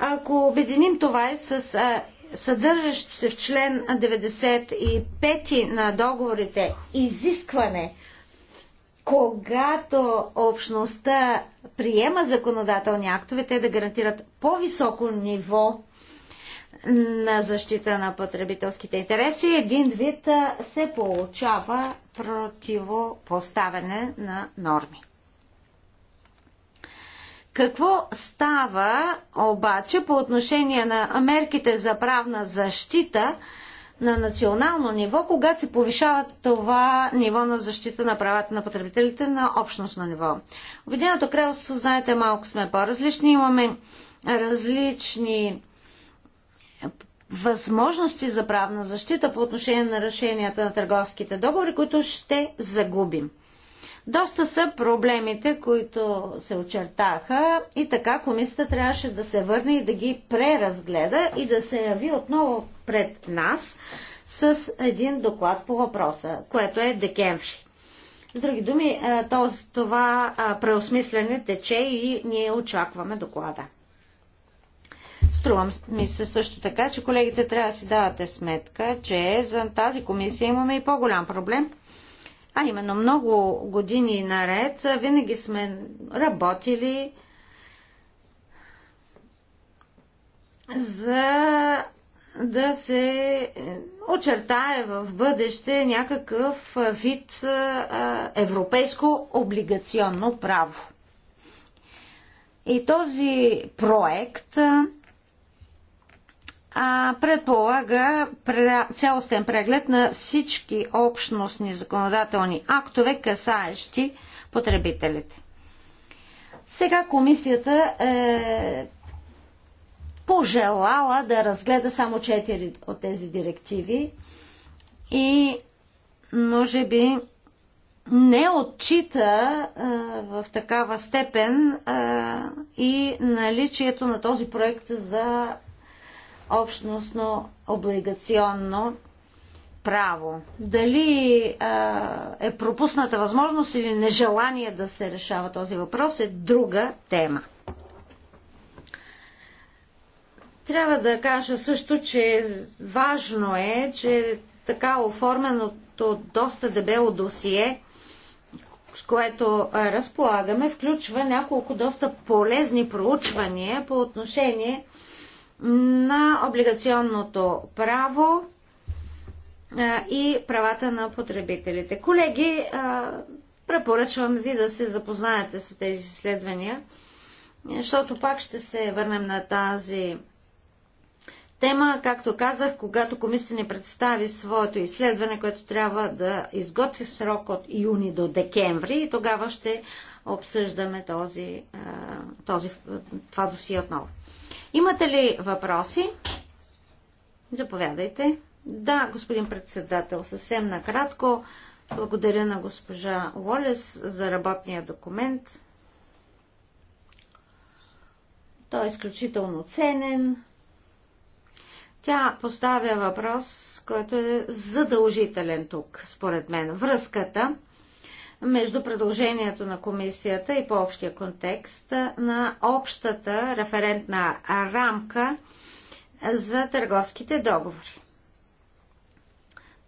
Ако обединим това и с а, съдържащо се в член 95 на договорите изискване, когато общността приема законодателни актове, те да гарантират по-високо ниво на защита на потребителските интереси, един вид се получава противопоставяне на норми. Какво става обаче по отношение на мерките за правна защита на национално ниво, когато се повишава това ниво на защита на правата на потребителите на общностно ниво? Обединеното кралство, знаете, малко сме по-различни, имаме различни възможности за правна защита по отношение на решенията на търговските договори, които ще загубим. Доста са проблемите, които се очертаха и така комисията трябваше да се върне и да ги преразгледа и да се яви отново пред нас с един доклад по въпроса, което е декември. С други думи, е, това е, преосмислене тече и ние очакваме доклада. Струвам ми се също така, че колегите трябва да си давате сметка, че за тази комисия имаме и по-голям проблем, а именно много години наред винаги сме работили за да се очертае в бъдеще някакъв вид европейско облигационно право. И този проект а, предполага цялостен преглед на всички общностни законодателни актове, касаещи потребителите. Сега комисията е пожелала да разгледа само четири от тези директиви и може би не отчита а, е, в такава степен а, е, и наличието на този проект за общностно облигационно право. Дали а, е пропусната възможност или нежелание да се решава този въпрос е друга тема. Трябва да кажа също, че важно е, че така оформеното доста дебело досие, с което разполагаме, включва няколко доста полезни проучвания по отношение а, на облигационното право и правата на потребителите. Колеги, препоръчвам ви да се запознаете с тези изследвания, защото пак ще се върнем на тази тема. Както казах, когато комисията ни представи своето изследване, което трябва да изготви в срок от юни до декември, и тогава ще обсъждаме този, този, това досие отново. Имате ли въпроси? Заповядайте. Да, господин председател, съвсем накратко. Благодаря на госпожа Уолес за работния документ. Той е изключително ценен. Тя поставя въпрос, който е задължителен тук, според мен. Връзката между предложението на комисията и по-общия контекст на общата референтна рамка за търговските договори.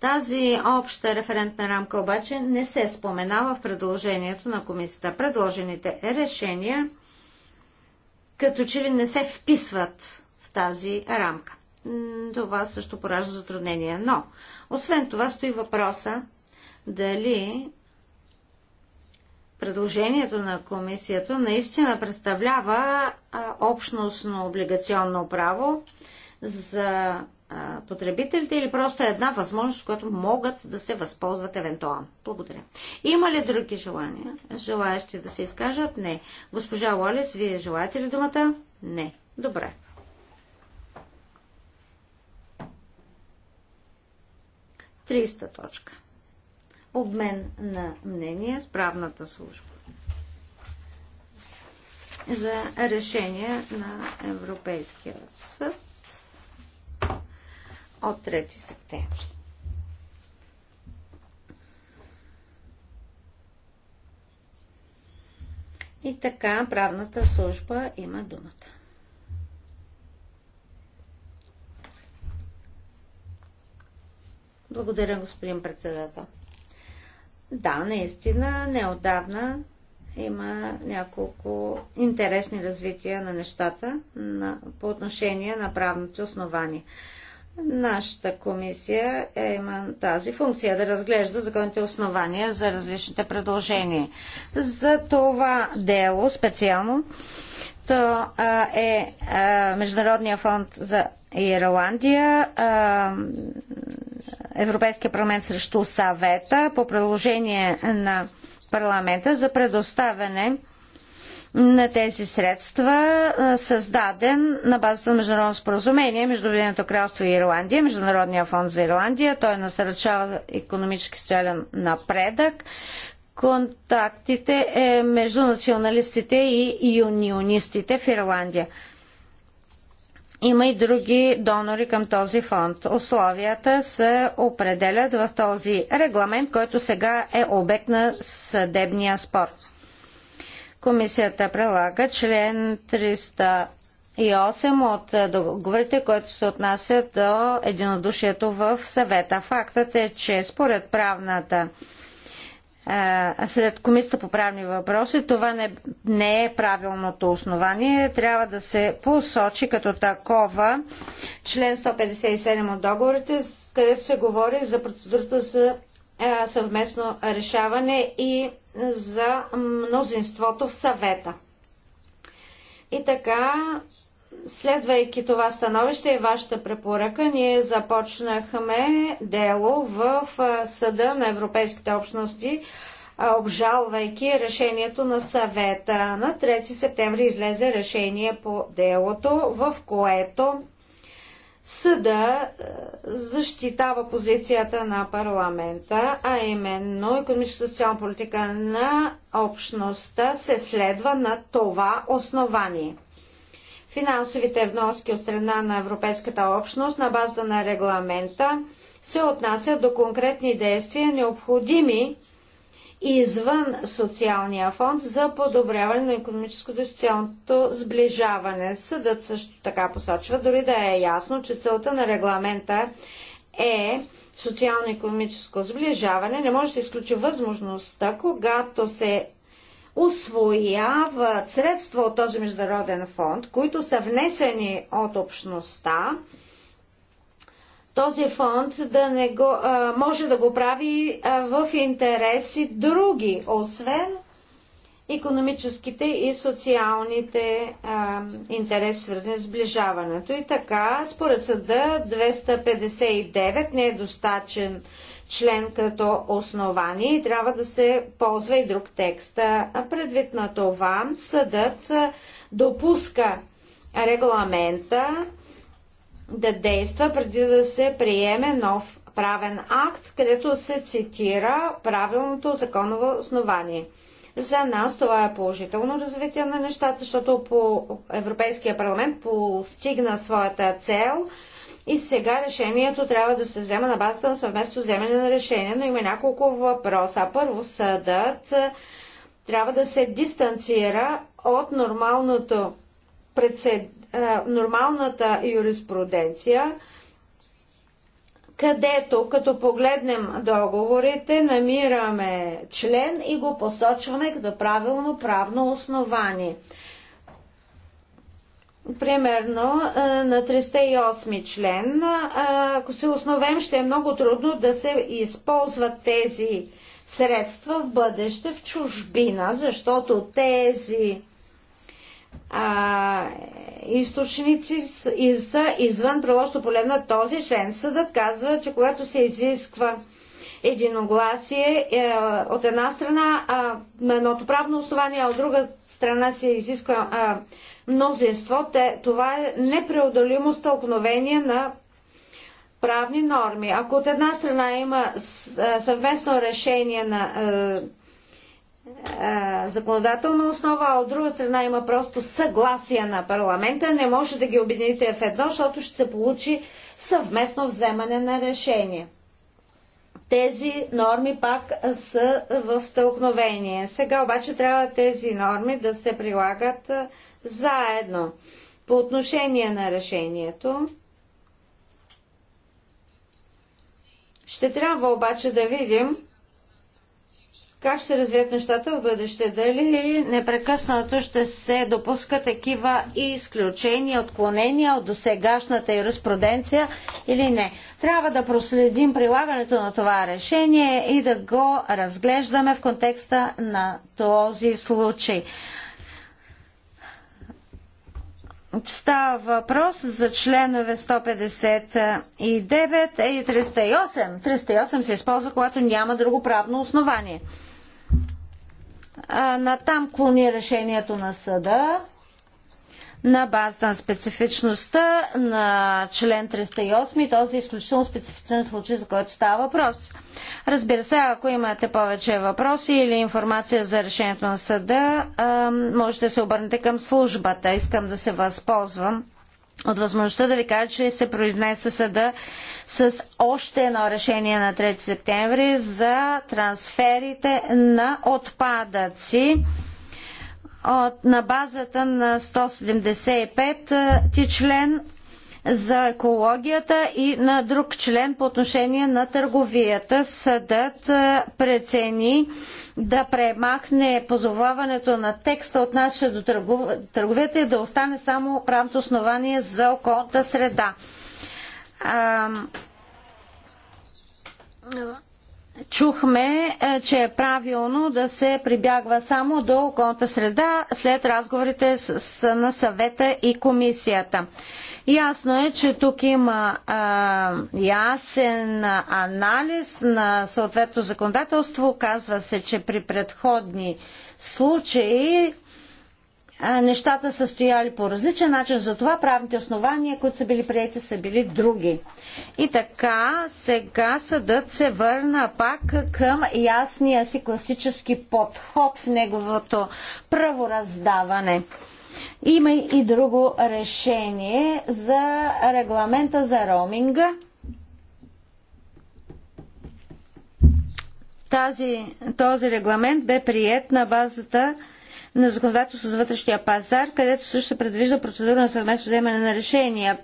Тази обща референтна рамка обаче не се споменава в предложението на комисията. Предложените решения като че ли не се вписват в тази рамка. Това също поражда затруднения. Но, освен това, стои въпроса дали предложението на комисията наистина представлява общностно облигационно право за потребителите или просто една възможност, която могат да се възползват евентуално. Благодаря. Има ли други желания? Желаящи да се изкажат? Не. Госпожа Лолес, вие желаете ли думата? Не. Добре. Триста точка обмен на мнение с правната служба за решение на Европейския съд от 3 септември. И така правната служба има думата. Благодаря, господин председател. Да, наистина, неодавна има няколко интересни развития на нещата на, по отношение на правните основания. Нашата комисия е, има тази функция да разглежда законните основания за различните предложения. За това дело специално то а, е а, Международния фонд за Ирландия. А, Европейския парламент срещу съвета по приложение на парламента за предоставяне на тези средства, създаден на базата на международно споразумение между Обединеното кралство и Ирландия, Международния фонд за Ирландия. Той насърчава економически социален напредък. Контактите е между националистите и юнионистите в Ирландия. Има и други донори към този фонд. Условията се определят в този регламент, който сега е обект на съдебния спор. Комисията прилага член 308 от договорите, които се отнасят до единодушието в съвета. Фактът е, че според правната сред Комисията по правни въпроси. Това не, не е правилното основание. Трябва да се посочи като такова член 157 от договорите, където се говори за процедурата за съвместно решаване и за мнозинството в съвета. И така Следвайки това становище и вашата препоръка, ние започнахме дело в Съда на Европейските общности, обжалвайки решението на съвета. На 3 септември излезе решение по делото, в което съда защитава позицията на парламента, а именно економическа социална политика на общността се следва на това основание финансовите вноски от страна на Европейската общност на база на регламента се отнасят до конкретни действия, необходими извън социалния фонд за подобряване на економическото и социалното сближаване. Съдът също така посочва, дори да е ясно, че целта на регламента е социално-економическо сближаване, не може да се изключи възможността, когато се освояват средства от този международен фонд, които са внесени от общността, този фонд да не го, а, може да го прави а, в интереси други, освен економическите и социалните а, интереси, свързани с сближаването. И така, според съда 259 не е достатъчен член като основание и трябва да се ползва и друг текст. Предвид на това, съдът допуска регламента да действа преди да се приеме нов правен акт, където се цитира правилното законово основание. За нас това е положително развитие на нещата, защото по Европейския парламент постигна своята цел – и сега решението трябва да се взема на базата на съвместно вземане на решение, но има няколко въпроса. Първо, съдът е, трябва да се дистанцира от нормалното председ... Е, нормалната юриспруденция, където като погледнем договорите, намираме член и го посочваме като правилно правно основание. Примерно на 308 член, ако се основем, ще е много трудно да се използват тези средства в бъдеще в чужбина, защото тези а, източници и са извън приложното поле на този член. Съдът казва, че когато се изисква единогласие е, от една страна а, на едното правно основание, а от друга страна се изисква а, мнозинство, те, това е непреодолимо стълкновение на правни норми. Ако от една страна има съвместно решение на законодателна основа, а от друга страна има просто съгласие на парламента, не може да ги обедините в едно, защото ще се получи съвместно вземане на решение. Тези норми пак са в стълкновение. Сега обаче трябва тези норми да се прилагат заедно. По отношение на решението, ще трябва обаче да видим как ще развият нещата в бъдеще. Дали непрекъснато ще се допуска такива изключения, отклонения от досегашната юриспруденция или не. Трябва да проследим прилагането на това решение и да го разглеждаме в контекста на този случай. Става въпрос за членове 159 и 308. 308 се използва, когато няма друго правно основание. А, натам клони решението на съда на базата на специфичността на член 308 и този е изключително специфичен случай, за който става въпрос. Разбира се, ако имате повече въпроси или информация за решението на съда, можете да се обърнете към службата. Искам да се възползвам от възможността да ви кажа, че се произнесе съда с още едно решение на 3 септември за трансферите на отпадъци от, на базата на 175 ти член за екологията и на друг член по отношение на търговията. Съдът прецени да премахне позоваването на текста от наша до търговията и да остане само правното основание за околната среда. А чухме, е, че е правилно да се прибягва само до околната среда след разговорите с, с, на съвета и комисията. Ясно е, че тук има а, е, ясен анализ на съответно законодателство. Казва се, че при предходни случаи нещата са стояли по различен начин, затова правните основания, които са били приети, са били други. И така, сега съдът се върна пак към ясния си класически подход в неговото правораздаване. Има и друго решение за регламента за роуминга. Тази, този регламент бе прият на базата на законодателство за вътрешния пазар, където също се предвижда процедура на съвместно вземане на решения.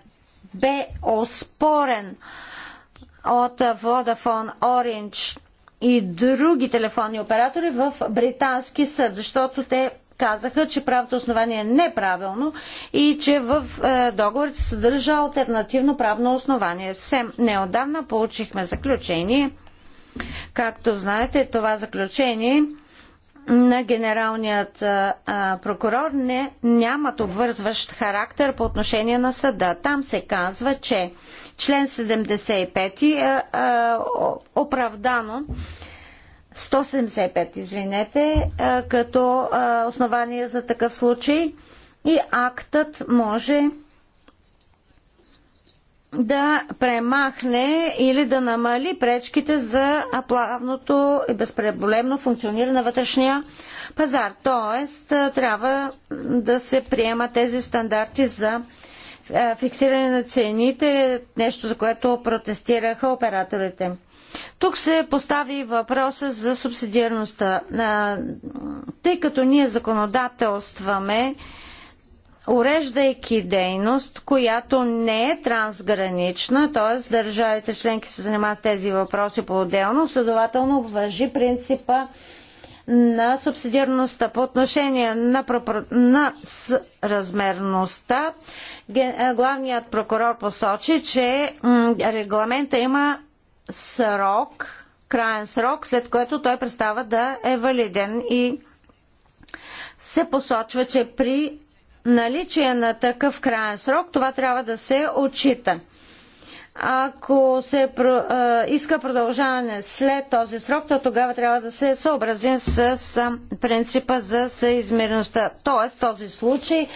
Бе оспорен от Vodafone, Orange и други телефонни оператори в британски съд, защото те казаха, че правото основание е неправилно и че в е, договорите се съдържа альтернативно правно основание. Сем неодавна получихме заключение. Както знаете, това заключение на генералният а, прокурор не, нямат обвързващ характер по отношение на съда. Там се казва, че член 75 е, е оправдано 175, извинете, а, е, като а, е, основание за такъв случай и актът може да премахне или да намали пречките за плавното и безпреболемно функциониране на вътрешния пазар. Тоест, трябва да се приемат тези стандарти за фиксиране на цените, нещо за което протестираха операторите. Тук се постави въпроса за субсидиарността. Тъй като ние законодателстваме, уреждайки дейност, която не е трансгранична, т.е. държавите членки се занимават с тези въпроси по-отделно, следователно въжи принципа на субсидиарността. По отношение на, пропор... на размерността, главният прокурор посочи, че регламента има срок, краен срок, след което той представа да е валиден и се посочва, че при наличие на такъв крайен срок, това трябва да се отчита. Ако се иска продължаване след този срок, то тогава трябва да се съобразим с принципа за съизмерността. Тоест, в този случай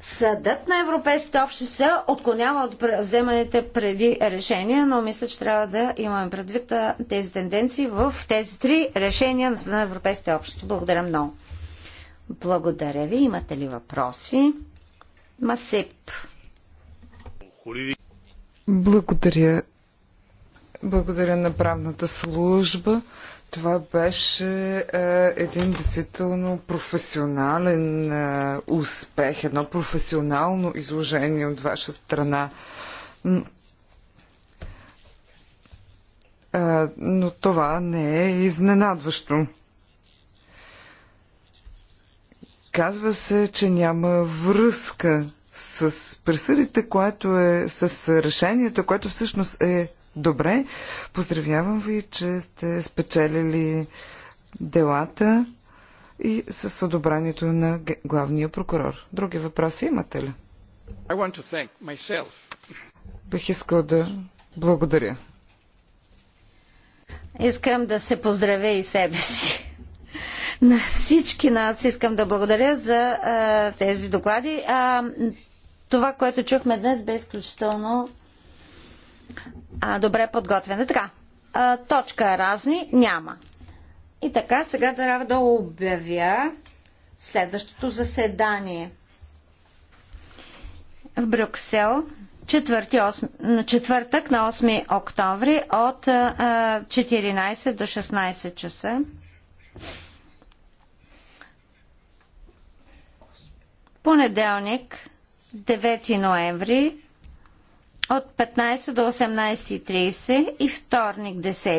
Съдът на Европейските общи се отклонява от вземаните преди решения, но мисля, че трябва да имаме предвид тези тенденции в тези три решения на Съда на Европейските общи. Благодаря много. Благодаря ви. Имате ли въпроси? Масип. Благодаря. Благодаря на правната служба. Това беше е, един действително професионален е, успех, едно професионално изложение от ваша страна. Е, но това не е изненадващо. Казва се, че няма връзка с присъдите, което е, с решението, което всъщност е добре. Поздравявам ви, че сте спечелили делата и с одобрението на главния прокурор. Други въпроси имате ли? Бих искал да благодаря. Искам да се поздравя и себе си на всички нас искам да благодаря за а, тези доклади. А, това, което чухме днес, бе изключително а, добре подготвено. Така, а, точка разни няма. И така, сега трябва да обявя следващото заседание в Брюксел. 4, четвъртък на 8 октомври от 14 до 16 часа. понеделник, 9 ноември, от 15 до 18.30 и вторник, 10.